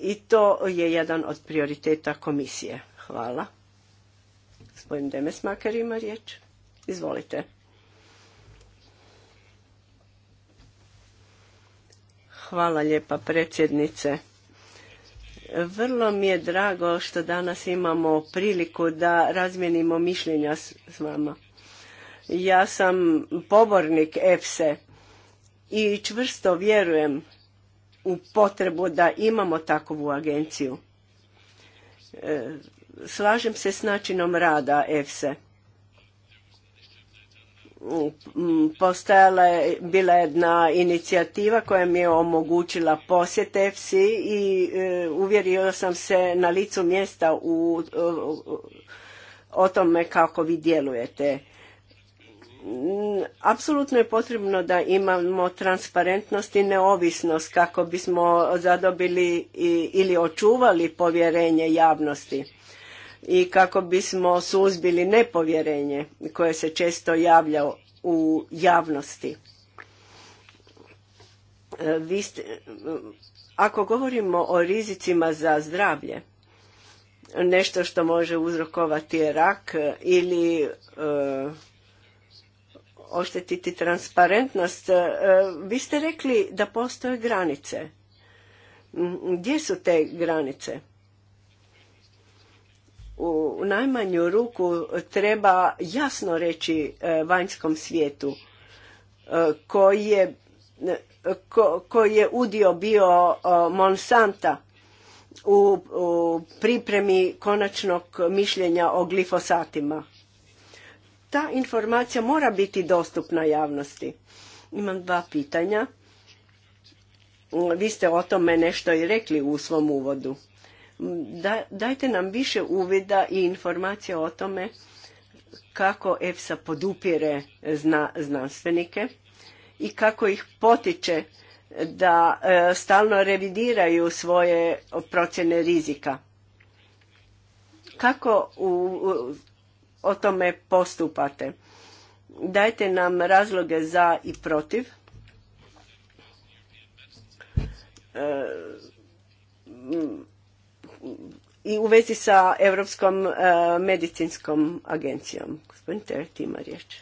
I to je jedan od prioriteta komisije. Hvala. Gospodin Demesmaker ima riječ. Izvolite. Hvala lijepa predsjednice. Vrlo mi je drago što danas imamo priliku da razmijenimo mišljenja s vama. Ja sam pobornik EFSE i čvrsto vjerujem u potrebu da imamo takvu agenciju. E, slažem se s načinom rada EFSE postojala je bila jedna inicijativa koja mi je omogućila posjet EFSI i e, uvjerio sam se na licu mjesta u, o tome kako vi djelujete. Mm, apsolutno je potrebno da imamo transparentnost i neovisnost kako bismo zadobili ili očuvali povjerenje javnosti i kako bismo suzbili nepovjerenje koje se često javlja u javnosti. E, vi ste, ako govorimo o rizicima za zdravlje, nešto što može uzrokovati rak ili e, oštetiti transparentnost, e, vi ste rekli da postoje granice. Gdje su te granice? u najmanju ruku treba jasno reći e, vanjskom svijetu e, e, koji je, udio bio Monsanta u pripremi konačnog mišljenja o glifosatima. Ta informacija mora biti dostupna javnosti. Imam dva pitanja. Vi ste o tome nešto i rekli u svom uvodu dajte nam više uvida i informacija o tome kako EFSA podupire znanstvenike i kako ih potiče da e, stalno revidiraju svoje procjene rizika. Kako u, o tome postupate? Dajte nam razloge za i protiv. E, i u vezi sa Europskom e, medicinskom agencijom. Gospodin Tereti ima riječ.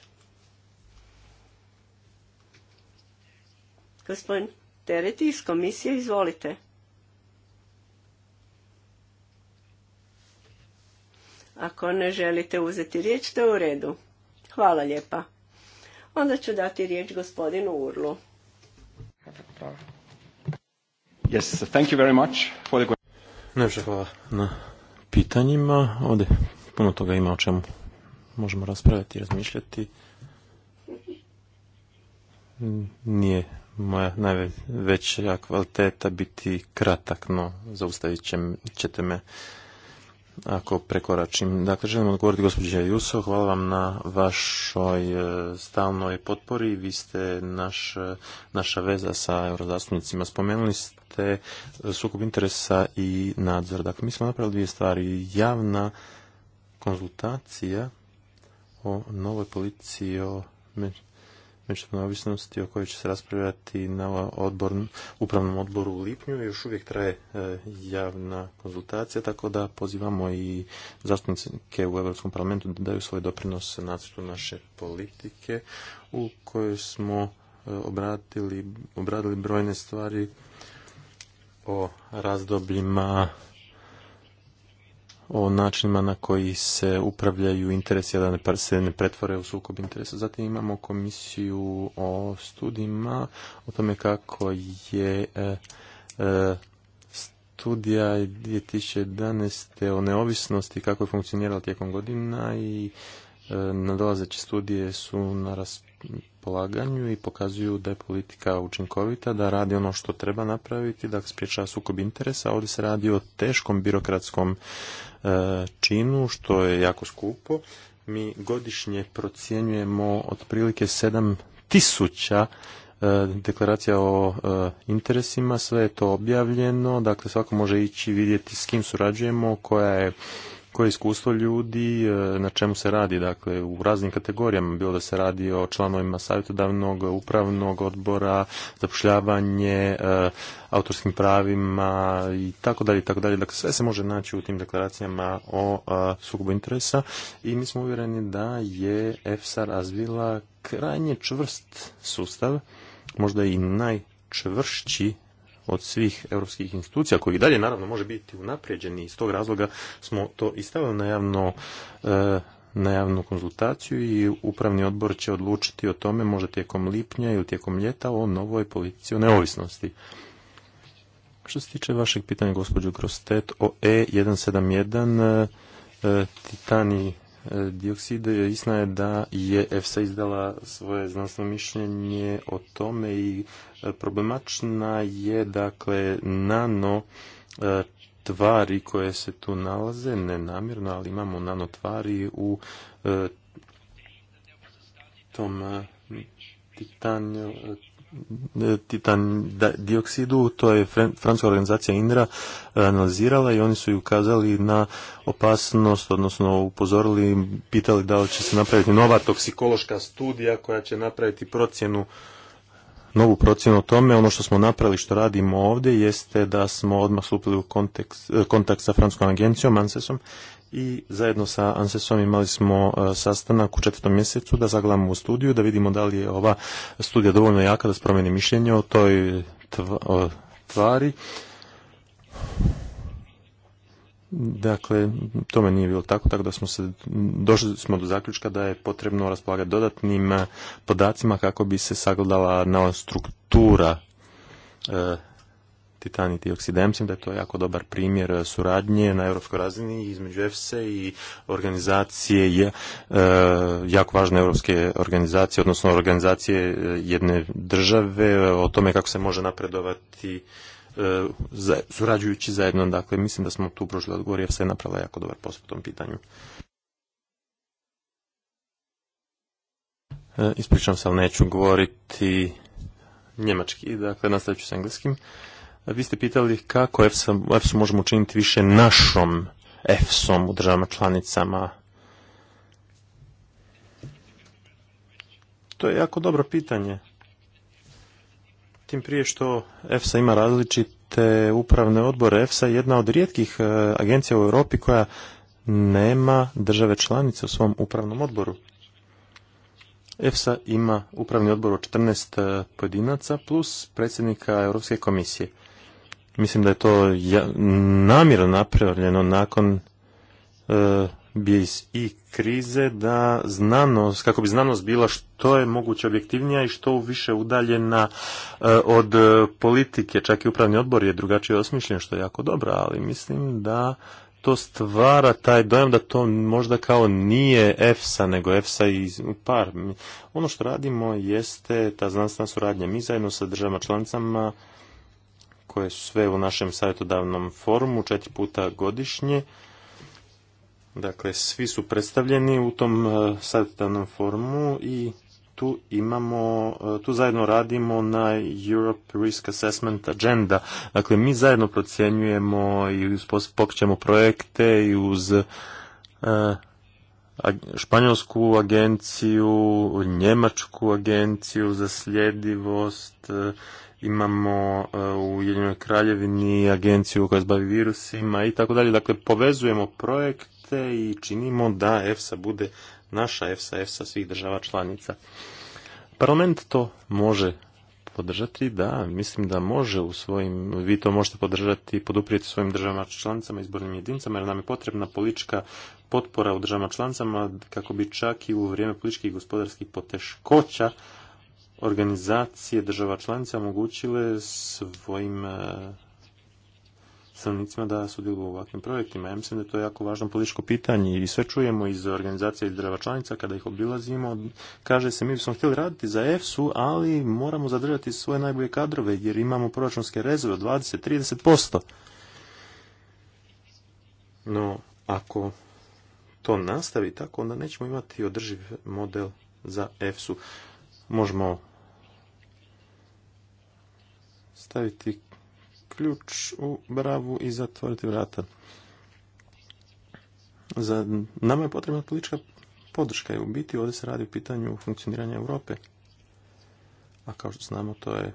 Gospodin Teret iz komisije, izvolite. Ako ne želite uzeti riječ, to je u redu. Hvala lijepa. Onda ću dati riječ gospodinu Urlu. Yes, Najviše hvala na pitanjima. Ovdje puno toga ima o čemu možemo raspraviti i razmišljati. Nije moja najveća kvaliteta biti kratak, no zaustavit ćete me ako prekoračim. Dakle, želim odgovoriti gospođa Juso, hvala vam na vašoj e, stalnoj potpori. Vi ste naš, e, naša veza sa eurozastupnicima. Spomenuli ste e, sukup interesa i nadzor. Dakle, mi smo napravili dvije stvari. Javna konzultacija o novoj policiji, o Međutim, ovisnosti o kojoj će se raspravljati na odbor, upravnom odboru u lipnju. Još uvijek traje e, javna konzultacija, tako da pozivamo i zastupnike u Europskom parlamentu da daju svoj doprinos nacrtu naše politike u kojoj smo e, obradili brojne stvari o razdobljima o načinima na koji se upravljaju interesi, a da se ne pretvore u sukob interesa. Zatim imamo komisiju o studijima, o tome kako je e, e studija 2011. o neovisnosti, kako je funkcionirala tijekom godina i e, nadalazeće studije su na raspravu polaganju i pokazuju da je politika učinkovita, da radi ono što treba napraviti, da spriječa sukob interesa. Ovdje se radi o teškom birokratskom e, činu, što je jako skupo. Mi godišnje procjenjujemo otprilike 7 tisuća e, deklaracija o e, interesima, sve je to objavljeno, dakle svako može ići vidjeti s kim surađujemo, koja je koje iskustvo ljudi, e, na čemu se radi, dakle, u raznim kategorijama, bilo da se radi o članovima savjetodavnog, upravnog odbora, zapošljavanje, e, autorskim pravima i tako dalje, tako dalje. Dakle, sve se može naći u tim deklaracijama o e, sukobu interesa i mi smo uvjereni da je EFSA razvila krajnje čvrst sustav, možda i najčvršći od svih europskih institucija, koji dalje naravno može biti unapređeni i iz tog razloga smo to istavili na javno e, na javnu konzultaciju i upravni odbor će odlučiti o tome možda tijekom lipnja ili tijekom ljeta o novoj politici o neovisnosti. Što se tiče vašeg pitanja, gospođo Grostet, o E171 e, Titani dioksida. Istina je da je EFSA izdala svoje znanstveno mišljenje o tome i e, problematična je dakle nano e, tvari koje se tu nalaze, nenamjerno, ali imamo nano tvari u e, tom titanju, titan dioksidu, to je francuska organizacija INRA e, analizirala i oni su ju ukazali na opasnost, odnosno upozorili, pitali da li će se napraviti nova toksikološka studija koja će napraviti procjenu novu procjenu o tome. Ono što smo napravili, što radimo ovdje, jeste da smo odmah stupili u e, kontakt sa Franskom agencijom, anses i zajedno sa Ansesom imali smo e, sastanak u četvrtom mjesecu da zagledamo u studiju, da vidimo da li je ova studija dovoljno jaka da spromeni mišljenje o toj tvari. Dakle, tome nije bilo tako, tako da smo se, došli smo do zaključka da je potrebno raspolagati dodatnim podacima kako bi se sagledala nova struktura e, titan i mislim da je to jako dobar primjer suradnje na europskoj razini između EFSE i organizacije, e, jako važne europske organizacije, odnosno organizacije e, jedne države, e, o tome kako se može napredovati surađujući zajedno. Dakle, mislim da smo tu prošli odgovor, i se je napravila jako dobar posao po tom pitanju. Ispričavam se, ali neću govoriti njemački, dakle nastavit ću s engleskim. Vi ste pitali kako EFSA, možemo učiniti više našom EFSOM u državama članicama. To je jako dobro pitanje. Tim prije što EFSA ima različite upravne odbore. EFSA je jedna od rijetkih e, agencija u Europi koja nema države članice u svom upravnom odboru. EFSA ima upravni odbor od 14 e, pojedinaca plus predsjednika Europske komisije. Mislim da je to namjerno napravljeno nakon e, i krize da znanost, kako bi znanost bila što je moguće objektivnija i što više udaljena e, od e, politike. Čak i upravni odbor je drugačije osmišljen što je jako dobro, ali mislim da to stvara taj dojam da to možda kao nije EFSA, nego EFSA i par. Ono što radimo jeste ta znanstvena suradnja. Mi zajedno sa državama članicama koje su sve u našem savjetodavnom forumu četiri puta godišnje. Dakle, svi su predstavljeni u tom e, savjetodavnom forumu i tu imamo, e, tu zajedno radimo na Europe Risk Assessment Agenda. Dakle, mi zajedno procjenjujemo i pokrećemo projekte i uz e, španjolsku agenciju, njemačku agenciju za sljedivost, imamo e, u Ujedinjenoj kraljevini agenciju koja se bavi virusima i tako dalje. Dakle, povezujemo projekte i činimo da EFSA bude naša EFSA, EFSA svih država članica. Parlament to može podržati, da, mislim da može u svojim, vi to možete podržati i poduprijeti svojim državama članicama, izbornim jedincama jer nam je potrebna politička potpora u državama članicama kako bi čak i u vrijeme političkih i gospodarskih poteškoća organizacije država članica omogućile svojim e, stanovnicima da sudjeluju u ovakvim projektima. Ja mislim da je to jako važno političko pitanje i sve čujemo iz organizacije država članica kada ih obilazimo. Kaže se mi bismo htjeli raditi za EFSU, ali moramo zadržati svoje najbolje kadrove jer imamo proračunske rezove od 20-30%. No, ako to nastavi tako, onda nećemo imati održiv model za EFSU. Možemo staviti ključ u bravu i zatvoriti vrata. Za, nama je potrebna politička podrška i u biti ovdje se radi o pitanju funkcioniranja Europe. A kao što znamo to je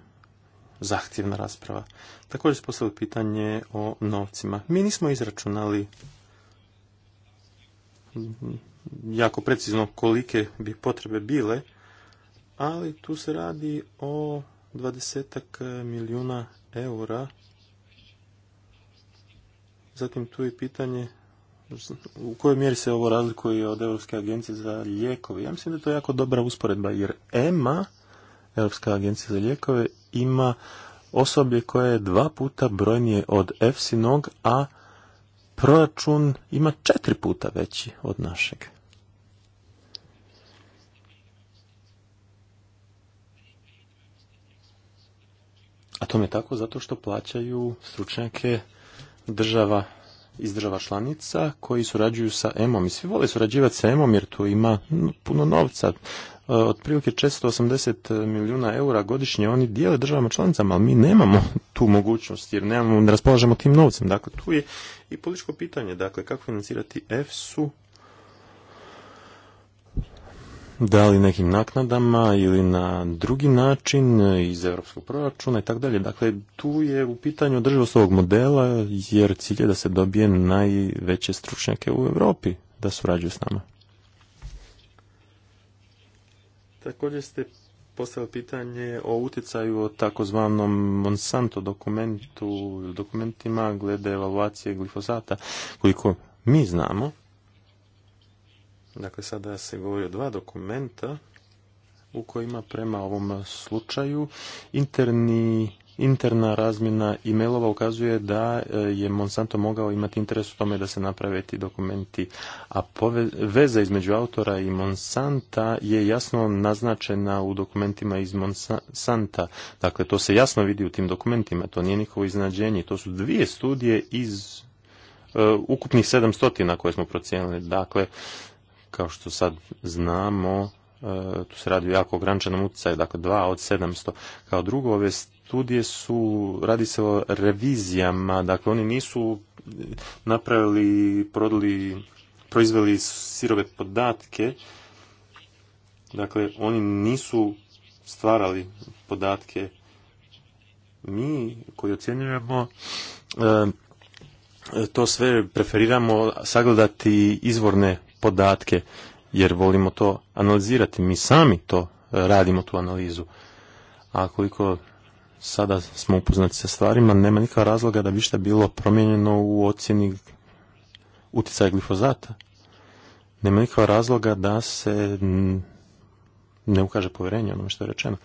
zahtjevna rasprava. Također se postavilo pitanje o novcima. Mi nismo izračunali jako precizno kolike bi potrebe bile, ali tu se radi o dvadesetak e, milijuna eura. Zatim tu je pitanje u kojoj mjeri se ovo razlikuje od Europske agencije za lijekove. Ja mislim da je to jako dobra usporedba jer EMA, Europska agencija za lijekove, ima osoblje koje je dva puta brojnije od EFSINOG, a proračun ima četiri puta veći od našeg. A tome je tako zato što plaćaju stručnjake država iz država članica koji surađuju sa EMOM. I svi vole surađivati sa EMOM jer tu ima puno novca. E, prilike 480 milijuna eura godišnje oni dijele državama članicama, ali mi nemamo tu mogućnost jer nemamo, ne raspolažemo tim novcem. Dakle, tu je i političko pitanje, dakle, kako financirati EFSU da li nekim naknadama ili na drugi način iz europskog proračuna i tako dalje. Dakle, tu je u pitanju održivost ovog modela jer cilj je da se dobije najveće stručnjake u Europi da surađuju s nama. Također ste postavili pitanje o utjecaju o takozvanom Monsanto dokumentu, dokumentima glede evaluacije glifosata. Koliko mi znamo, Dakle, sada se govori o dva dokumenta u kojima prema ovom slučaju interni interna razmjena e-mailova ukazuje da e, je Monsanto mogao imati interes u tome da se naprave ti dokumenti, a veza između autora i Monsanta je jasno naznačena u dokumentima iz Monsanta. Dakle, to se jasno vidi u tim dokumentima, to nije nikovo iznadženje. To su dvije studije iz e, ukupnih ukupnih 700 koje smo procijenili. Dakle, kao što sad znamo, e, tu se radi o jako ograničenom utjecaju, dakle dva od sedamsto Kao drugo, ove studije su, radi se o revizijama, dakle oni nisu napravili, prodali, proizveli sirove podatke, dakle oni nisu stvarali podatke. Mi koji ocjenjujemo e, to sve preferiramo sagledati izvorne podatke, jer volimo to analizirati. Mi sami to e, radimo, tu analizu. A koliko sada smo upoznati sa stvarima, nema nikakva razloga da bi što bilo promijenjeno u ocjeni utjecaja glifozata. Nema nikakva razloga da se ne ukaže povjerenje onome što je rečeno.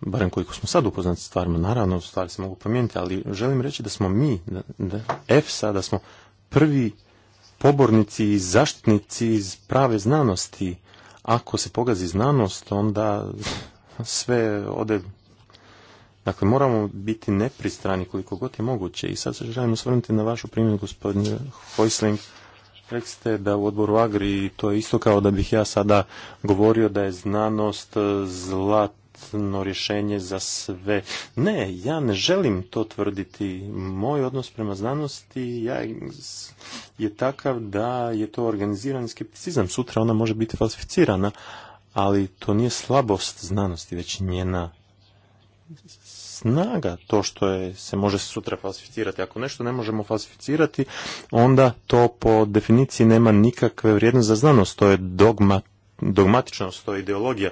Barem koliko smo sad upoznati sa stvarima, naravno stvari se mogu promijeniti, ali želim reći da smo mi, da, da EFSA, da smo prvi pobornici i zaštitnici iz prave znanosti. Ako se pogazi znanost, onda sve ode... Dakle, moramo biti nepristrani koliko god je moguće. I sad se želim osvrnuti na vašu primjer, gospodine Hojsling. Rekli ste da u odboru Agri to je isto kao da bih ja sada govorio da je znanost zlat no rješenje za sve. Ne, ja ne želim to tvrditi. Moj odnos prema znanosti ja, je takav da je to organiziran skepticizam. Sutra ona može biti falsificirana, ali to nije slabost znanosti, već njena snaga, to što se može sutra falsificirati. Ako nešto ne možemo falsificirati, onda to po definiciji nema nikakve vrijednosti za znanost. To je dogma, dogmatičnost, to je ideologija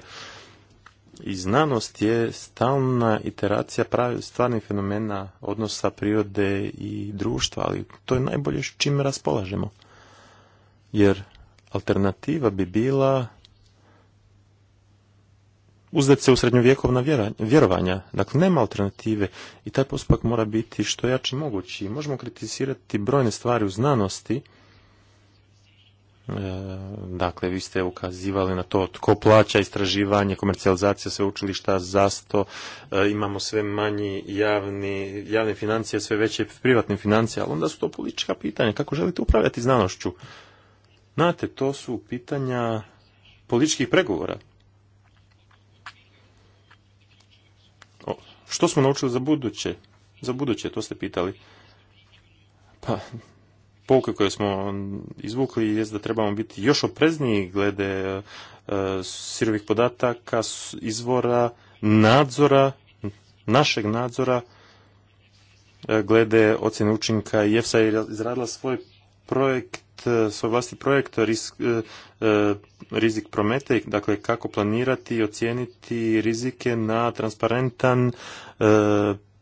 i znanost je stalna iteracija pravi, stvarnih fenomena odnosa prirode i društva, ali to je najbolje s čim raspolažemo. Jer alternativa bi bila uzeti se u srednjovjekovna vjerovanja. Dakle, nema alternative i taj postupak mora biti što jači mogući. Možemo kritizirati brojne stvari u znanosti, Dakle, vi ste ukazivali na to tko plaća istraživanje, komercijalizacija sveučilišta, zasto e, imamo sve manji javni, javne financije, sve veće privatne financije, ali onda su to politička pitanja. Kako želite upravljati znanošću? Znate, to su pitanja političkih pregovora. O, što smo naučili za buduće? Za buduće, to ste pitali. Pa, pouke koje smo izvukli je da trebamo biti još oprezniji glede e, sirovih podataka, izvora, nadzora, našeg nadzora, e, glede ocjene učinka i je izradila svoj projekt, e, svoj vlasti projekt rizik promete, dakle kako planirati i ocijeniti rizike na transparentan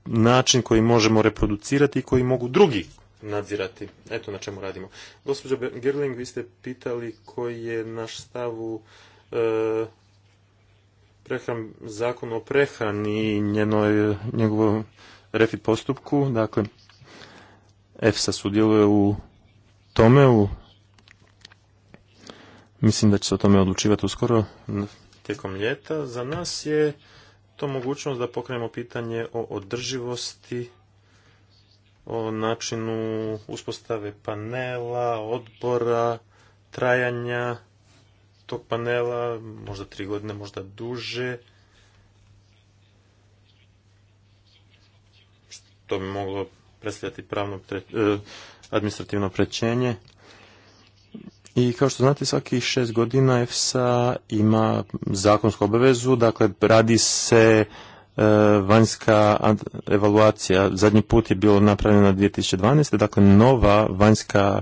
način koji možemo reproducirati i koji mogu drugi nadzirati. Eto na čemu radimo. Gospođo Gerling, vi ste pitali koji je naš stav u e, prehran, zakon o prehrani i njenoj, njegovom refit postupku. Dakle, EFSA sudjeluje u tome, u Mislim da će se o tome odlučivati uskoro tijekom ljeta. Za nas je to mogućnost da pokrenemo pitanje o održivosti o načinu uspostave panela, odbora, trajanja tog panela, možda tri godine, možda duže. To bi moglo predstavljati pravno e, administrativno prećenje. I kao što znate, svakih šest godina EFSA ima zakonsku obavezu, dakle radi se E, vanjska evaluacija. Zadnji put je bilo napravljeno 2012. Dakle, nova vanjska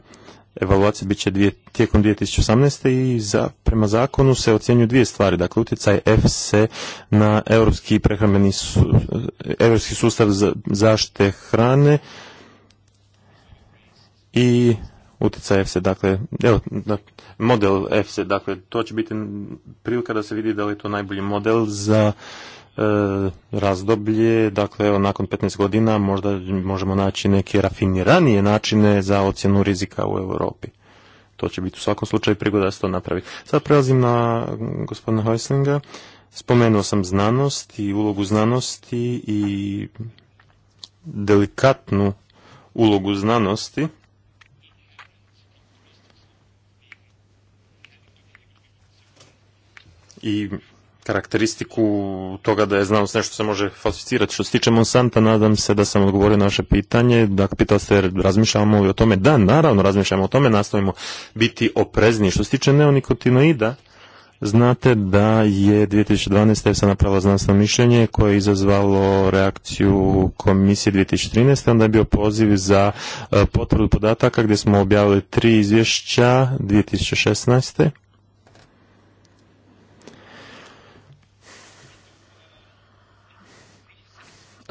evaluacija bit će dvije, tijekom 2018. i za, prema zakonu se ocjenjuju dvije stvari. Dakle, utjecaj EFSE na europski prehrambeni europski sustav za, zaštite hrane i utjecaj EFSE. Dakle, evo, model EFSE. Dakle, to će biti prilika da se vidi da li je to najbolji model za E, razdoblje, dakle evo nakon 15 godina možda možemo naći neke rafiniranije načine za ocjenu rizika u Europi. To će biti u svakom slučaju prigoda da se to napravi. Sad prelazim na gospodina Heuslinga. Spomenuo sam znanost i ulogu znanosti i delikatnu ulogu znanosti. I karakteristiku toga da je znanost nešto se može falsificirati. Što se tiče Monsanta, nadam se da sam odgovorio na vaše pitanje. Dakle, pitao ste, razmišljamo li o tome? Da, naravno, razmišljamo o tome, nastavimo biti oprezni. Što se tiče neonikotinoida, Znate da je 2012. EFSA napravila znanstveno mišljenje koje je izazvalo reakciju komisije 2013. Onda je bio poziv za e, potvrdu podataka gdje smo objavili tri izvješća 2016.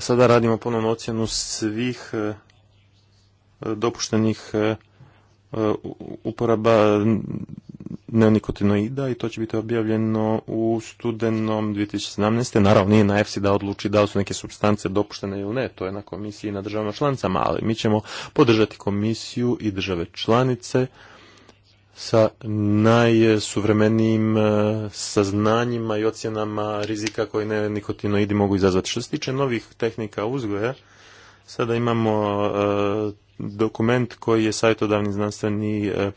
sada radimo ponovno ocjenu svih e, dopuštenih e, uporaba neonikotinoida i to će biti objavljeno u studenom 2017. Naravno nije na EFSI da odluči da li su neke substance dopuštene ili ne, to je na komisiji i na državama članicama, ali mi ćemo podržati komisiju i države članice sa najsuvremenijim e, saznanjima i ocjenama rizika koje ne nikotinoidi mogu izazvati. Što se tiče novih tehnika uzgoja, sada imamo e, dokument koji je savjetodavni znanstveni e,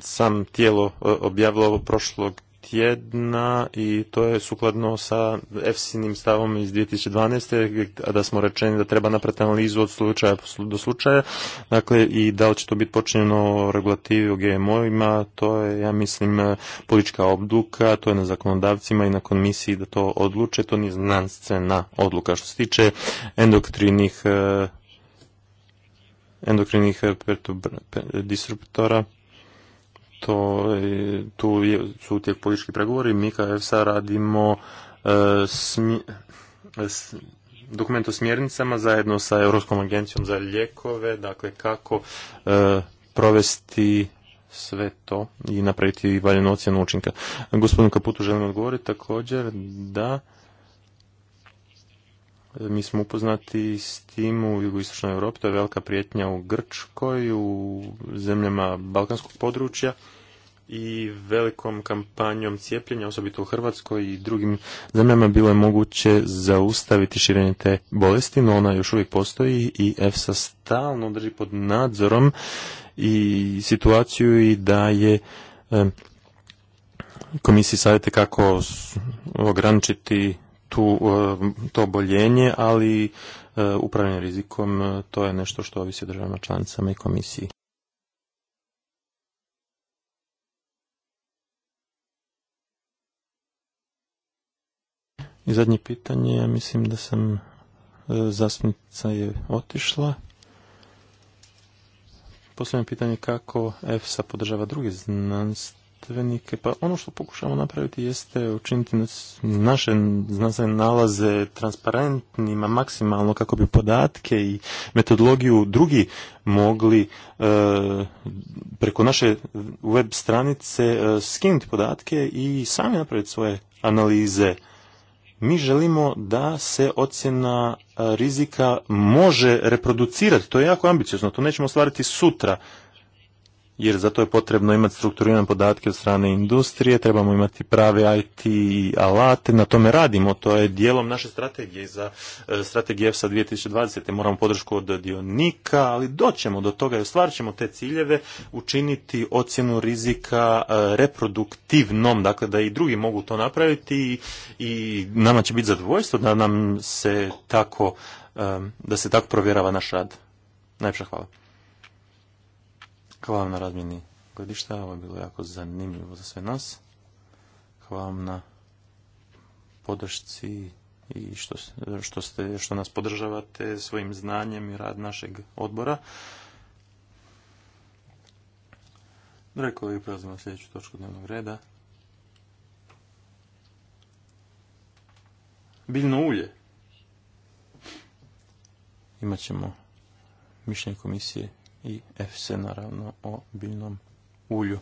sam tijelo objavilo prošlog jedna i to je sukladno sa EFSI-nim stavom iz 2012. da smo rečeni da treba napraviti analizu od slučaja do slučaja. Dakle, i da li će to biti počinjeno regulativi o GMO-ima, to je, ja mislim, politička obduka, to je na zakonodavcima i na komisiji da to odluče, to nije znanstvena odluka. Što se tiče endokrinih eh, endokrinih disruptora, to e, tu su tijek politički pregovori, mi kao EFSA radimo e, e, dokument o smjernicama zajedno sa Europskom agencijom za lijekove, dakle kako provesti sve to i napraviti valjenu ocjenu učinka. Gospodin Kaputu želim odgovoriti također da mi smo upoznati s tim u jugoistočnoj Europi, to je velika prijetnja u Grčkoj, u zemljama balkanskog područja i velikom kampanjom cijepljenja, osobito u Hrvatskoj i drugim zemljama, bilo je moguće zaustaviti širenje te bolesti, no ona još uvijek postoji i EFSA stalno drži pod nadzorom i situaciju i je eh, komisiji savjete kako ograničiti tu e, to oboljenje, ali e, upravljanje rizikom e, to je nešto što ovisi o državama članicama i komisiji. I zadnje pitanje, ja mislim da sam zastupnica je otišla. Posljedno pitanje kako EFSA podržava druge znanstvene znanstvenike. Pa ono što pokušamo napraviti jeste učiniti naše znanstvene nalaze transparentnima maksimalno kako bi podatke i metodologiju drugi mogli e, preko naše web stranice e, skinuti podatke i sami napraviti svoje analize. Mi želimo da se ocjena e, rizika može reproducirati. To je jako ambiciozno, to nećemo ostvariti sutra jer za to je potrebno imati strukturirane podatke od strane industrije, trebamo imati prave IT alate, na tome radimo, to je dijelom naše strategije za e, strategije EFSA 2020. Moramo podršku od dionika, ali doćemo do toga i ostvarit ćemo te ciljeve, učiniti ocjenu rizika e, reproduktivnom, dakle da i drugi mogu to napraviti i nama će biti zadovoljstvo da nam se tako e, da se tako provjerava naš rad. Najpša hvala. Hvala vam na razmjeni gledišta, ovo je bilo jako zanimljivo za sve nas. Hvala vam na podršci i što, što, ste, što nas podržavate svojim znanjem i rad našeg odbora. Dragi kolege, prelazimo na sljedeću točku dnevnog reda. Biljno ulje. Imaćemo mišljenje komisije i EFSE naravno o biljnom ulju.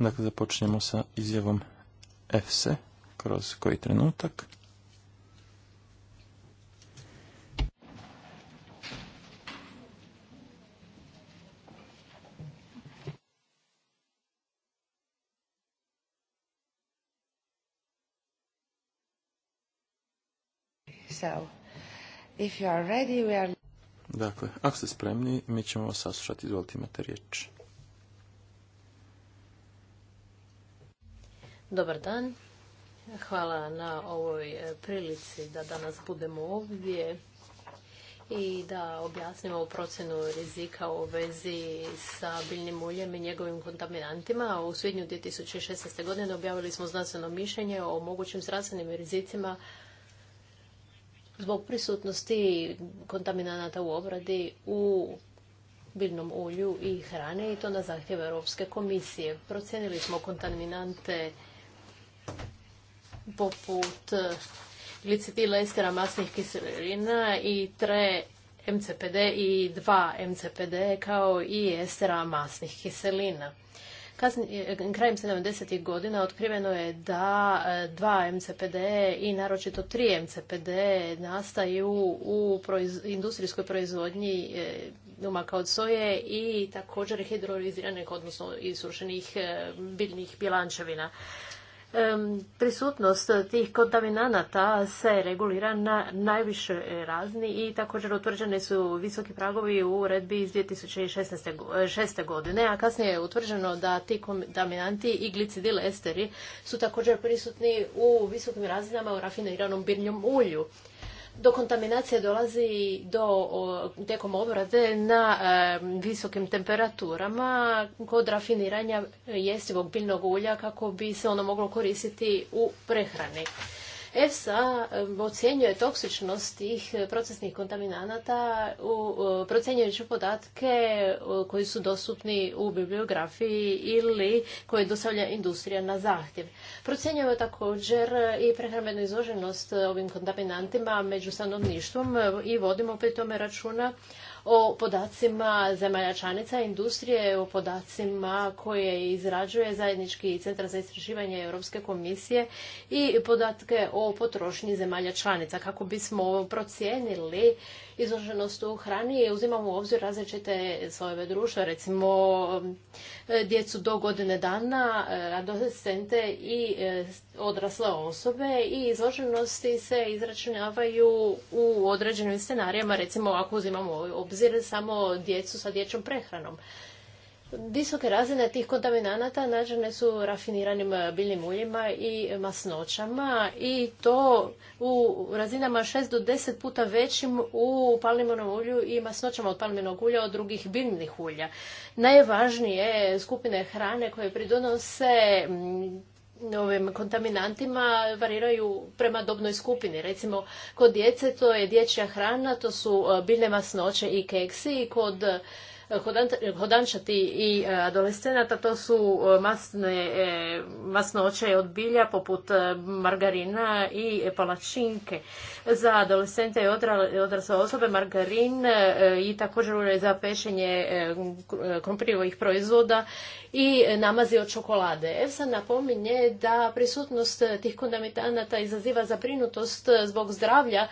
Dakle, započnemo sa izjavom EFSE kroz koji trenutak. Dakle, ako ste spremni, mi ćemo vas saslušati. Izvolite, imate riječ. Dobar dan. Hvala na ovoj e, prilici da danas budemo ovdje i da objasnimo procjenu rizika u vezi sa biljnim uljem i njegovim kontaminantima. U svibnju 2016. godine objavili smo znanstveno mišljenje o mogućim zdravstvenim rizicima zbog prisutnosti kontaminanata u obradi u biljnom ulju i hrane i to na zahtjev Europske komisije. Procijenili smo kontaminante poput glicetila e, estera masnih kiselina i tre MCPD i 2 MCPD kao i estera masnih kiselina. E, krajem 70. godina otkriveno je da 2 e, MCPD i naročito 3 MCPD nastaju u industrijskoj proizvodnji umaka od soje i također hidroliziranih, odnosno isušenih biljnih bilančevina prisutnost tih kontaminanata se regulira na najvišoj razni i također utvrđeni su visoki pragovi u uredbi iz 2016. E, godine, a kasnije je utvrđeno da ti kontaminanti i glicidil esteri su također prisutni u visokim razinama u rafiniranom birnjom ulju do kontaminacije dolazi do tijekom obrade na visokim temperaturama kod rafiniranja jestivog biljnog ulja kako bi se ono moglo koristiti u prehrani. EFSA ocjenjuje toksičnost tih e, procesnih kontaminanata u, e, procjenjujući podatke e, koji su dostupni u bibliografiji ili koje dostavlja industrija na zahtjev. Procjenjuje također i prehrambenu izloženost ovim kontaminantima među stanovništvom i vodimo pri tome računa o podacima zemalja članica industrije, o podacima koje izrađuje zajednički centar za istraživanje Europske komisije i podatke o potrošnji zemalja članica kako bismo procijenili izloženost u hrani uzimamo u obzir različite slojeve društva, recimo e, djecu do godine dana, e, adolescente i e, odrasle osobe i izloženosti se izračunavaju u određenim scenarijama, recimo ako uzimamo u obzir samo djecu sa dječjom prehranom. Visoke razine tih kontaminanata nađene su rafiniranim eh, biljnim uljima i masnoćama i to u razinama 6 do 10 puta većim u palminom ulju i masnoćama od palminog ulja od drugih biljnih ulja. Najvažnije skupine hrane koje pridonose mm, ovim kontaminantima variraju prema dobnoj skupini. Recimo, kod djece to je dječja hrana, to su eh, biljne masnoće i keksi. Kod hodančati i e, adolescenata, to su e, masne, e, masnoće od bilja poput margarina i palačinke. Za adolescente i odrasle osobe margarin i također za pešenje krompirivojih proizvoda i namazi od čokolade. EFSA napominje da prisutnost tih kondamitanata izaziva zabrinutost zbog zdravlja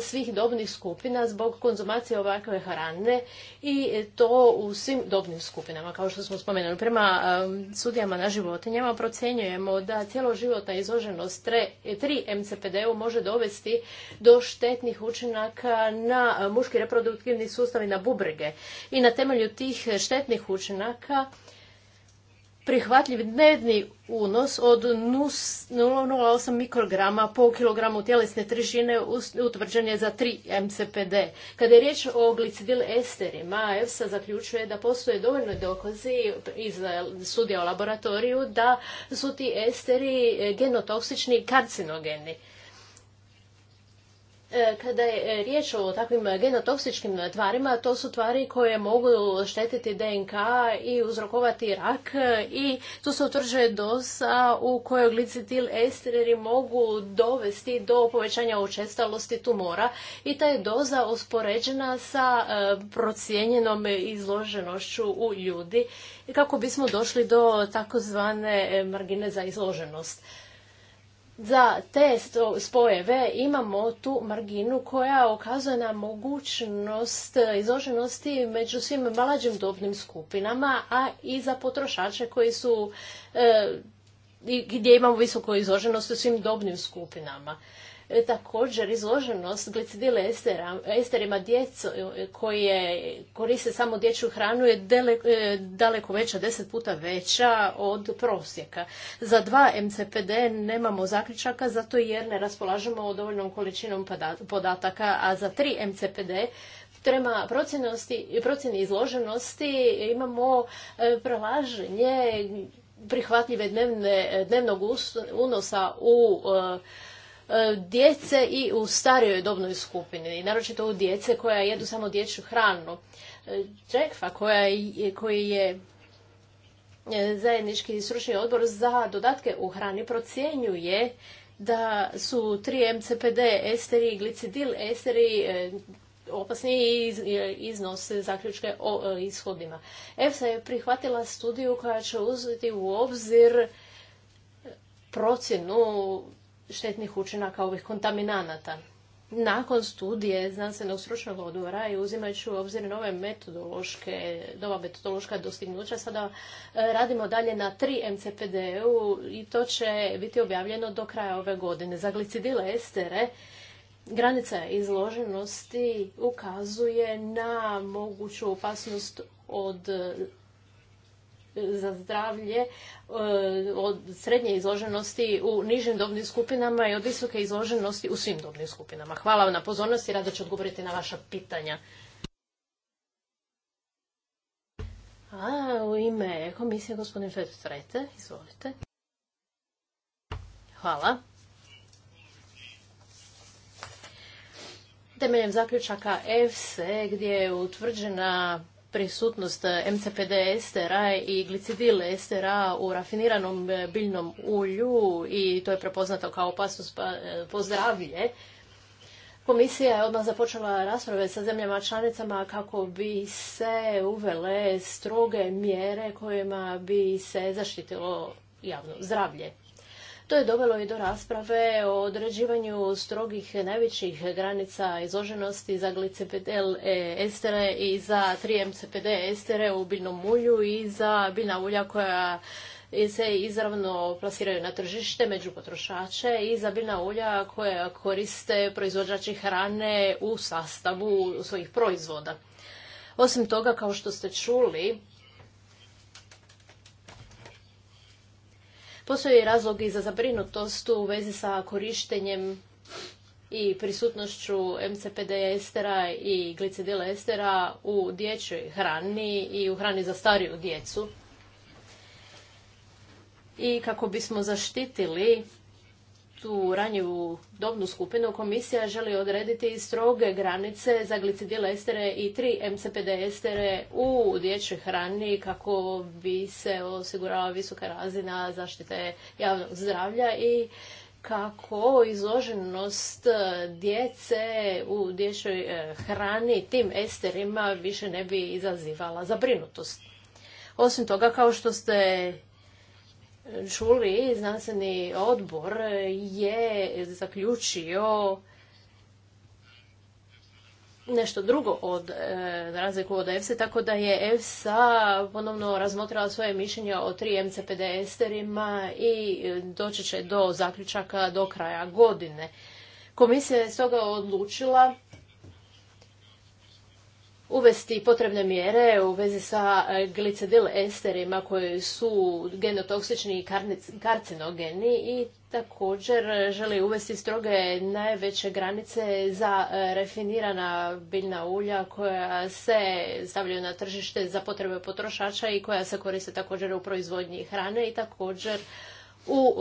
svih dobnih skupina, zbog konzumacije ovakve hrane i to u svim dobnim skupinama, kao što smo spomenuli. Prema sudijama na životinjama procjenjujemo da cjeloživotna izloženost 3 MCPD-u može dovesti do štetnih učinaka na muški reproduktivni sustav i na bubrege. I na temelju tih štetnih učinaka prihvatljiv dnevni unos od 0,08 mikrograma po kilogramu tjelesne težine utvrđen je za 3 MCPD. Kada je riječ o glicidil esterima, EFSA zaključuje da postoje dovoljno dokazi iz e, studija o laboratoriju da su ti esteri e, genotoksični i karcinogeni. E, kada je e, riječ o takvim genotoksičkim tvarima, to su tvari koje mogu štetiti DNK i uzrokovati rak e, i tu se utvrđuje doza u kojoj glicetil estreri mogu dovesti do povećanja učestalosti tumora i ta je doza uspoređena sa procijenjenom izloženošću u ljudi kako bismo došli do takozvane margine za izloženost za te spojeve imamo tu marginu koja okazuje na mogućnost e, izloženosti među svim mlađim dobnim skupinama, a i za potrošače koji su e, gdje imamo visoku izloženost u svim dobnim skupinama također izloženost glicidile esterima djeco e, koje koriste samo dječju hranu je e, daleko veća, deset puta veća od prosjeka. Za dva MCPD nemamo zaključaka zato jer ne raspolažemo dovoljnom količinom podataka, a za tri MCPD prema procjeni izloženosti imamo e, prelaženje prihvatljive dnevnog unosa u E, djece i u starijoj dobnoj skupini, i naročito u djece koja jedu samo dječju hranu. E, Džekfa koja je, koji je e, zajednički stručni odbor za dodatke u hrani procjenjuje da su 3-MCPD esteri i glicidil esteri opasni iznos iznose zaključke o ishodima. EFSA je prihvatila studiju koja će uzeti u obzir procjenu štetnih učinaka ovih kontaminanata. Nakon studije znanstvenog stručnog odbora i uzimajući u obzir nove metodološke, nova metodološka dostignuća, sada e, radimo dalje na 3 MCPD-u i to će biti objavljeno do kraja ove godine. Za glicidile estere granica izloženosti ukazuje na moguću opasnost od za zdravlje e, od srednje izloženosti u nižim dobnim skupinama i od visoke izloženosti u svim dobnim skupinama. Hvala vam na pozornosti i rado ću odgovoriti na vaša pitanja. A u ime komisije gospodin Trete, izvolite. Hvala. Temeljem zaključaka EFSE e, gdje je utvrđena prisutnost MCPD estera i glicidil estera u rafiniranom e, biljnom ulju i to je prepoznato kao opasnost pa, e, pozdravlje. Komisija je odmah započela rasprave sa zemljama članicama kako bi se uvele stroge mjere kojima bi se zaštitilo javno zdravlje. To je dovelo i do rasprave o određivanju strogih najvećih granica izloženosti za glicipedel e, estere i za 3-MCPD estere u biljnom ulju i za biljna ulja koja se izravno plasiraju na tržište među potrošače i za biljna ulja koja koriste proizvođači hrane u sastavu svojih proizvoda. Osim toga, kao što ste čuli, Postoji razlog i za zabrinutost u vezi sa korištenjem i prisutnošću MCPD estera i glicidila estera u dječjoj hrani i u hrani za stariju djecu. I kako bismo zaštitili tu ranjivu dobnu skupinu komisija želi odrediti stroge granice za glicidil estere i tri MCPD estere u dječjoj hrani kako bi se osigurala visoka razina zaštite javnog zdravlja i kako izloženost djece u dječjoj e, hrani tim esterima više ne bi izazivala zabrinutost. Osim toga, kao što ste čuli, znanstveni odbor je zaključio nešto drugo od e, razliku od EFSA, tako da je EFSA ponovno razmotrila svoje mišljenje o tri MCPD esterima i e, doći će do zaključaka do kraja godine. Komisija je stoga odlučila uvesti potrebne mjere u vezi sa e, glicedil esterima koji su genotoksični i karcinogeni i također želi uvesti stroge najveće granice za e, refinirana biljna ulja koja se stavljaju na tržište za potrebe potrošača i koja se koriste također u proizvodnji hrane i također u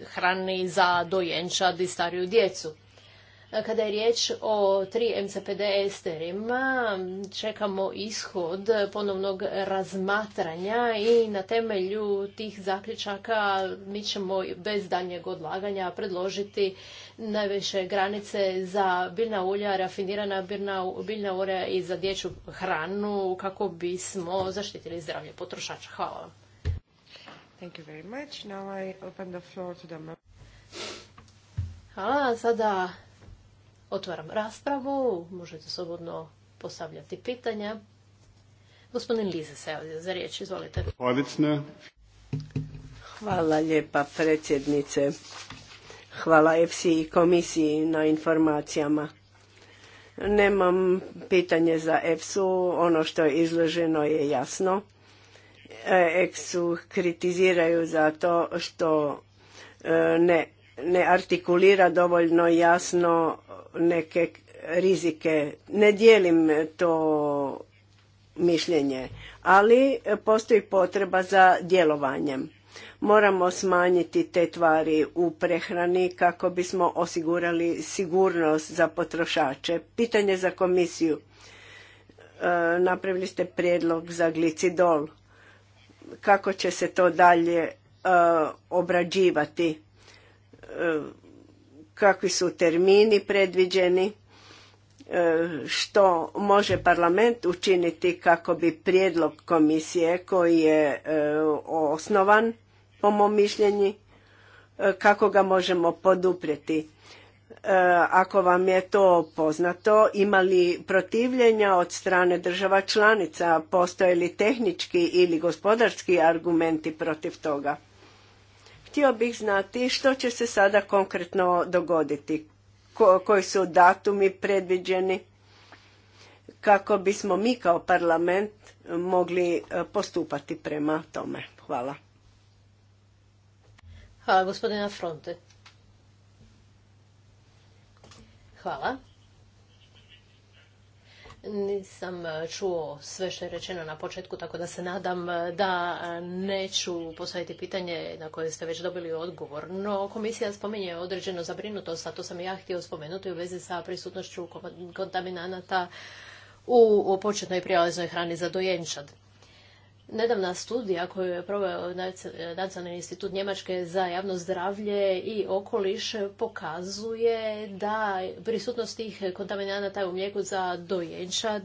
e, hrani za dojenčad i stariju djecu. Kada je riječ o tri MCPD esterima, čekamo ishod ponovnog razmatranja i na temelju tih zaključaka mi ćemo bez danjeg odlaganja predložiti najveće granice za biljna ulja, rafinirana biljna ulja i za dječju hranu kako bismo zaštitili zdravlje potrošača. Hvala vam. Thank you very much. Now I open the floor to the... Hvala, sada Otvaram raspravu, možete slobodno postavljati pitanja. Gospodin Lize se javlja za riječ, izvolite. Hvala lijepa predsjednice. Hvala EFSI i komisiji na informacijama. Nemam pitanje za EFSU, ono što je izloženo je jasno. E, EFSU kritiziraju to što e, ne, ne artikulira dovoljno jasno neke rizike. Ne dijelim to mišljenje, ali postoji potreba za djelovanjem. Moramo smanjiti te tvari u prehrani kako bismo osigurali sigurnost za potrošače. Pitanje za komisiju. E, napravili ste prijedlog za glicidol. Kako će se to dalje e, obrađivati? E, kakvi su termini predviđeni, e, što može parlament učiniti kako bi prijedlog komisije koji je e, osnovan, po mom mišljenju, e, kako ga možemo poduprijeti. Ako vam je to poznato, ima li protivljenja od strane država članica, postoje li tehnički ili gospodarski argumenti protiv toga? Htio bih znati što će se sada konkretno dogoditi, Ko, koji su datumi predviđeni kako bismo mi kao parlament mogli e, postupati prema tome. Hvala. Hvala gospodina Fronte. Hvala. Nisam e, čuo sve što je rečeno na početku, tako da se nadam e, da e, neću postaviti pitanje na koje ste već dobili odgovor. No, komisija spominje određenu zabrinutost, a to sam ja htio spomenuti u vezi sa prisutnošću kontaminanata u početnoj prijelaznoj hrani za dojenčad. Nedavna studija koju je proveo Nacionalni institut Njemačke za javno zdravlje i okoliš pokazuje da prisutnost tih kontaminanata u mlijeku za dojenčad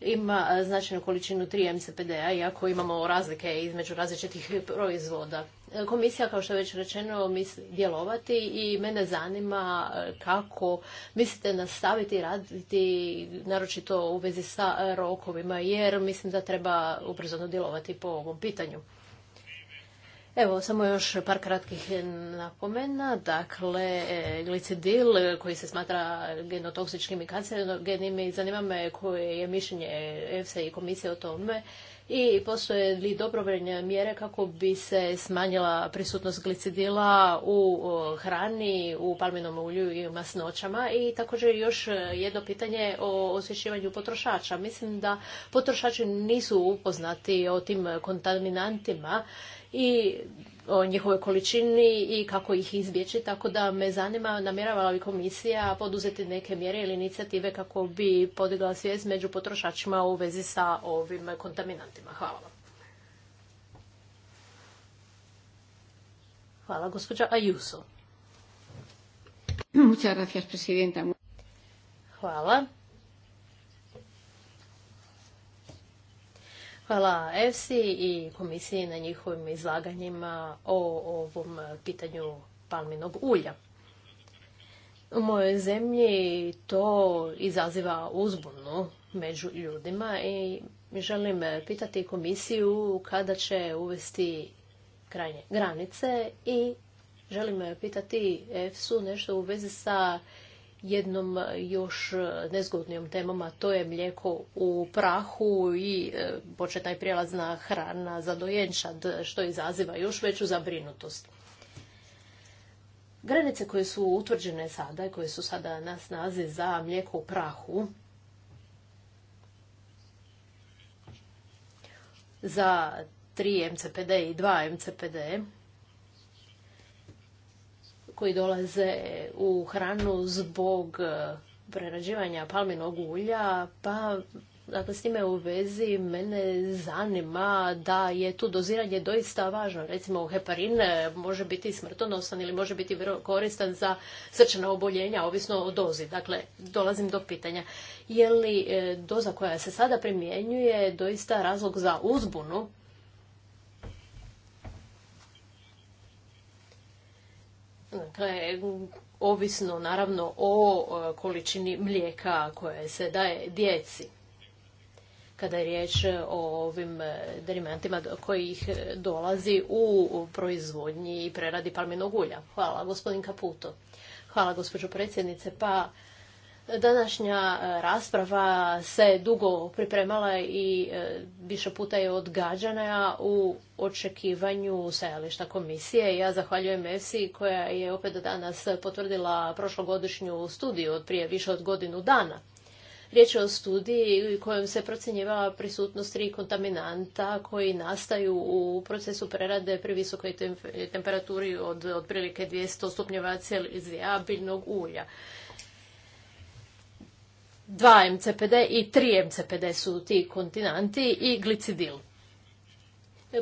ima značajnu količinu 3 MCPD-a, iako imamo razlike između različitih proizvoda. Komisija, kao što je već rečeno, misli djelovati i mene zanima e, kako mislite nastaviti raditi, naročito u vezi sa rokovima, jer mislim da treba ubrzano djelovati po ovom pitanju. Evo, samo još par kratkih napomena. Dakle, e, glicidil koji se smatra genotoksičkim i kancerogenim i zanima me koje je mišljenje EFSA i komisije o tome i postoje li dobrovoljne mjere kako bi se smanjila prisutnost glicidila u hrani, u palminom ulju i u masnoćama i također još jedno pitanje o osvješćivanju potrošača. Mislim da potrošači nisu upoznati o tim kontaminantima i o njihovoj količini i kako ih izbjeći, tako da me zanima namjeravala li komisija poduzeti neke mjere ili inicijative kako bi podigla svijest među potrošačima u vezi sa ovim kontaminantima. Hvala vam. Hvala, gospođa Hvala. Hvala EFSI i komisiji na njihovim izlaganjima o ovom pitanju palminog ulja. U mojoj zemlji to izaziva uzbunu među ljudima i želim pitati komisiju kada će uvesti krajnje granice i želim pitati EFSU nešto u vezi sa jednom e, još e, nezgodnijom temom, a to je mlijeko u prahu i e, početna i prijelazna hrana za dojenčad, što izaziva još veću zabrinutost. Granice koje su utvrđene sada i koje su sada na snazi za mlijeko u prahu, za 3 MCPD i 2 MCPD, koji dolaze u hranu zbog e, prerađivanja palminog ulja, pa Dakle, s time u vezi mene zanima da je tu doziranje doista važno. Recimo, heparin e, može biti smrtonosan ili može biti vrlo koristan za srčana oboljenja, ovisno o dozi. Dakle, dolazim do pitanja. Je li e, doza koja se sada primjenjuje doista razlog za uzbunu? Dakle, ovisno naravno o e, količini mlijeka koje se daje djeci. Kada je riječ o ovim e, derimantima kojih e, dolazi u proizvodnji i preradi palminog ulja. Hvala, gospodin Kaputo. Hvala, gospođo predsjednice. Pa Današnja e, rasprava se dugo pripremala i e, više puta je odgađana u očekivanju stajališta komisije. Ja zahvaljujem EFSI koja je opet danas potvrdila prošlogodišnju studiju od prije više od godinu dana. Riječ je o studiji u kojom se procjenjivala prisutnost tri kontaminanta koji nastaju u procesu prerade pri visokoj temperaturi od otprilike 200 stupnjeva celizija biljnog ulja. Dva MCPD i tri MCPD su ti kontinanti i glicidil.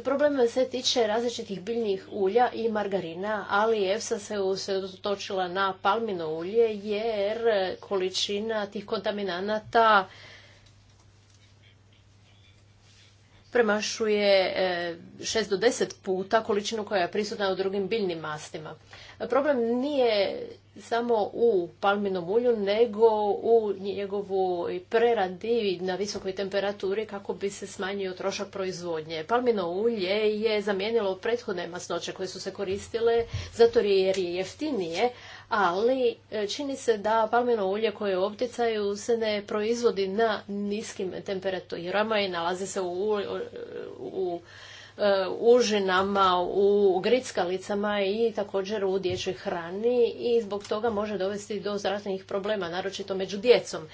Problem se tiče različitih biljnih ulja i margarina, ali EFSA se usredotočila na palmino ulje jer količina tih kontaminanata premašuje 6 e, do 10 puta količinu koja je prisutna u drugim biljnim mastima. Problem nije samo u palminom ulju, nego u njegovu preradi na visokoj temperaturi kako bi se smanjio trošak proizvodnje. Palmino ulje je zamijenilo prethodne masnoće koje su se koristile zato jer je jeftinije, ali e, čini se da palmino ulje koje je u opticaju se ne proizvodi na niskim temperaturama i nalazi se u E, užinama, u grickalicama i također u dječjoj hrani i zbog toga može dovesti do zdravstvenih problema, naročito među djecom.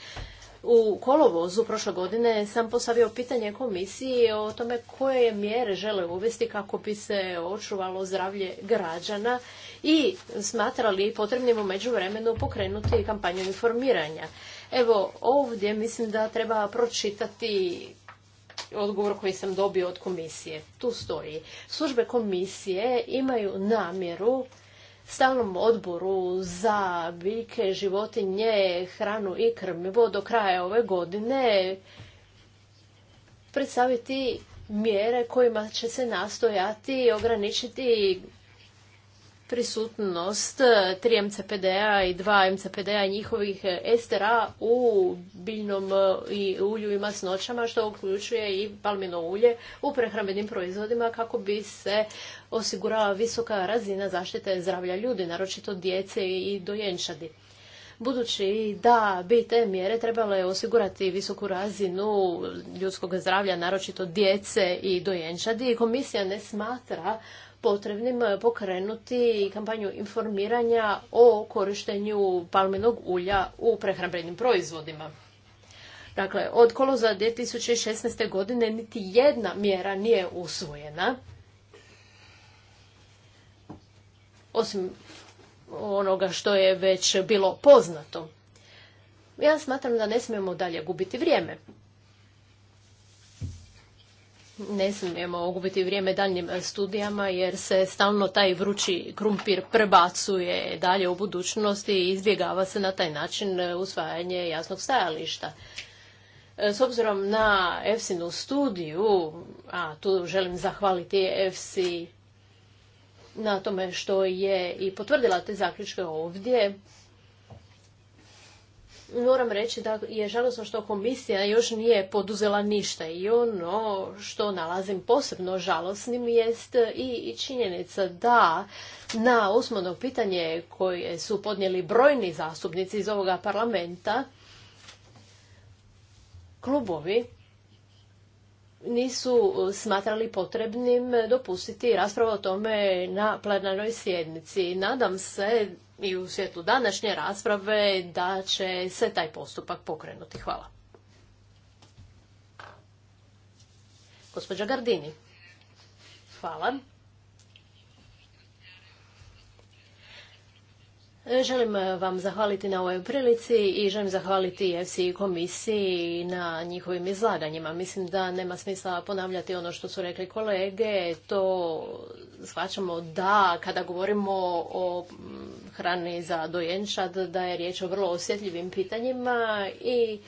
U kolovozu prošle godine sam postavio pitanje komisiji o tome koje mjere žele uvesti kako bi se očuvalo zdravlje građana i smatrali potrebnim u međuvremenu pokrenuti kampanju informiranja. Evo ovdje mislim da treba pročitati odgovor koji sam dobio od komisije. Tu stoji. Službe komisije imaju namjeru stalnom odboru za biljke, životinje, hranu i krmivo do kraja ove godine predstaviti mjere kojima će se nastojati ograničiti prisutnost 3 eh, MCPD-a i 2 MCPD-a njihovih estera eh, u biljnom eh, i ulju i masnoćama, što uključuje i palmino ulje u prehrambenim proizvodima kako bi se osigurala visoka razina zaštite zdravlja ljudi, naročito djece i dojenčadi. Budući da bi te mjere trebale osigurati visoku razinu ljudskog zdravlja, naročito djece i dojenčadi, komisija ne smatra potrebnim eh, pokrenuti kampanju informiranja o korištenju palminog ulja u prehrambenim proizvodima. Dakle, od koloza 2016. godine niti jedna mjera nije usvojena. Osim onoga što je već bilo poznato. Ja smatram da ne smijemo dalje gubiti vrijeme ne smijemo ogubiti vrijeme daljnjim studijama jer se stalno taj vrući krumpir prebacuje dalje u budućnosti i izbjegava se na taj način e, usvajanje jasnog stajališta. E, s obzirom na EFSI-nu studiju, a tu želim zahvaliti EFSI na tome što je i potvrdila te zaključke ovdje, moram reći da je žalosno što komisija još nije poduzela ništa i ono što nalazim posebno žalosnim jest i činjenica da na usmeno pitanje koje su podnijeli brojni zastupnici iz ovoga parlamenta, klubovi nisu smatrali potrebnim dopustiti raspravu o tome na plenarnoj sjednici. Nadam se i u svjetlu današnje rasprave da će se taj postupak pokrenuti. Hvala. Gospođa Gardini. Hvala. Želim eh, vam zahvaliti na ovoj prilici i želim zahvaliti i komisiji na njihovim izlaganjima. Mislim da nema smisla ponavljati ono što su rekli kolege. To shvaćamo da kada govorimo o mm, hrani za dojenčad da je riječ o vrlo osjetljivim pitanjima i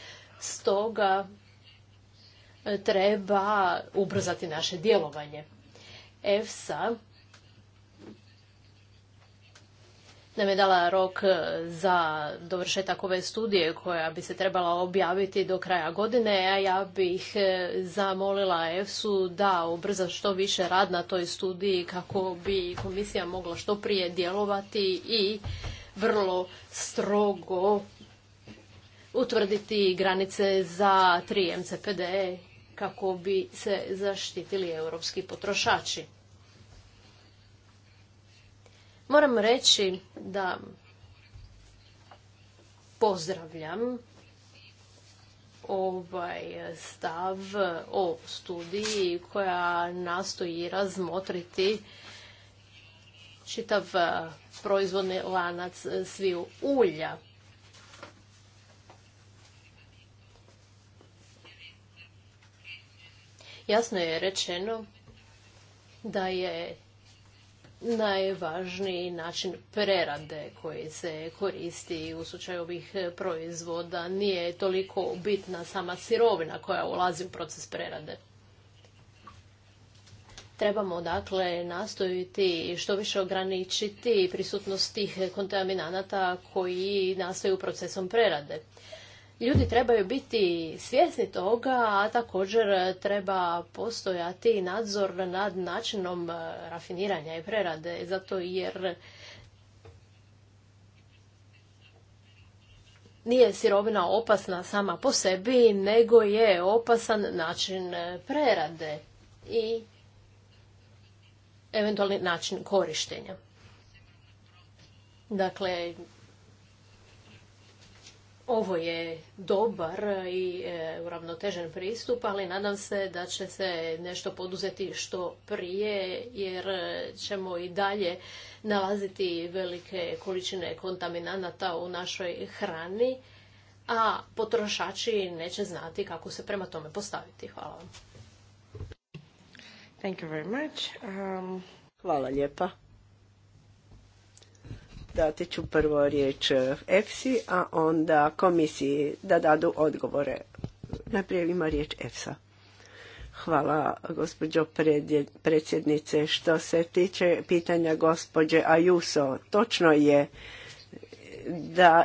stoga eh, treba ubrzati naše djelovanje. EFSA nam je dala rok e, za dovršetak ove studije koja bi se trebala objaviti do kraja godine, a ja bih e, zamolila EFSU da ubrza što više rad na toj studiji kako bi komisija mogla što prije djelovati i vrlo strogo utvrditi granice za 3 MCPD e kako bi se zaštitili europski potrošači. Moram reći da pozdravljam ovaj stav o studiji koja nastoji razmotriti čitav e, proizvodni lanac sviju ulja. Jasno je rečeno da je najvažniji način prerade koji se koristi u slučaju ovih proizvoda. Nije toliko bitna sama sirovina koja ulazi u proces prerade. Trebamo dakle nastojiti što više ograničiti prisutnost tih kontaminanata koji nastaju procesom prerade ljudi trebaju biti svjesni toga, a također treba postojati nadzor nad načinom e, rafiniranja i prerade, zato jer nije sirovina opasna sama po sebi, nego je opasan način e, prerade i eventualni način korištenja. Dakle, ovo je dobar i e, uravnotežen pristup, ali nadam se da će se nešto poduzeti što prije, jer ćemo i dalje nalaziti velike količine kontaminanata u našoj hrani, a potrošači neće znati kako se prema tome postaviti. Hvala vam. Um, Hvala lijepa. Dati ću prvo riječ EFSI, a onda komisiji da dadu odgovore. Najprije ima riječ EFSA. Hvala gospođo predsjednice. Što se tiče pitanja gospođe Ajuso, točno je da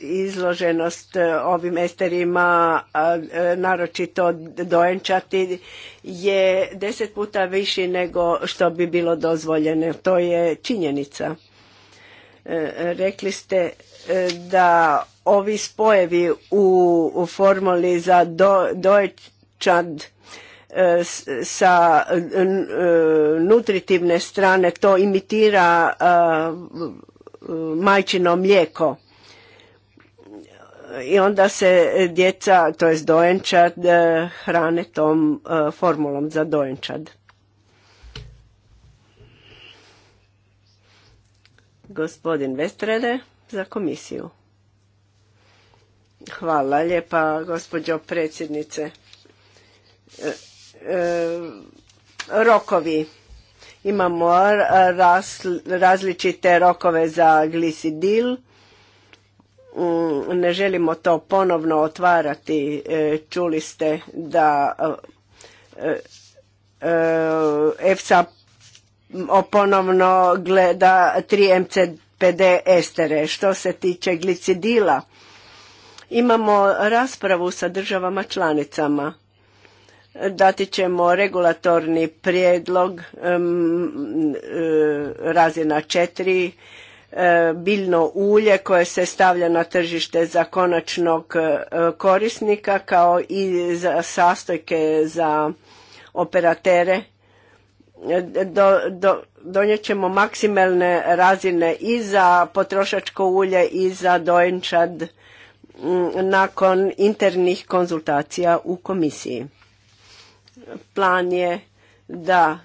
izloženost ovim esterima, naročito dojenčati, je deset puta viši nego što bi bilo dozvoljeno. To je činjenica E, rekli ste e, da ovi spojevi u formuli za dojčad e, sa nutritivne strane to imitira majčino mlijeko i onda se djeca, to jest dojenčad, hrane tom formulom za dojenčad. gospodin Vestrede za komisiju. Hvala lijepa, gospođo predsjednice. E, e, rokovi. Imamo različite rokove za glisidil. Mm, ne želimo to ponovno otvarati. E, čuli ste da EFSA ponovno gleda 3-MCPD estere. Što se tiče glicidila, imamo raspravu sa državama članicama. Dati ćemo regulatorni prijedlog e, razina 4, e, biljno ulje koje se stavlja na tržište za konačnog e, korisnika kao i za sastojke za operatere do, do, donijet ćemo maksimalne razine i za potrošačko ulje i za dojenčad mm, nakon internih konzultacija u komisiji. Plan je da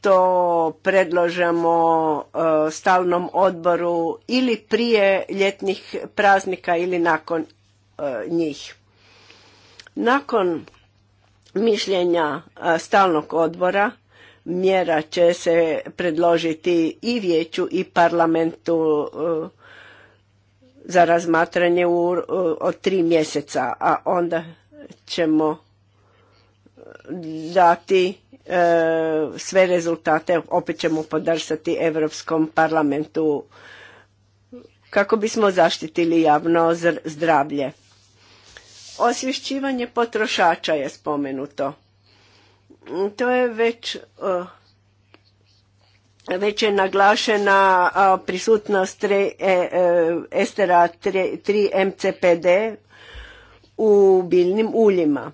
to predložemo e, stalnom odboru ili prije ljetnih praznika ili nakon e, njih. Nakon mišljenja e, stalnog odbora mjera će se predložiti i vijeću i parlamentu e, za razmatranje u, e, od tri mjeseca, a onda ćemo dati e, sve rezultate, opet ćemo podržati Europskom parlamentu kako bismo zaštitili javno zdravlje. Osvješćivanje potrošača je spomenuto to je već eh, već je naglašena eh, prisutnost eh, estera 3 MCPD u biljnim uljima.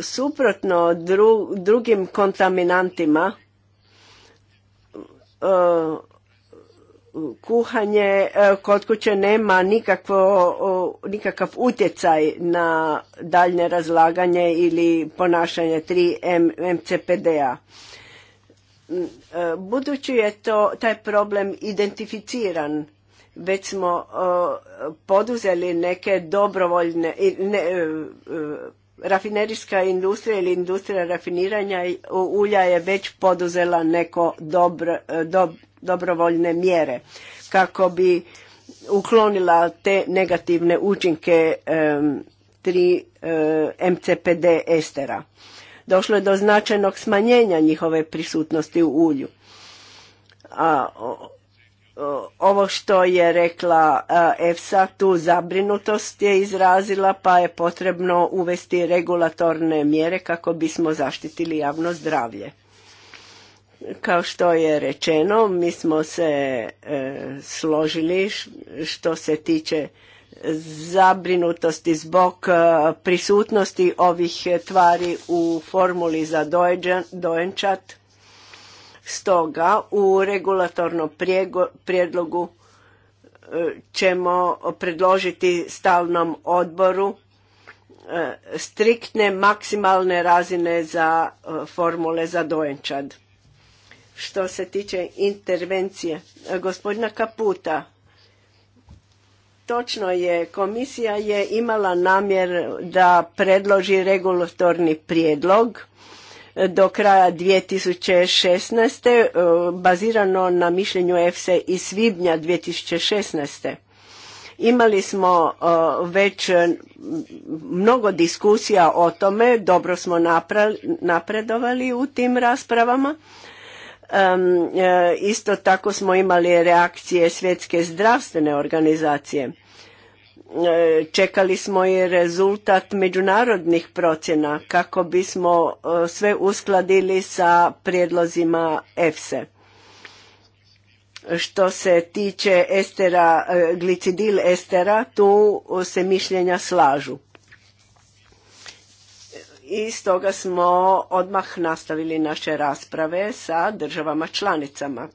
Suprotno drugim kontaminantima kuhanje e, kod kuće nema nikakvo, nikakav utjecaj na daljne razlaganje ili ponašanje 3 MCPD-a. Mm, e, budući je to taj problem identificiran, već smo poduzeli neke dobrovoljne ne, e, rafinerijska industrija ili industrija rafiniranja ulja je već poduzela neko dobro, dobro dobrovoljne mjere kako bi uklonila te negativne učinke tri eh, MCPD estera. Došlo je do značajnog smanjenja njihove prisutnosti u ulju. A ovo što je rekla eh, EFSA, tu zabrinutost je izrazila pa je potrebno uvesti regulatorne mjere kako bismo zaštitili javno zdravlje. Kao što je rečeno, mi smo se e, složili što se tiče zabrinutosti zbog e, prisutnosti ovih e, tvari u formuli za dojenčad. Stoga u regulatornom prijedlogu ćemo predložiti stalnom odboru striktne maksimalne razine za formule za dojenčad što se tiče intervencije e, gospodina Kaputa. Točno je, komisija je imala namjer da predloži regulatorni prijedlog e, do kraja 2016. E, bazirano na mišljenju EFSE i svibnja 2016. Imali smo već mnogo diskusija o tome, dobro smo napredovali u tim raspravama E, isto tako smo imali reakcije svjetske zdravstvene organizacije. E, čekali smo i rezultat međunarodnih procjena kako bismo e, sve uskladili sa prijedlozima EFSE. Što se tiče estera, glicidil estera, tu se mišljenja slažu i stoga smo odmah nastavili naše rasprave sa državama članicama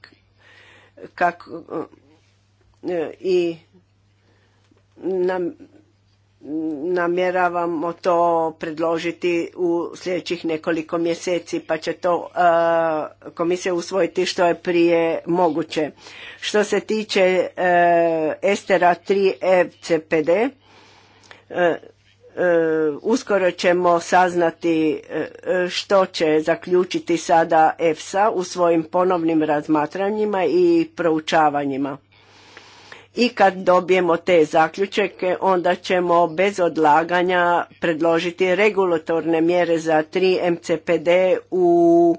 kako i namjeravamo to predložiti u sljedećih nekoliko mjeseci pa će to komisija usvojiti što je prije moguće. Što se tiče e, Estera 3 FCPD e e, E, uskoro ćemo saznati e, što će zaključiti sada EFSA u svojim ponovnim razmatranjima i proučavanjima. I kad dobijemo te zaključke, onda ćemo bez odlaganja predložiti regulatorne mjere za 3 MCPD u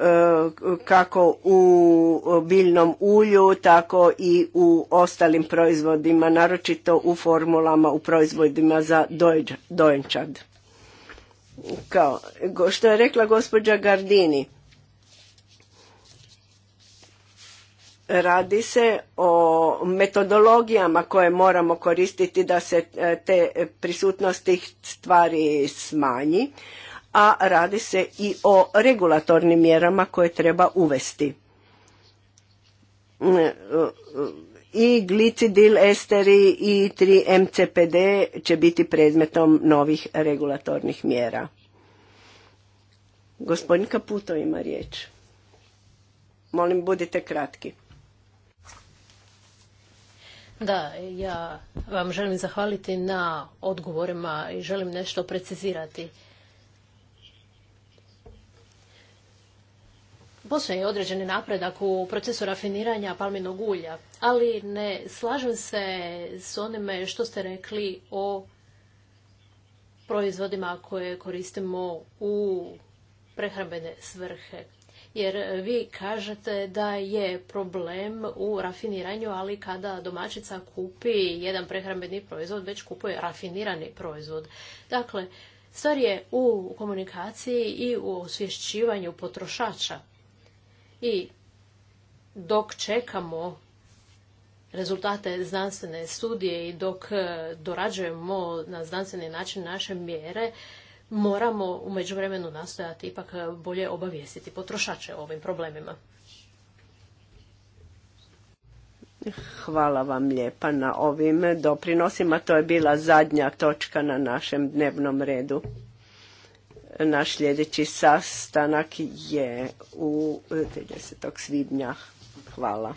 E, kako u biljnom ulju, tako i u ostalim proizvodima, naročito u formulama, u proizvodima za dojenčad. Kao, što je rekla gospođa Gardini, radi se o metodologijama koje moramo koristiti da se e, te prisutnosti stvari smanji a radi se i o regulatornim mjerama koje treba uvesti. Mm, e, I glicidil esteri i 3-MCPD će biti predmetom novih regulatornih mjera. Gospodin Kaputo ima riječ. Molim, budite kratki. Da, ja vam želim zahvaliti na odgovorima i želim nešto precizirati. Postoji određeni napredak u procesu rafiniranja palminog ulja, ali ne slažem se s onime što ste rekli o proizvodima koje koristimo u prehrambene svrhe. Jer vi kažete da je problem u rafiniranju, ali kada domaćica kupi jedan prehrambeni proizvod, već kupuje rafinirani proizvod. Dakle, stvar je u komunikaciji i u osvješćivanju potrošača. I dok čekamo rezultate znanstvene studije i dok e, dorađujemo na znanstveni način naše mjere, moramo u međuvremenu nastojati ipak bolje obavijestiti potrošače o ovim problemima. Hvala vam lijepa na ovim doprinosima. To je bila zadnja točka na našem dnevnom redu. Naš sljedeći sastanak je u 30. svibnja. Hvala.